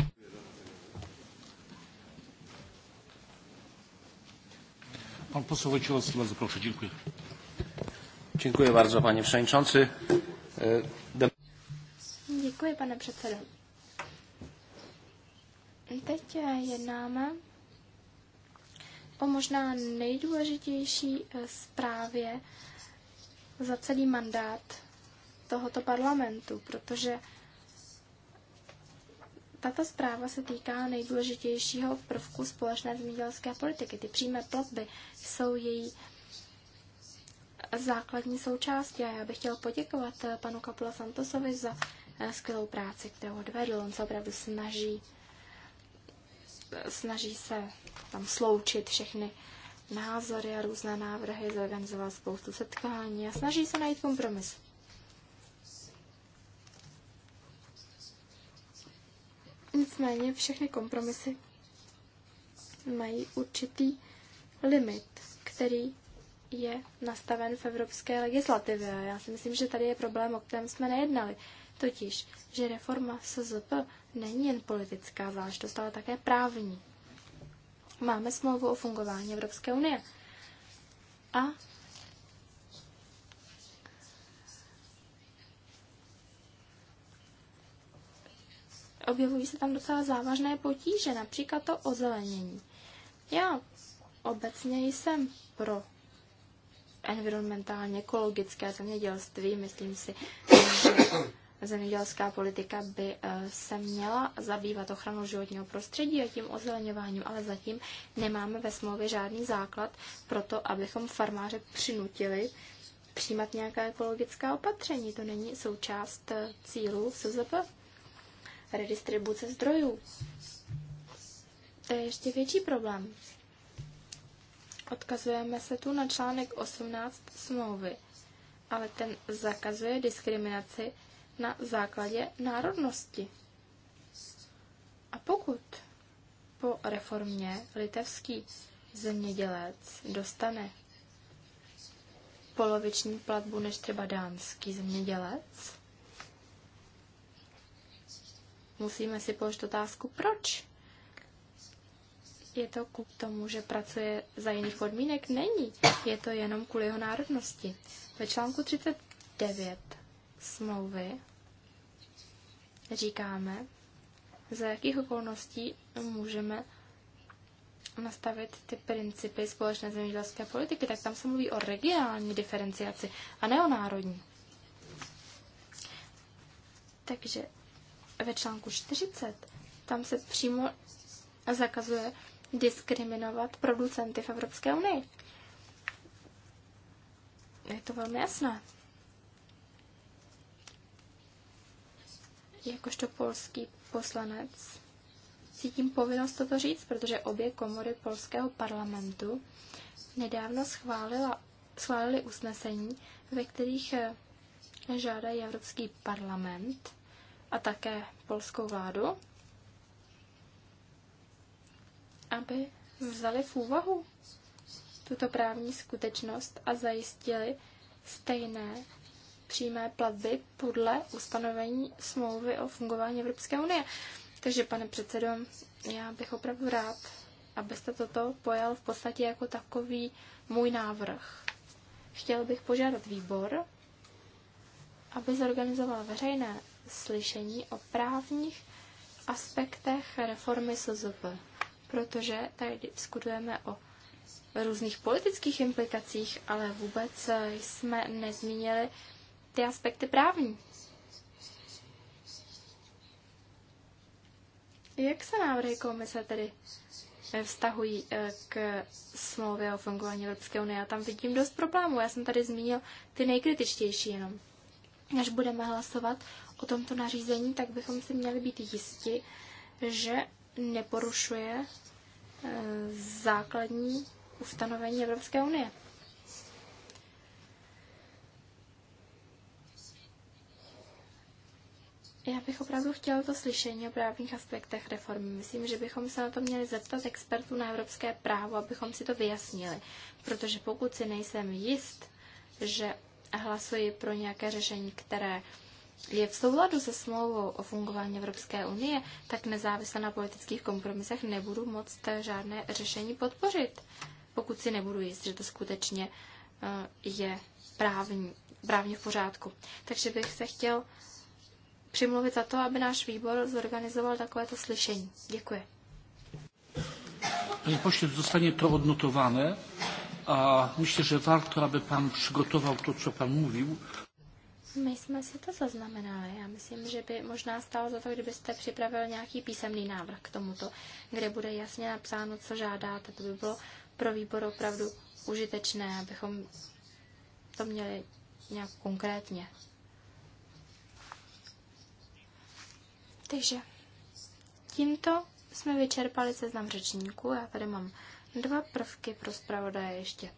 Pan poseł Wojciechowski, bardzo proszę, dziękuję. Dziękuję bardzo, panie przewodniczący. Dziękuję, pane przewodniczący. Teď jednáme o možná nejdůležitější eh, zprávě za celý mandát tohoto parlamentu, protože tato zpráva se týká nejdůležitějšího prvku společné zemědělské politiky. Ty přímé platby jsou její základní součástí a já bych chtěl poděkovat eh, panu Kapula Santosovi za eh, skvělou práci, kterou odvedl. On se opravdu snaží snaží se tam sloučit všechny názory a různé návrhy, zorganizoval spoustu setkání a snaží se najít kompromis. Nicméně všechny kompromisy mají určitý limit, který je nastaven v evropské legislativě. Já si myslím, že tady je problém, o kterém jsme nejednali. Totiž, že reforma SZP není jen politická záležitost, ale také právní. Máme smlouvu o fungování Evropské unie. A objevují se tam docela závažné potíže, například to ozelenění. Já obecně jsem pro environmentálně ekologické zemědělství. Myslím si, že zemědělská politika by eh, se měla zabývat ochranou životního prostředí a tím ozeleňováním, ale zatím nemáme ve smlouvě žádný základ pro to, abychom farmáře přinutili přijímat nějaká ekologická opatření. To není součást eh, cílů SZP. Redistribuce zdrojů. To je ještě větší problém. Odkazujeme se tu na článek 18 smlouvy, ale ten zakazuje diskriminaci na základě národnosti. A pokud po reformě litevský zemědělec dostane poloviční platbu než třeba dánský zemědělec, musíme si položit otázku, proč? Je to k tomu, že pracuje za jiných podmínek? Není. Je to jenom kvůli jeho národnosti. Ve článku 39 smlouvy říkáme, za jakých okolností můžeme nastavit ty principy společné zemědělské politiky, tak tam se mluví o regionální diferenciaci a ne o národní. Takže ve článku 40 tam se přímo zakazuje diskriminovat producenty v Evropské unii. Je to velmi jasné. jakožto polský poslanec cítím povinnost toto říct, protože obě komory polského parlamentu nedávno schválila, schválili usnesení, ve kterých eh, žádají Evropský parlament a také polskou vládu, aby vzali v úvahu tuto právní skutečnost a zajistili stejné přímé platby podle ustanovení smlouvy o fungování Evropské unie. Takže, pane předsedo, já bych opravdu rád, abyste toto pojal v podstatě jako takový můj návrh. Chtěl bych požádat výbor, aby zorganizoval veřejné slyšení o právních aspektech reformy SZP, protože tady diskutujeme o různých politických implikacích, ale vůbec jsme nezmínili ty aspekty právní. Jak se návrhy komise tedy eh, vztahují eh, k smlouvě o fungování Evropské unie? Já tam vidím dost problémů. Já jsem tady zmínil ty nejkritičtější jenom. Až budeme hlasovat o tomto nařízení, tak bychom si měli být jisti, že neporušuje eh, základní ustanovení Evropské unie. Já bych opravdu chtěla to slyšení o právních aspektech reformy. Myslím, že bychom se na to měli zeptat expertů na evropské právo, abychom si to vyjasnili. Protože pokud si nejsem jist, že hlasuji pro nějaké řešení, které je v souladu se smlouvou o fungování Evropské unie, tak nezávisle na politických kompromisech nebudu moct žádné řešení podpořit, pokud si nebudu jist, že to skutečně eh, je právní, právně v pořádku. Takže bych se chtěl přimluvit za to, aby náš výbor zorganizoval takovéto slyšení. Děkuji. Panie pośle, zostanie to odnotowane, a myślę, że warto, aby pan przygotował to, co pan mówił. My jsme si to zaznamenali. Já myslím, že by možná stálo za to, kdybyste připravil nějaký písemný návrh k tomuto, kde bude jasně napsáno, co žádáte. To by bylo pro výbor opravdu užitečné, abychom to měli nějak konkrétně Takže tímto jsme vyčerpali seznam řečníků. Já tady mám dva prvky pro zpravodaje ještě.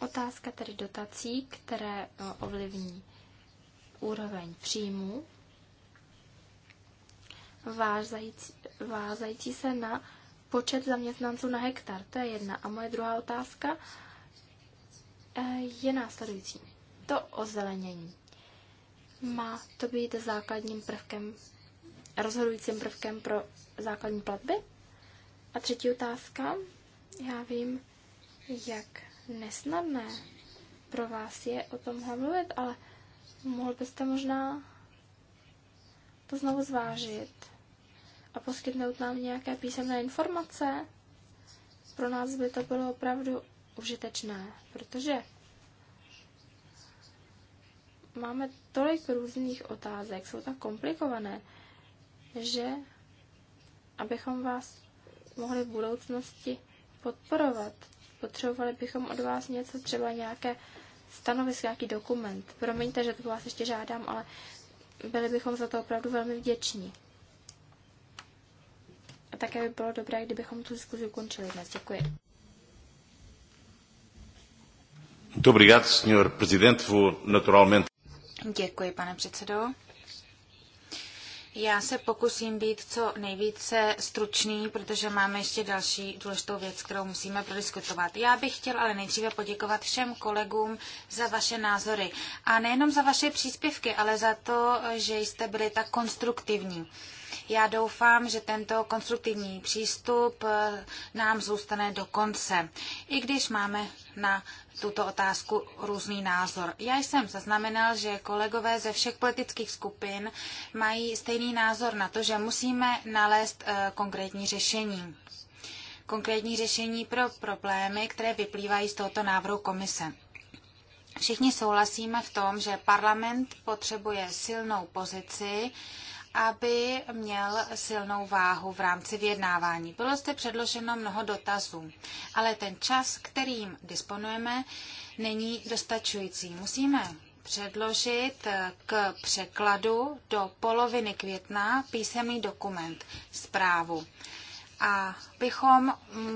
Otázka tedy dotací, které eh, ovlivní úroveň příjmů, vázající, vázající se na počet zaměstnanců na hektar. To je jedna. A moje druhá otázka eh, je následující. To ozelenění. Má to být základním prvkem rozhodujícím prvkem pro základní platby? A třetí otázka. Já vím, jak nesnadné pro vás je o tom mluvit, ale mohl byste možná to znovu zvážit a poskytnout nám nějaké písemné informace. Pro nás by to bylo opravdu užitečné, protože máme tolik různých otázek, jsou tak komplikované, že abychom vás mohli v budoucnosti podporovat, potřebovali bychom od vás něco, třeba nějaké stanovisko, nějaký dokument. Promiňte, že to vás ještě žádám, ale byli bychom za to opravdu velmi vděční. A také by bylo dobré, kdybychom tu diskuzi ukončili dnes. Děkuji. Dobrý den, senhor naturalmente... Děkuji, pane předsedo. Já se pokusím být co nejvíce stručný, protože máme ještě další důležitou věc, kterou musíme prodiskutovat. Já bych chtěl ale nejdříve poděkovat všem kolegům za vaše názory. A nejenom za vaše příspěvky, ale za to, že jste byli tak konstruktivní. Já doufám, že tento konstruktivní přístup eh, nám zůstane do konce, i když máme na tuto otázku různý názor. Já jsem zaznamenal, že kolegové ze všech politických skupin mají stejný názor na to, že musíme nalézt eh, konkrétní řešení. Konkrétní řešení pro problémy, které vyplývají z tohoto návrhu komise. Všichni souhlasíme v tom, že parlament potřebuje silnou pozici, aby měl silnou váhu v rámci vyjednávání. Bylo zde předloženo mnoho dotazů, ale ten čas, kterým disponujeme, není dostačující. Musíme předložit k překladu do poloviny května písemný dokument, zprávu a bychom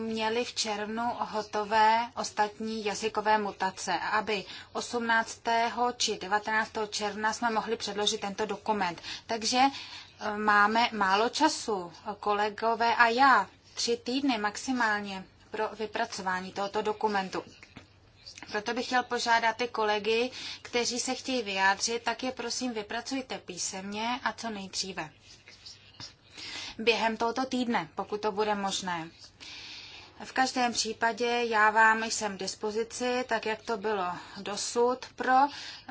měli v červnu hotové ostatní jazykové mutace, aby 18. či 19. června jsme mohli předložit tento dokument. Takže e, máme málo času, kolegové a já, tři týdny maximálně pro vypracování tohoto dokumentu. Proto bych chtěl požádat ty kolegy, kteří se chtějí vyjádřit, tak je prosím vypracujte písemně a co nejdříve během tohoto týdne, pokud to bude možné. V každém případě já vám jsem k dispozici, tak jak to bylo dosud, pro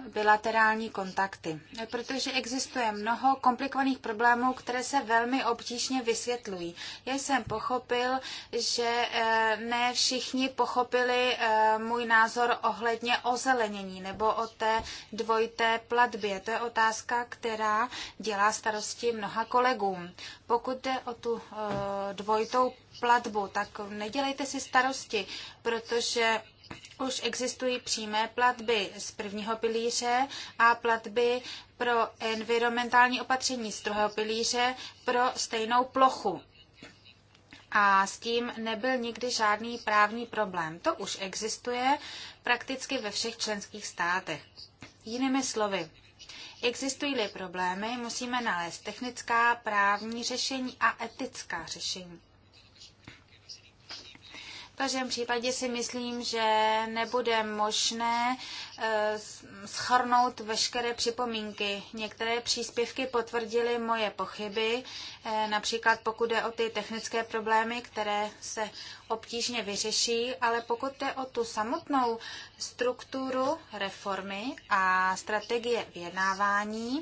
bilaterální kontakty. Protože existuje mnoho komplikovaných problémů, které se velmi obtížně vysvětlují. Já jsem pochopil, že eh, ne všichni pochopili eh, můj názor ohledně ozelenění nebo o té dvojité platbě. To je otázka, která dělá starosti mnoha kolegům. Pokud jde o tu eh, dvojitou platbu, tak nedělejte si starosti, protože už existují přímé platby z prvního pilíře a platby pro environmentální opatření z druhého pilíře pro stejnou plochu. A s tím nebyl nikdy žádný právní problém. To už existuje prakticky ve všech členských státech. Jinými slovy, existují-li problémy, musíme nalézt technická, právní řešení a etická řešení. V každém případě si myslím, že nebude možné eh, schrnout veškeré připomínky. Některé příspěvky potvrdily moje pochyby, eh, například pokud je o ty technické problémy, které se obtížně vyřeší, ale pokud je o tu samotnou strukturu reformy a strategie vyjednávání,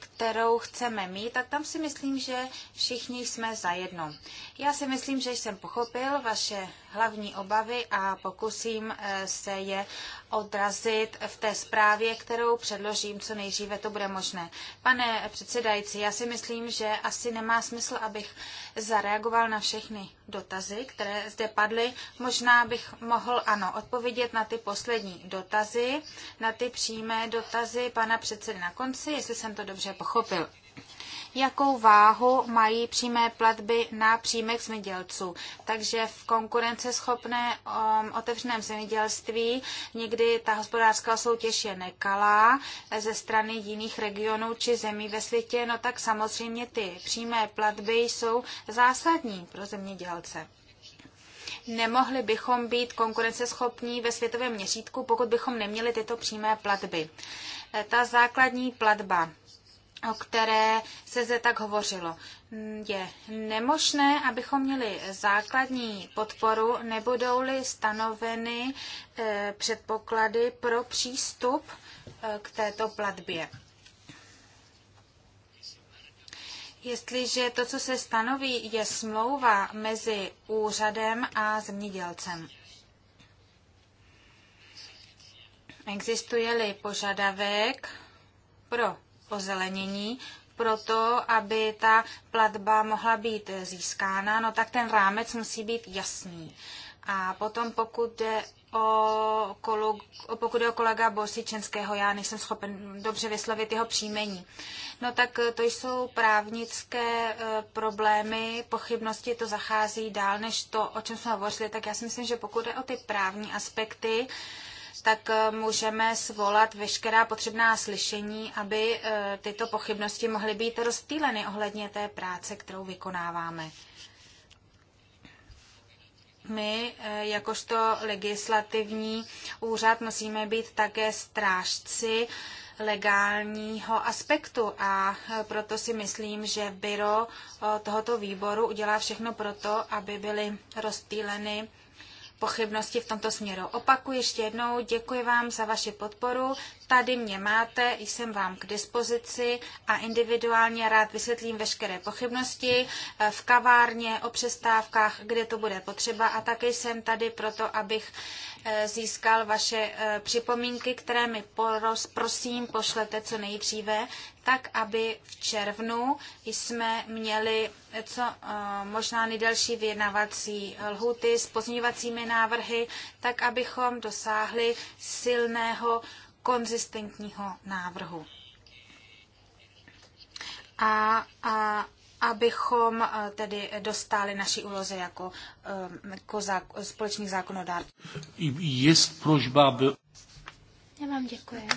kterou chceme mít, tak tam si myslím, že všichni jsme zajedno. Já si myslím, že jsem pochopil vaše hlavní obavy a pokusím eh, se je odrazit v té zprávě, kterou předložím, co nejdříve to bude možné. Pane předsedající, já si myslím, že asi nemá smysl, abych zareagoval na všechny dotazy, které zde padly. Možná bych mohl, ano, odpovědět na ty poslední dotazy, na ty přímé dotazy pana předsedy na konci, jestli jsem to dobře pochopil jakou váhu mají přímé platby na příjmech zemědělců. Takže v konkurenceschopné um, otevřeném zemědělství někdy ta hospodářská soutěž je nekalá ze strany jiných regionů či zemí ve světě, no tak samozřejmě ty přímé platby jsou zásadní pro zemědělce nemohli bychom být konkurenceschopní ve světovém měřítku, pokud bychom neměli tyto přímé platby. E, ta základní platba o které se zde tak hovořilo. Je nemožné, abychom měli základní podporu, nebudou-li stanoveny eh, předpoklady pro přístup eh, k této platbě. Jestliže to, co se stanoví, je smlouva mezi úřadem a zemědělcem. Existuje-li požadavek pro ozelenění, proto, aby ta platba mohla být získána, no tak ten rámec musí být jasný. A potom pokud jde o, kolu, pokud jde o kolega Bosičenského, já nejsem schopen dobře vyslovit jeho příjmení. No tak to jsou právnické e, problémy, pochybnosti, to zachází dál než to, o čem jsme hovořili, tak já si myslím, že pokud jde o ty právní aspekty, tak eh, můžeme svolat veškerá potřebná slyšení, aby eh, tyto pochybnosti mohly být rozptýleny ohledně té práce, kterou vykonáváme. My, eh, jakožto legislativní úřad, musíme být také strážci legálního aspektu a proto si myslím, že byro tohoto výboru udělá všechno proto, aby byly rozptýleny pochybnosti v tomto směru. Opakuji ještě jednou, děkuji vám za vaši podporu, Tady mě máte, jsem vám k dispozici a individuálně rád vysvětlím veškeré pochybnosti eh, v kavárně, o přestávkách, kde to bude potřeba a také jsem tady proto, abych eh, získal vaše eh, připomínky, které mi poros, prosím pošlete co nejdříve, tak aby v červnu jsme měli co možná nejdelší vyjednavací lhuty s pozměňovacími návrhy, tak abychom dosáhli silného konzistentního návrhu. A, a abychom eh, tedy dostali naší úloze jako, eh, jako zák- společných zákonodárců. Je prožba, by... Já vám děkuji.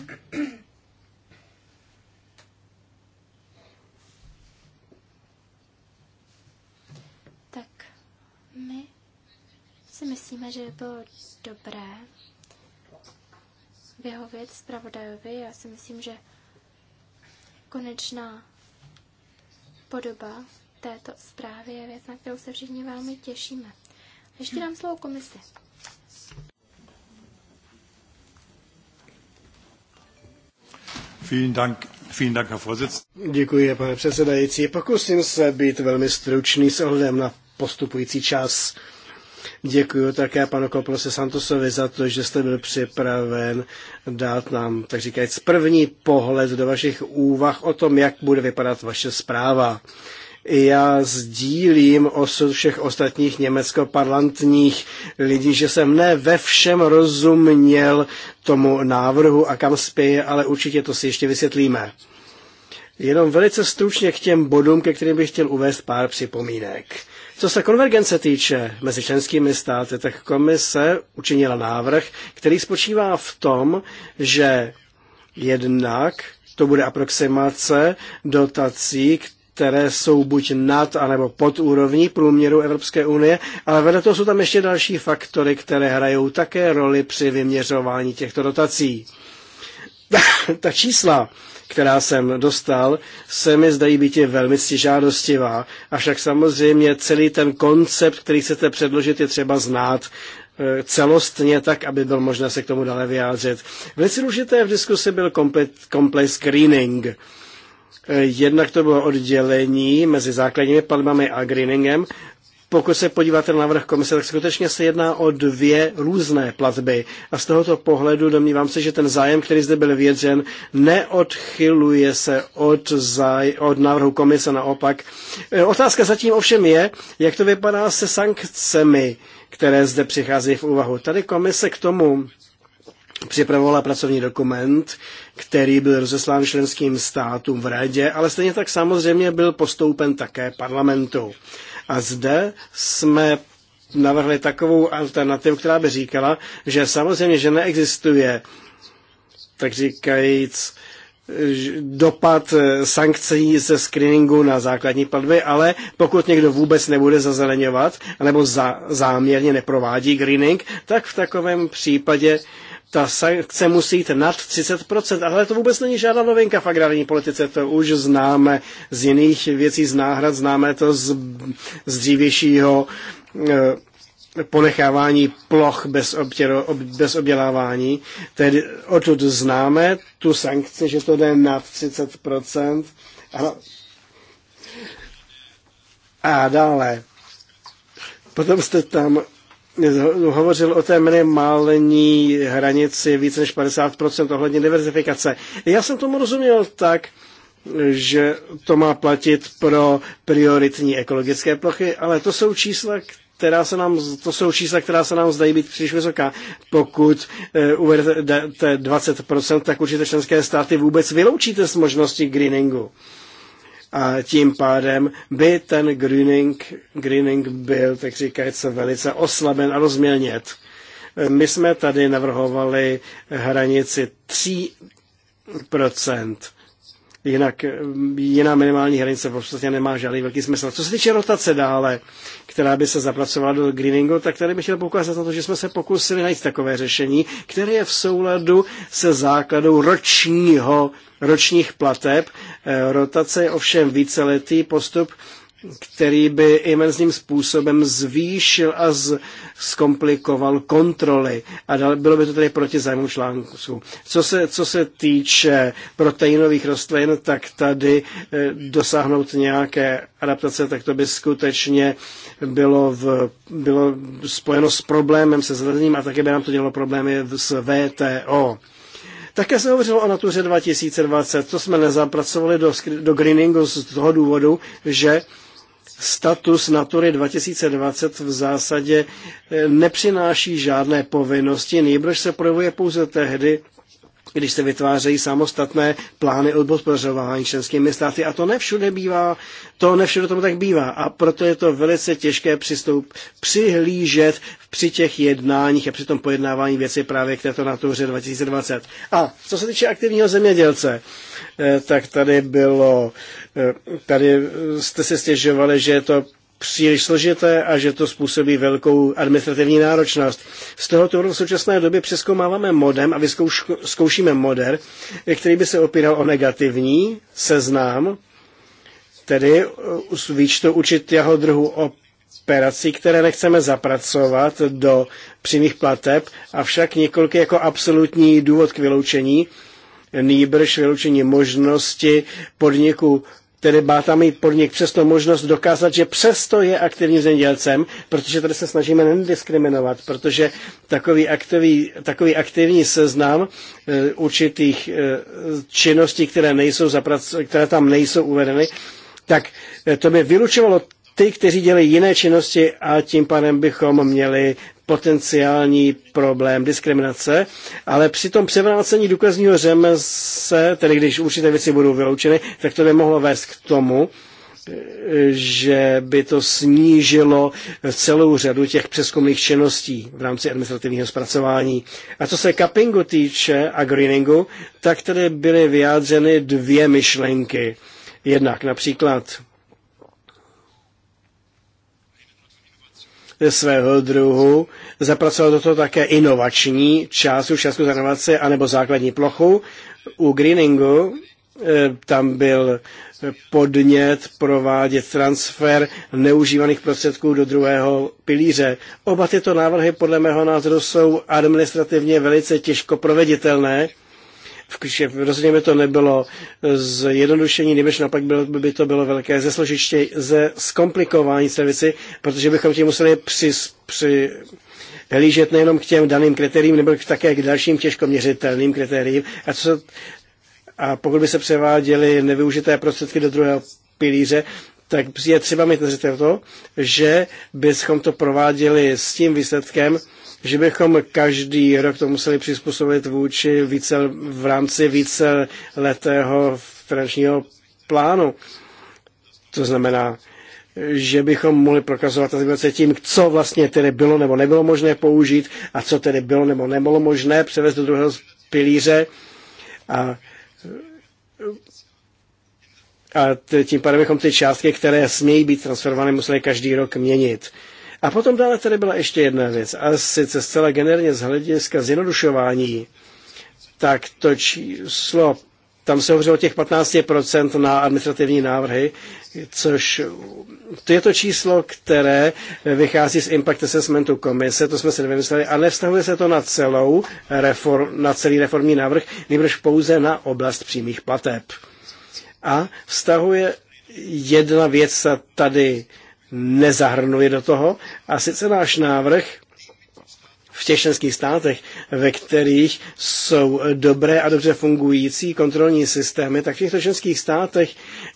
tak my si myslíme, že by bylo dobré vyhovět zpravodajovi. Já si myslím, že konečná podoba této zprávy je věc, na kterou se všichni velmi těšíme. Ještě dám slovo komisi. Děkuji, pane předsedající. Pokusím se být velmi stručný s ohledem na postupující čas. Děkuji také panu Koplose Santosovi za to, že jste byl připraven dát nám, tak říkajíc, první pohled do vašich úvah o tom, jak bude vypadat vaše zpráva. Já sdílím osud všech ostatních německoparlantních lidí, že jsem ne ve všem rozuměl tomu návrhu a kam spěje, ale určitě to si ještě vysvětlíme. Jenom velice stručně k těm bodům, ke kterým bych chtěl uvést pár připomínek. Co se konvergence týče mezi členskými státy, tak komise učinila návrh, který spočívá v tom, že jednak to bude aproximace dotací, které jsou buď nad anebo pod úrovní průměru Evropské unie, ale vedle toho jsou tam ještě další faktory, které hrajou také roli při vyměřování těchto dotací. Ta, *coughs* ta čísla, která jsem dostal, se mi zdají být je velmi stižádostivá. Avšak samozřejmě celý ten koncept, který chcete předložit, je třeba znát e, celostně tak, aby byl možné se k tomu dále vyjádřit. Velice důležité v diskusi byl komplex screening. E, jednak to bylo oddělení mezi základními palmami a greeningem pokud se podíváte na návrh komise, tak skutečně se jedná o dvě různé platby. A z tohoto pohledu domnívám se, že ten zájem, který zde byl vědřen, neodchyluje se od, záj, od návrhu komise naopak. E, otázka zatím ovšem je, jak to vypadá se sankcemi, které zde přichází v úvahu. Tady komise k tomu připravovala pracovní dokument, který byl rozeslán členským státům v radě, ale stejně tak samozřejmě byl postoupen také parlamentu. A zde jsme navrhli takovou alternativu, která by říkala, že samozřejmě, že neexistuje, tak říkajíc, dopad eh, sankcí ze screeningu na základní platby, ale pokud někdo vůbec nebude zazeleňovat nebo za, záměrně neprovádí greening, tak v takovém případě ta sankce musí jít nad 30%, ale to vůbec není žádná novinka v agrární politice, to už známe z jiných věcí, z náhrad, známe to z, z dřívějšího e, ponechávání ploch bez, obtěro, ob, bez obdělávání, tedy odtud známe tu sankci, že to jde nad 30%. A, a dále. Potom jste tam hovořil o té minimální hranici více než 50% ohledně diverzifikace. Já jsem tomu rozuměl tak, že to má platit pro prioritní ekologické plochy, ale to jsou čísla, která se nám, to jsou čísla, která se nám zdají být příliš vysoká. Pokud eh, uvedete 20%, tak určitě členské státy vůbec vyloučíte z možnosti greeningu a tím pádem by ten greening, greening byl, tak říkajíc, velice oslaben a rozmělnět. My jsme tady navrhovali hranici 3%. Jinak jiná minimální hranice v podstatě nemá žádný velký smysl. Co se týče rotace dále, která by se zapracovala do greeningu, tak tady bych chtěl poukázat na to, že jsme se pokusili najít takové řešení, které je v souladu se základou ročního ročních plateb Eh, rotace je ovšem víceletý postup, který by imenzním způsobem zvýšil a z, zkomplikoval kontroly. A dal, bylo by to tedy proti zájmu článku. Co se, co se týče proteinových rostlin, tak tady e, dosáhnout nějaké adaptace, tak to by skutečně bylo, v, bylo spojeno s problémem se zelením a také by nám to dělalo problémy s VTO. Také se hovořilo o Natuře 2020, to jsme nezapracovali do, do greeningu z toho důvodu, že status Natury 2020 v zásadě eh, nepřináší žádné povinnosti, nejbrž se projevuje pouze tehdy, když se vytvářejí samostatné plány odbospořování členskými státy. A to nevšude bývá, to nevšude tomu tak bývá. A proto je to velice těžké přistoup, přihlížet při těch jednáních a při tom pojednávání věci právě k této natuře 2020. A co se týče aktivního zemědělce, eh, tak tady bylo, eh, tady jste se stěžovali, že je to příliš složité a že to způsobí velkou administrativní náročnost. Z tohoto v současné době přeskoumáváme modem a vyzkoušíme moder, který by se opíral o negativní seznám, tedy z výčtu určitého druhu operací, které nechceme zapracovat do přímých plateb, avšak několik jako absolutní důvod k vyloučení, nýbrž vyloučení možnosti podniku tedy má tam mít podnik přesto možnost dokázat, že přesto je aktivním zemědělcem, protože tady se snažíme nediskriminovat, protože takový, aktivní, takový aktivní seznam eh, určitých eh, činností, které, nejsou zaprac, které tam nejsou uvedeny, tak eh, to by vylučovalo ty, kteří dělají jiné činnosti a tím pádem bychom měli potenciální problém diskriminace, ale při tom převrácení důkazního řemese, tedy když určité věci budou vyloučeny, tak to by mohlo vést k tomu, že by to snížilo celou řadu těch přeskumných činností v rámci administrativního zpracování. A co se cuppingu týče a greeningu, tak tedy byly vyjádřeny dvě myšlenky. Jednak například svého druhu, zapracoval do toho také inovační část, účastku a anebo základní plochu. U greeningu eh, tam byl podnět provádět transfer neužívaných prostředků do druhého pilíře. Oba tyto návrhy podle mého názoru jsou administrativně velice těžko proveditelné že rozhodně by to nebylo zjednodušení, nebož naopak bylo, by to bylo velké ze složiště, ze zkomplikování té věci, protože bychom tím museli při, při hlížet nejenom k těm daným kritériím, nebo také k dalším těžko měřitelným kritériím. A, co, a pokud by se převáděly nevyužité prostředky do druhého pilíře, tak je třeba mít na to, že bychom to prováděli s tím výsledkem, že bychom každý rok to museli přizpůsobit vůči více, v rámci více letého finančního plánu. To znamená, že bychom mohli prokazovat na tím, co vlastně tedy bylo nebo nebylo možné použít a co tedy bylo nebo nebylo možné převést do druhého pilíře. A, a tím pádem bychom ty částky, které smějí být transferovány, museli každý rok měnit. A potom dále tady byla ještě jedna věc, a sice zcela generně z hlediska zjednodušování, tak to číslo, tam se hovořilo o těch 15% na administrativní návrhy, což to je to číslo, které vychází z Impact Assessmentu komise, to jsme si nevymysleli, a nevztahuje se to na, celou reform, na celý reformní návrh, nejbrž pouze na oblast přímých plateb. A vztahuje jedna věc tady nezahrnuli do toho. A sice náš návrh v těch členských státech, ve kterých jsou dobré a dobře fungující kontrolní systémy, tak v těchto členských státech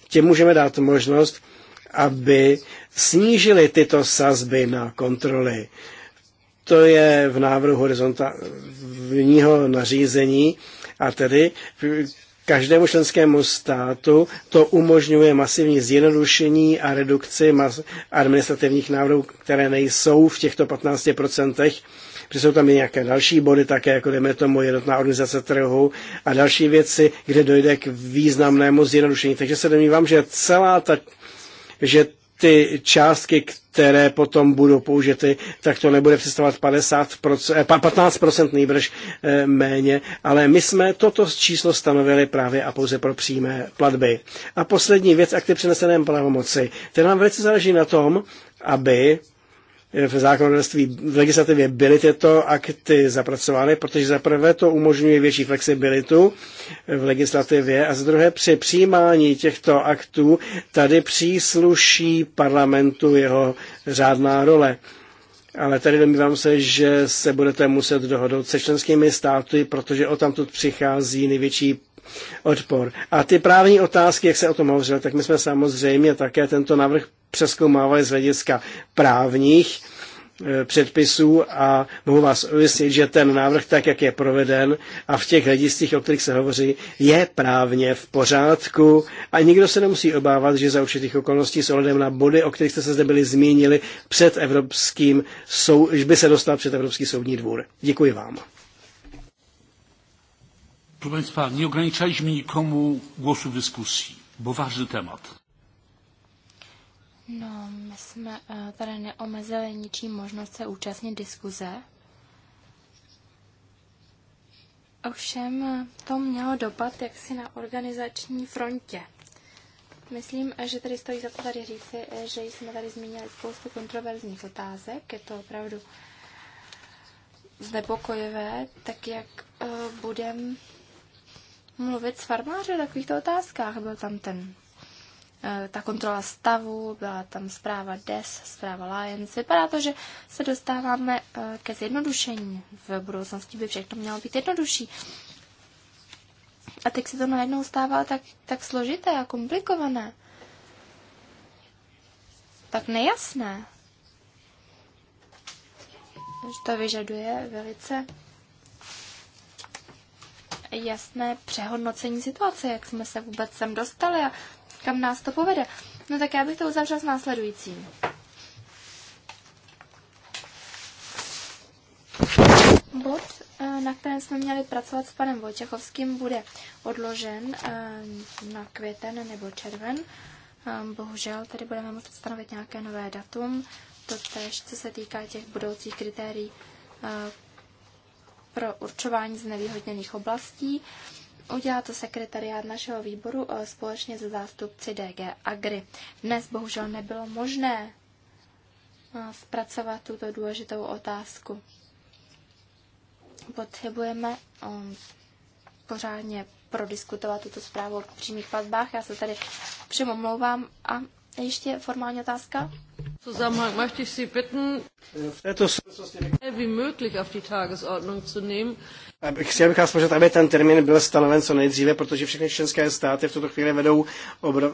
těm můžeme dát možnost, aby snížili tyto sazby na kontroly. To je v návrhu horizontálního nařízení a tedy každému členskému státu to umožňuje masivní zjednodušení a redukci administrativních návrhů, které nejsou v těchto 15%, protože jsou tam i nějaké další body, také jako jdeme tomu jednotná organizace trhu a další věci, kde dojde k významnému zjednodušení. Takže se domnívám, že celá ta že ty částky, které potom budou použity, tak to nebude představovat 50%, 15% nejbrž méně, ale my jsme toto číslo stanovili právě a pouze pro přímé platby. A poslední věc, akty přeneseném pravomoci. Ten nám velice záleží na tom, aby v zákonodárství, v legislativě byly tyto akty zapracovány, protože za prvé to umožňuje větší flexibilitu v legislativě a za druhé při přijímání těchto aktů tady přísluší parlamentu jeho řádná role. Ale tady domnívám se, že se budete muset dohodnout se členskými státy, protože o tamtud přichází největší odpor. A ty právní otázky, jak se o tom hovořil, tak my jsme samozřejmě také tento návrh přeskoumávali z hlediska právních e, předpisů a mohu vás ujistit, že ten návrh, tak jak je proveden a v těch hledistích, o kterých se hovoří, je právně v pořádku a nikdo se nemusí obávat, že za určitých okolností s ohledem na body, o kterých jste se zde byli zmínili, před Evropským sou, by se dostal před Evropský soudní dvůr. Děkuji vám. Proszę Państwa, nie ograniczaliśmy nikomu głosu w dyskusji, bo ważny temat. No, my jsme e, tady neomezili ničí možnost se účastnit diskuze. Ovšem e, to mělo dopad jaksi na organizační frontě. Myslím, e, že tady stojí za to tady říci, že jsme tady zmínili spoustu kontroverzních otázek. Je to opravdu znepokojivé, tak jak budem mluvit s farmáři o takovýchto otázkách. Byl tam ten, eh, ta kontrola stavu, byla tam zpráva DES, zpráva Lions. Vypadá to, že se dostáváme eh, ke zjednodušení. V budoucnosti by všechno mělo být jednodušší. A teď se to najednou stává tak, tak složité a komplikované. Tak nejasné. Že to vyžaduje velice jasné přehodnocení situace, jak jsme se vůbec sem dostali a kam nás to povede. No tak já bych to uzavřel s následujícím. Bod, eh, na kterém jsme měli pracovat s panem Vojtěchovským, bude odložen eh, na květen nebo červen. Ehm, bohužel tedy budeme muset stanovit nějaké nové datum. To tež, co se týká těch budoucích kritérií eh, pro určování znevýhodněných oblastí. Udělá to sekretariát našeho výboru eh, společně se zástupci DG Agri. Dnes bohužel nebylo možné eh, zpracovat tuto důležitou otázku. Potřebujeme eh, pořádně prodiskutovat tuto zprávu o přímých platbách. Já se tady přemomlouvám a a Ještě formální otázka. Zusammenhang möchte ich Sie bitten, Chtěl bych vás požádat, aby ten termín byl stanoven co nejdříve, protože všechny členské státy v tuto chvíli vedou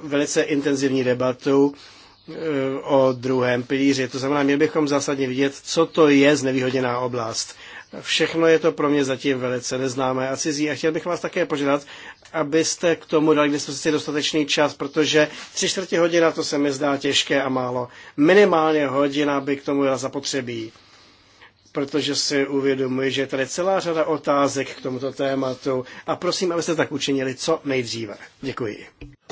velice intenzivní debatu e, o druhém pilíři. To znamená, měli bychom zásadně vidět, co to je znevýhodněná oblast. Všechno je to pro mě zatím velice neznámé a cizí. A chtěl bych vás také požádat, abyste k tomu dali k dispozici dostatečný čas, protože tři čtvrtě hodina to se mi zdá těžké a málo. Minimálně hodina by k tomu byla zapotřebí, protože si uvědomuji, že je tady celá řada otázek k tomuto tématu a prosím, abyste tak učinili co nejdříve. Děkuji.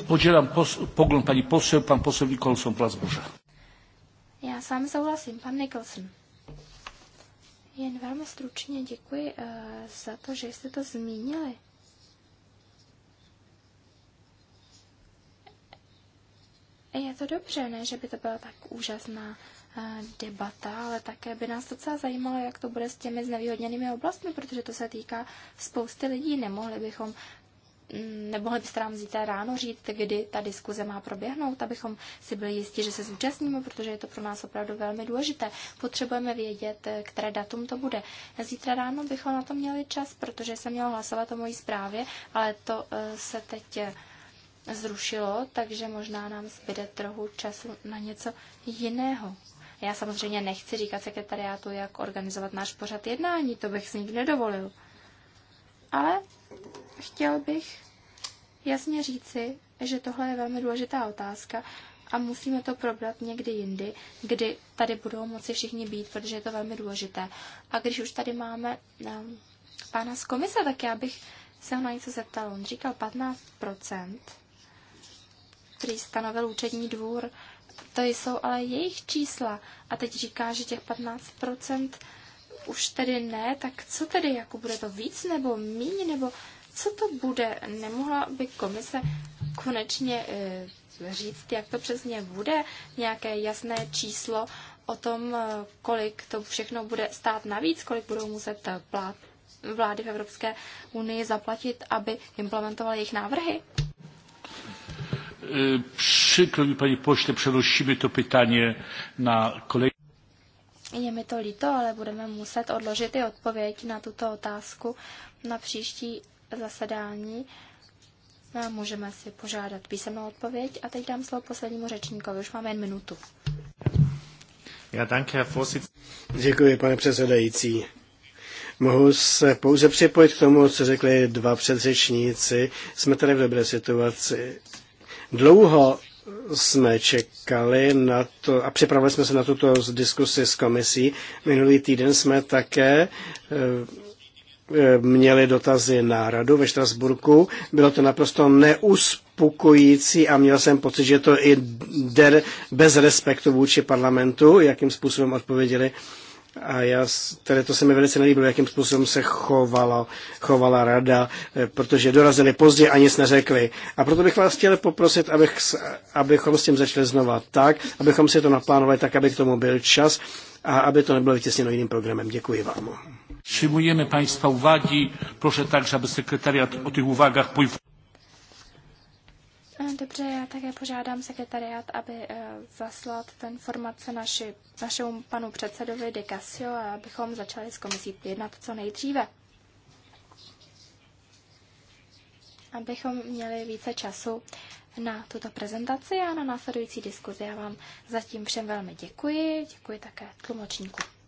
Podělám pos- paní posel, pan posel Nikolson Já sám souhlasím, pan Nikolson. Jen velmi stručně děkuji eh, za to, že jste to zmínili. Je to dobře, ne, že by to byla tak úžasná eh, debata, ale také by nás docela zajímalo, jak to bude s těmi znevýhodněnými oblastmi, protože to se týká spousty lidí. Nemohli bychom Mm, nemohli byste nám zítra ráno říct, kdy ta diskuze má proběhnout, abychom si byli jistí, že se zúčastníme, protože je to pro nás opravdu velmi důležité. Potřebujeme vědět, eh, které datum to bude. Zítra ráno bychom na to měli čas, protože jsem měla hlasovat o mojí zprávě, ale to eh, se teď eh, zrušilo, takže možná nám zbyde trochu času na něco jiného. Já samozřejmě nechci říkat sekretariátu, jak organizovat náš pořad jednání, to bych si nikdy nedovolil ale chtěl bych jasně říci, že tohle je velmi důležitá otázka a musíme to probrat někdy jindy, kdy tady budou moci všichni být, protože je to velmi důležité. A když už tady máme um, pána z komise, tak já bych se ho na něco zeptal. On říkal 15%, který stanovil účetní dvůr, to jsou ale jejich čísla. A teď říká, že těch 15% už tedy ne, tak co tedy, jako bude to víc nebo míň, nebo co to bude? Nemohla by komise konečně e, říct, jak to přesně bude, nějaké jasné číslo o tom, eh, kolik to všechno bude stát navíc, kolik budou muset eh, plát, vlády v Evropské unii zaplatit, aby implementovaly jejich návrhy? Przykro mi, panie pośle, to pytanie na kolegy. Je mi to líto, ale budeme muset odložit i odpověď na tuto otázku na příští zasedání. No a můžeme si požádat písemnou odpověď. A teď dám slovo poslednímu řečníkovi. Už máme jen minutu. Já danke, Děkuji, pane předsedající. Mohu se pouze připojit k tomu, co řekli dva předřečníci. Jsme tady v dobré situaci. Dlouho jsme čekali na to a připravili jsme se na tuto diskusi s komisí. Minulý týden jsme také eh, měli dotazy na radu ve Štrasburku. Bylo to naprosto neuspokojící a měl jsem pocit, že to i der bez respektu vůči parlamentu, jakým způsobem odpověděli a já, tady to se mi velice nelíbilo, jakým způsobem se chovala, chovala rada, eh, protože dorazili pozdě a nic neřekli. A proto bych vás chtěl poprosit, abych, abychom s tím začali znova tak, abychom si to naplánovali tak, aby k tomu byl čas a aby to nebylo vytěsněno jiným programem. Děkuji vám. Přijmujeme Państwa uwagi. Proszę także, aby sekretariat o tych uwagach poinformował. Dobře, já také požádám sekretariat, aby eh, zaslal ten informace naši, našemu panu předsedovi De Casio a abychom začali s komisí jednat co nejdříve. Abychom měli více času na tuto prezentaci a na následující diskuzi. Já vám zatím všem velmi děkuji, děkuji také tlumočníku.